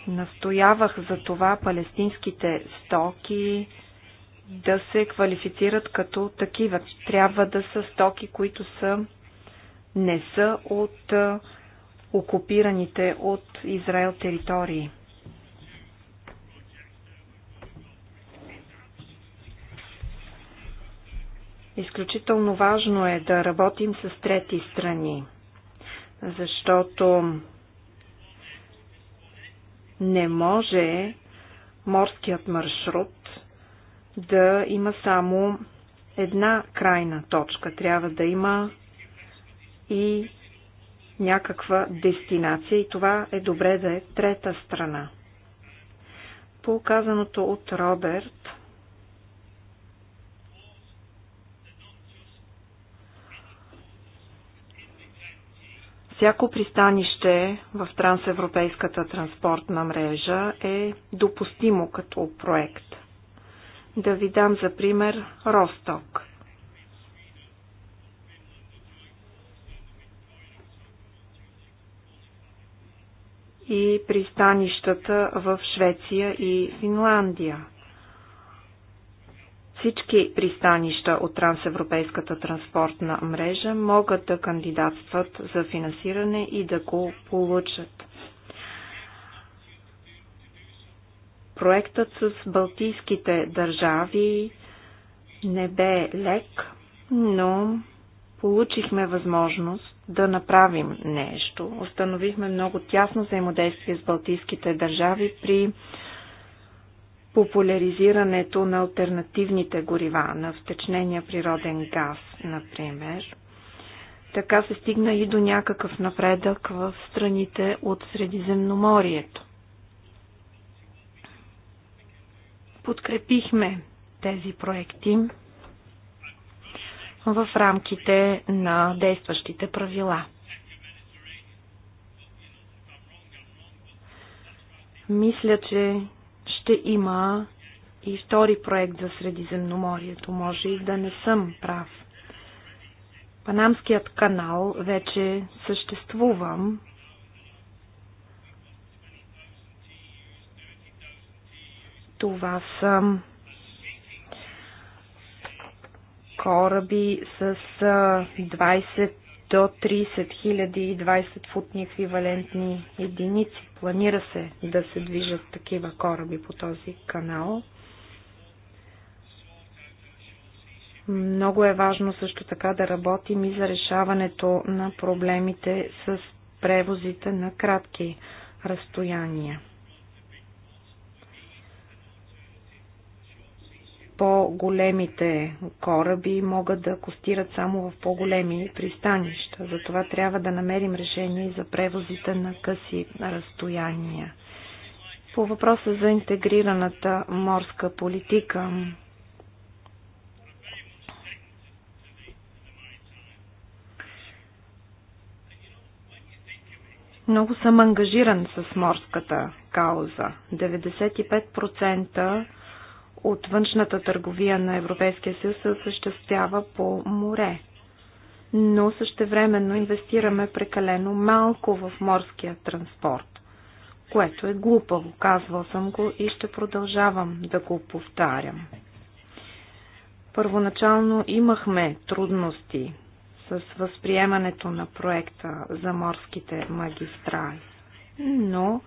Настоявах за това палестинските стоки да се квалифицират като такива. Трябва да са стоки, които са, не са от окупираните от Израел територии. Изключително важно е да работим с трети страни, защото не може морският маршрут да има само една крайна точка. Трябва да има и някаква дестинация и това е добре да е трета страна. По казаното от Роберт, Всяко пристанище в трансевропейската транспортна мрежа е допустимо като проект. Да ви дам за пример Росток. И пристанищата в Швеция и Финландия. Всички пристанища от трансевропейската транспортна мрежа могат да кандидатстват за финансиране и да го получат. Проектът с балтийските държави не бе лек, но получихме възможност да направим нещо. Установихме много тясно взаимодействие с балтийските държави при популяризирането на альтернативните горива, на втечнения природен газ, например. Така се стигна и до някакъв напредък в страните от Средиземноморието. Подкрепихме тези проекти в рамките на действащите правила. Мисля, че ще има и втори проект за Средиземноморието. Може и да не съм прав. Панамският канал вече съществувам. Това са кораби с 20 до 30 020 футни еквивалентни единици. Планира се да се движат такива кораби по този канал. Много е важно също така да работим и за решаването на проблемите с превозите на кратки разстояния. по-големите кораби могат да костират само в по-големи пристанища. Затова трябва да намерим решение за превозите на къси разстояния. По въпроса за интегрираната морска политика, Много съм ангажиран с морската кауза. 95% от външната търговия на Европейския съюз се осъществява по море. Но същевременно инвестираме прекалено малко в морския транспорт, което е глупаво, казвал съм го и ще продължавам да го повтарям. Първоначално имахме трудности с възприемането на проекта за морските магистрали, но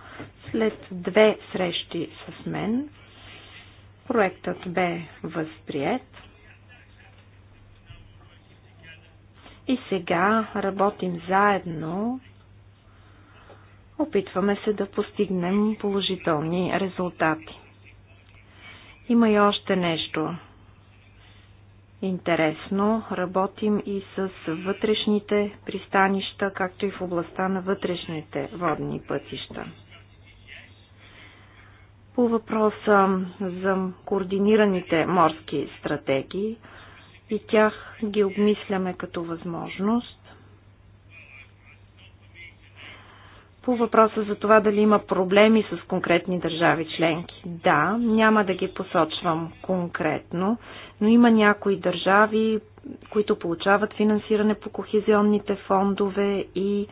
след две срещи с мен Проектът бе възприят. И сега работим заедно. Опитваме се да постигнем положителни резултати. Има и още нещо. Интересно, работим и с вътрешните пристанища, както и в областта на вътрешните водни пътища. По въпроса за координираните морски стратегии и тях ги обмисляме като възможност. По въпроса за това дали има проблеми с конкретни държави членки. Да, няма да ги посочвам конкретно, но има някои държави, които получават финансиране по кохезионните фондове и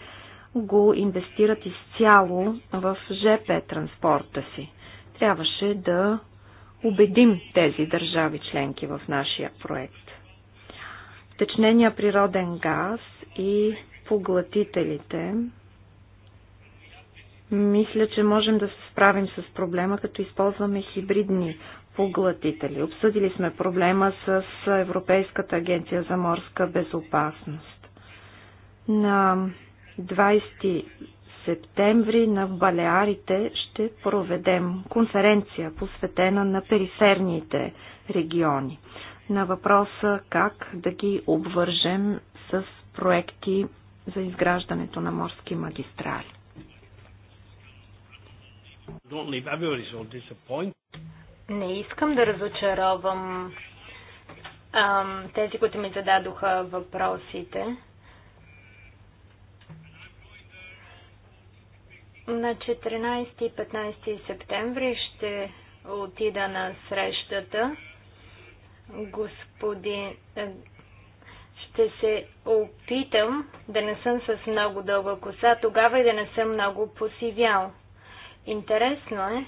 го инвестират изцяло в ЖП транспорта си. Трябваше да убедим тези държави членки в нашия проект. Течнения природен газ и поглътителите. Мисля, че можем да се справим с проблема, като използваме хибридни поглътители. Обсъдили сме проблема с Европейската агенция за морска безопасност. На 20 септември на Балеарите ще проведем конференция, посветена на периферните региони. На въпроса как да ги обвържем с проекти за изграждането на морски магистрали. Не искам да разочаровам ам, тези, които ми зададоха въпросите. На 14 и 15 септември ще отида на срещата. Господин, е, ще се опитам да не съм с много дълга коса, тогава и да не съм много посивял. Интересно е,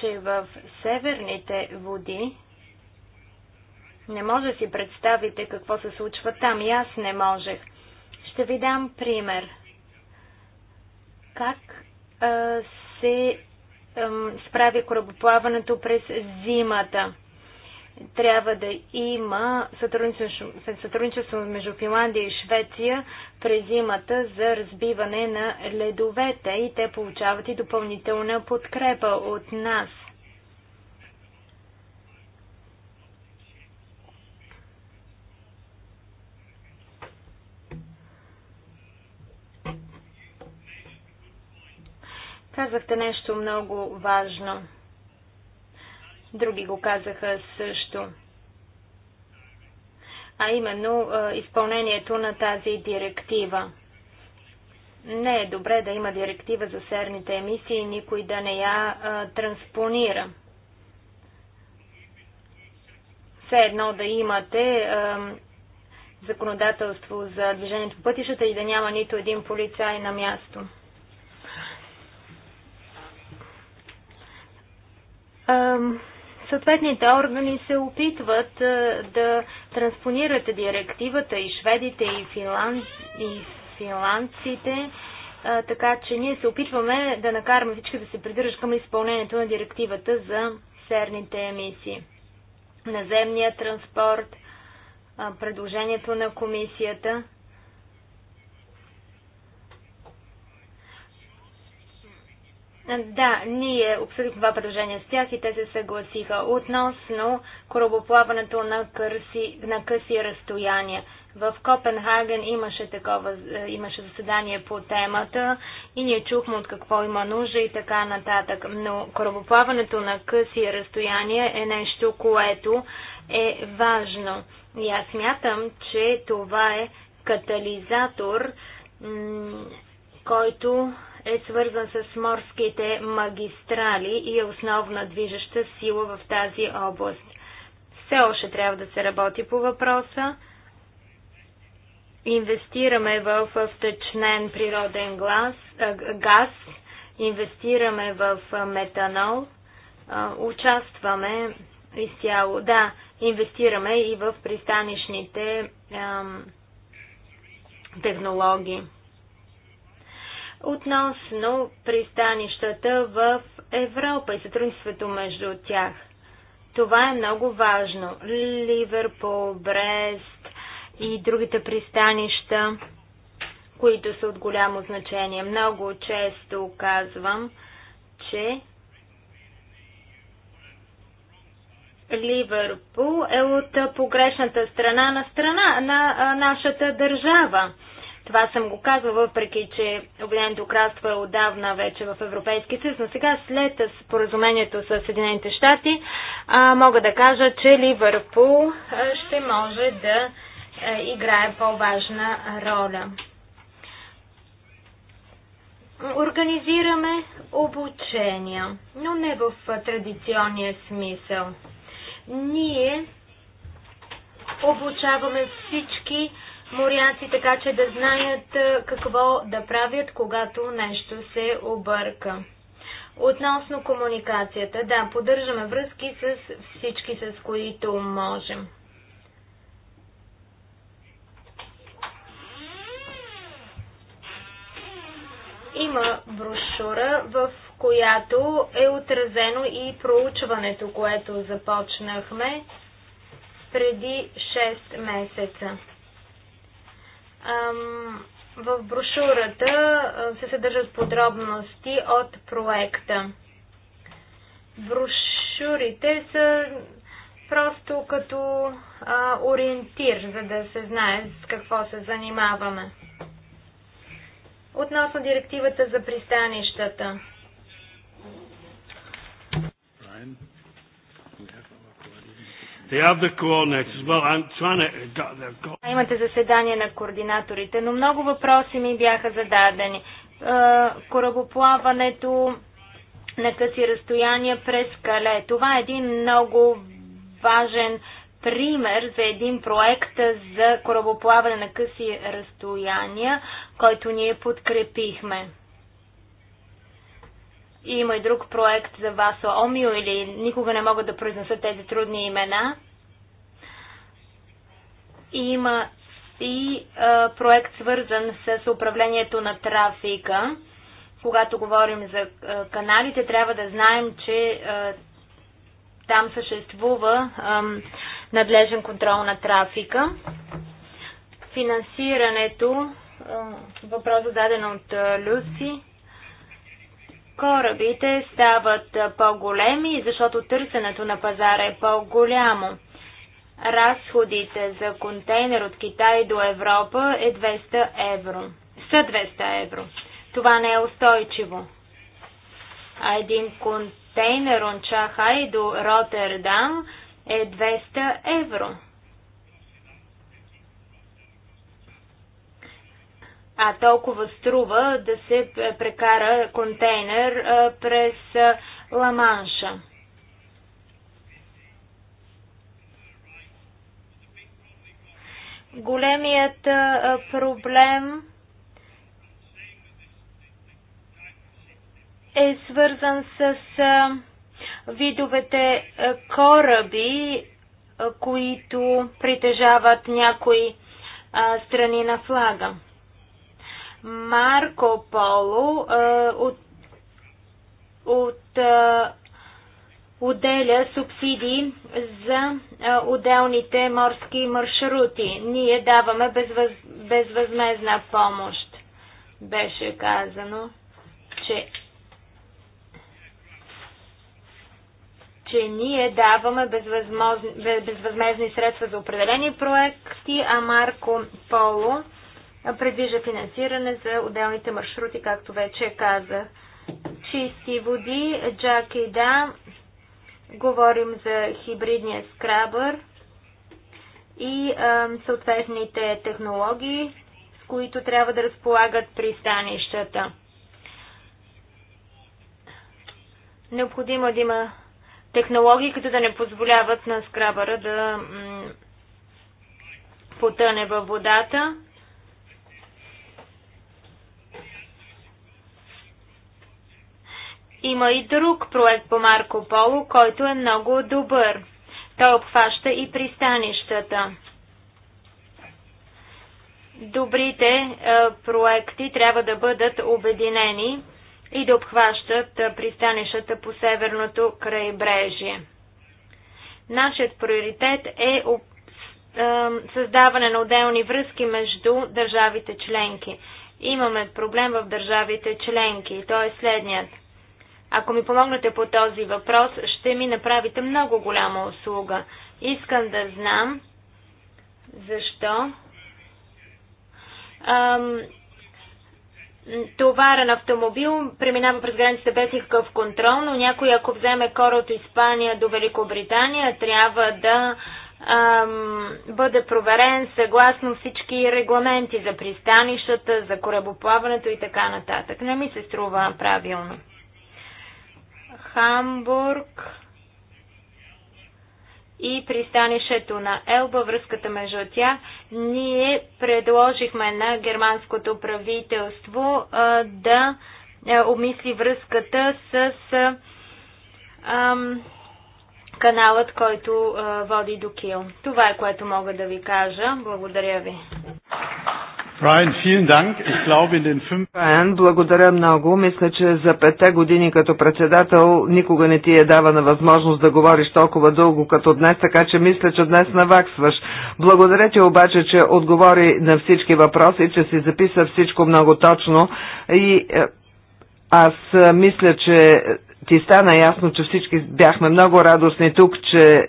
че в северните води не може да си представите какво се случва там. И аз не можех. Ще ви дам пример как се справи корабоплаването през зимата. Трябва да има сътрудничество, сътрудничество между Финландия и Швеция през зимата за разбиване на ледовете и те получават и допълнителна подкрепа от нас. Казахте нещо много важно. Други го казаха също. А именно е, изпълнението на тази директива. Не е добре да има директива за серните емисии и никой да не я а, е, транспонира. Все едно да имате а, е, законодателство за движението по пътищата и да няма нито един полицай на място. съответните органи се опитват да транспонират директивата и шведите, и, финланд, и финландците, така че ние се опитваме да накараме всички да се придържат към изпълнението на директивата за серните емисии. Наземния транспорт, предложението на комисията – Да, ние обсъдихме това предложение с тях и те се съгласиха относно корабоплаването на, кърси, на къси разстояния. В Копенхаген имаше, такова, е, имаше заседание по темата и ние чухме от какво има нужда и така нататък. Но корабоплаването на къси разстояния е нещо, което е важно. И аз смятам, че това е катализатор, който е свързан с морските магистрали и е основна движеща сила в тази област. Все още трябва да се работи по въпроса. Инвестираме в втечнен природен глас, газ, инвестираме в метанол, участваме изцяло, да, инвестираме и в пристанищните технологии относно пристанищата в Европа и сътрудничеството между тях. Това е много важно. Ливерпул, Брест и другите пристанища, които са от голямо значение. Много често казвам, че Ливърпул е от погрешната страна на страна на нашата държава. Това съм го казала, въпреки че Обединеното кралство е отдавна вече в Европейския съюз, но сега след споразумението с Съединените щати мога да кажа, че Ливърпул ще може да играе по-важна роля. Организираме обучения, но не в традиционния смисъл. Ние обучаваме всички моряци, така че да знаят какво да правят, когато нещо се обърка. Относно комуникацията, да, поддържаме връзки с всички, с които можем. Има брошура, в която е отразено и проучването, което започнахме преди 6 месеца. В брошурата се съдържат подробности от проекта. Брошурите са просто като а, ориентир, за да се знае с какво се занимаваме. Относно директивата за пристанищата. They have the coordinators. Well, I'm trying to... got... Имате заседание на координаторите, но много въпроси ми бяха зададени. Корабоплаването на къси разстояния през кале. Това е един много важен пример за един проект за корабоплаване на къси разстояния, който ние подкрепихме. И има и друг проект за вас, Омио или никога не мога да произнеса тези трудни имена. И има и а, проект свързан с управлението на трафика. Когато говорим за а, каналите, трябва да знаем, че а, там съществува а, надлежен контрол на трафика. Финансирането, а, въпрос зададен от Люси, Корабите стават по-големи, защото търсенето на пазара е по-голямо. Разходите за контейнер от Китай до Европа е 200 евро. Са 200 евро. Това не е устойчиво. А един контейнер от Чахай до Ротердам е 200 евро. а толкова струва да се прекара контейнер през Ламанша. Големият проблем е свързан с видовете кораби, които притежават някои страни на флага. Марко Поло е, от, от е, отделя субсидии за е, отделните морски маршрути. Ние даваме безвъз, безвъзмезна помощ. Беше казано, че че ние даваме безвъзмезни средства за определени проекти, а Марко Поло предвижда финансиране за отделните маршрути, както вече казах. Чисти води, джак и да, говорим за хибридния скрабър и а, съответните технологии, с които трябва да разполагат пристанищата. Необходимо е да има технологии, които да не позволяват на скрабъра да потъне във водата. Има и друг проект по Марко Поло, който е много добър. Той обхваща и пристанищата. Добрите е, проекти трябва да бъдат обединени и да обхващат е, пристанищата по северното крайбрежие. Нашият приоритет е, е създаване на отделни връзки между държавите членки. Имаме проблем в държавите членки. Той е следният – ако ми помогнете по този въпрос, ще ми направите много голяма услуга. Искам да знам защо ам, товарен автомобил преминава през границата без никакъв контрол, но някой, ако вземе кора от Испания до Великобритания, трябва да ам, бъде проверен съгласно всички регламенти за пристанищата, за корабоплаването и така нататък. Не ми се струва правилно. Хамбург и пристанището на Елба, връзката между тях, ние предложихме на германското правителство а, да а, обмисли връзката с а, каналът, който води до Кил. Това е което мога да ви кажа. Благодаря ви. Brian, vielen Dank. Ich glaube, in den fünf... Brian, благодаря много. Мисля, че за петте години като председател никога не ти е давана възможност да говориш толкова дълго като днес, така че мисля, че днес наваксваш. Благодаря ти обаче, че отговори на всички въпроси, че си записа всичко много точно и е, аз е, мисля, че ти стана ясно, че всички бяхме много радостни тук, че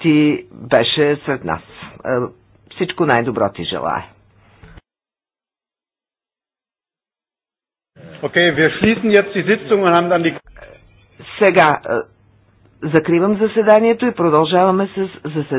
ти беше сред нас. Е, всичко най-добро ти желая. Okay, wir schließen jetzt die Sitzung und haben dann die... Сега е, закривам заседанието и продължаваме с заседанието.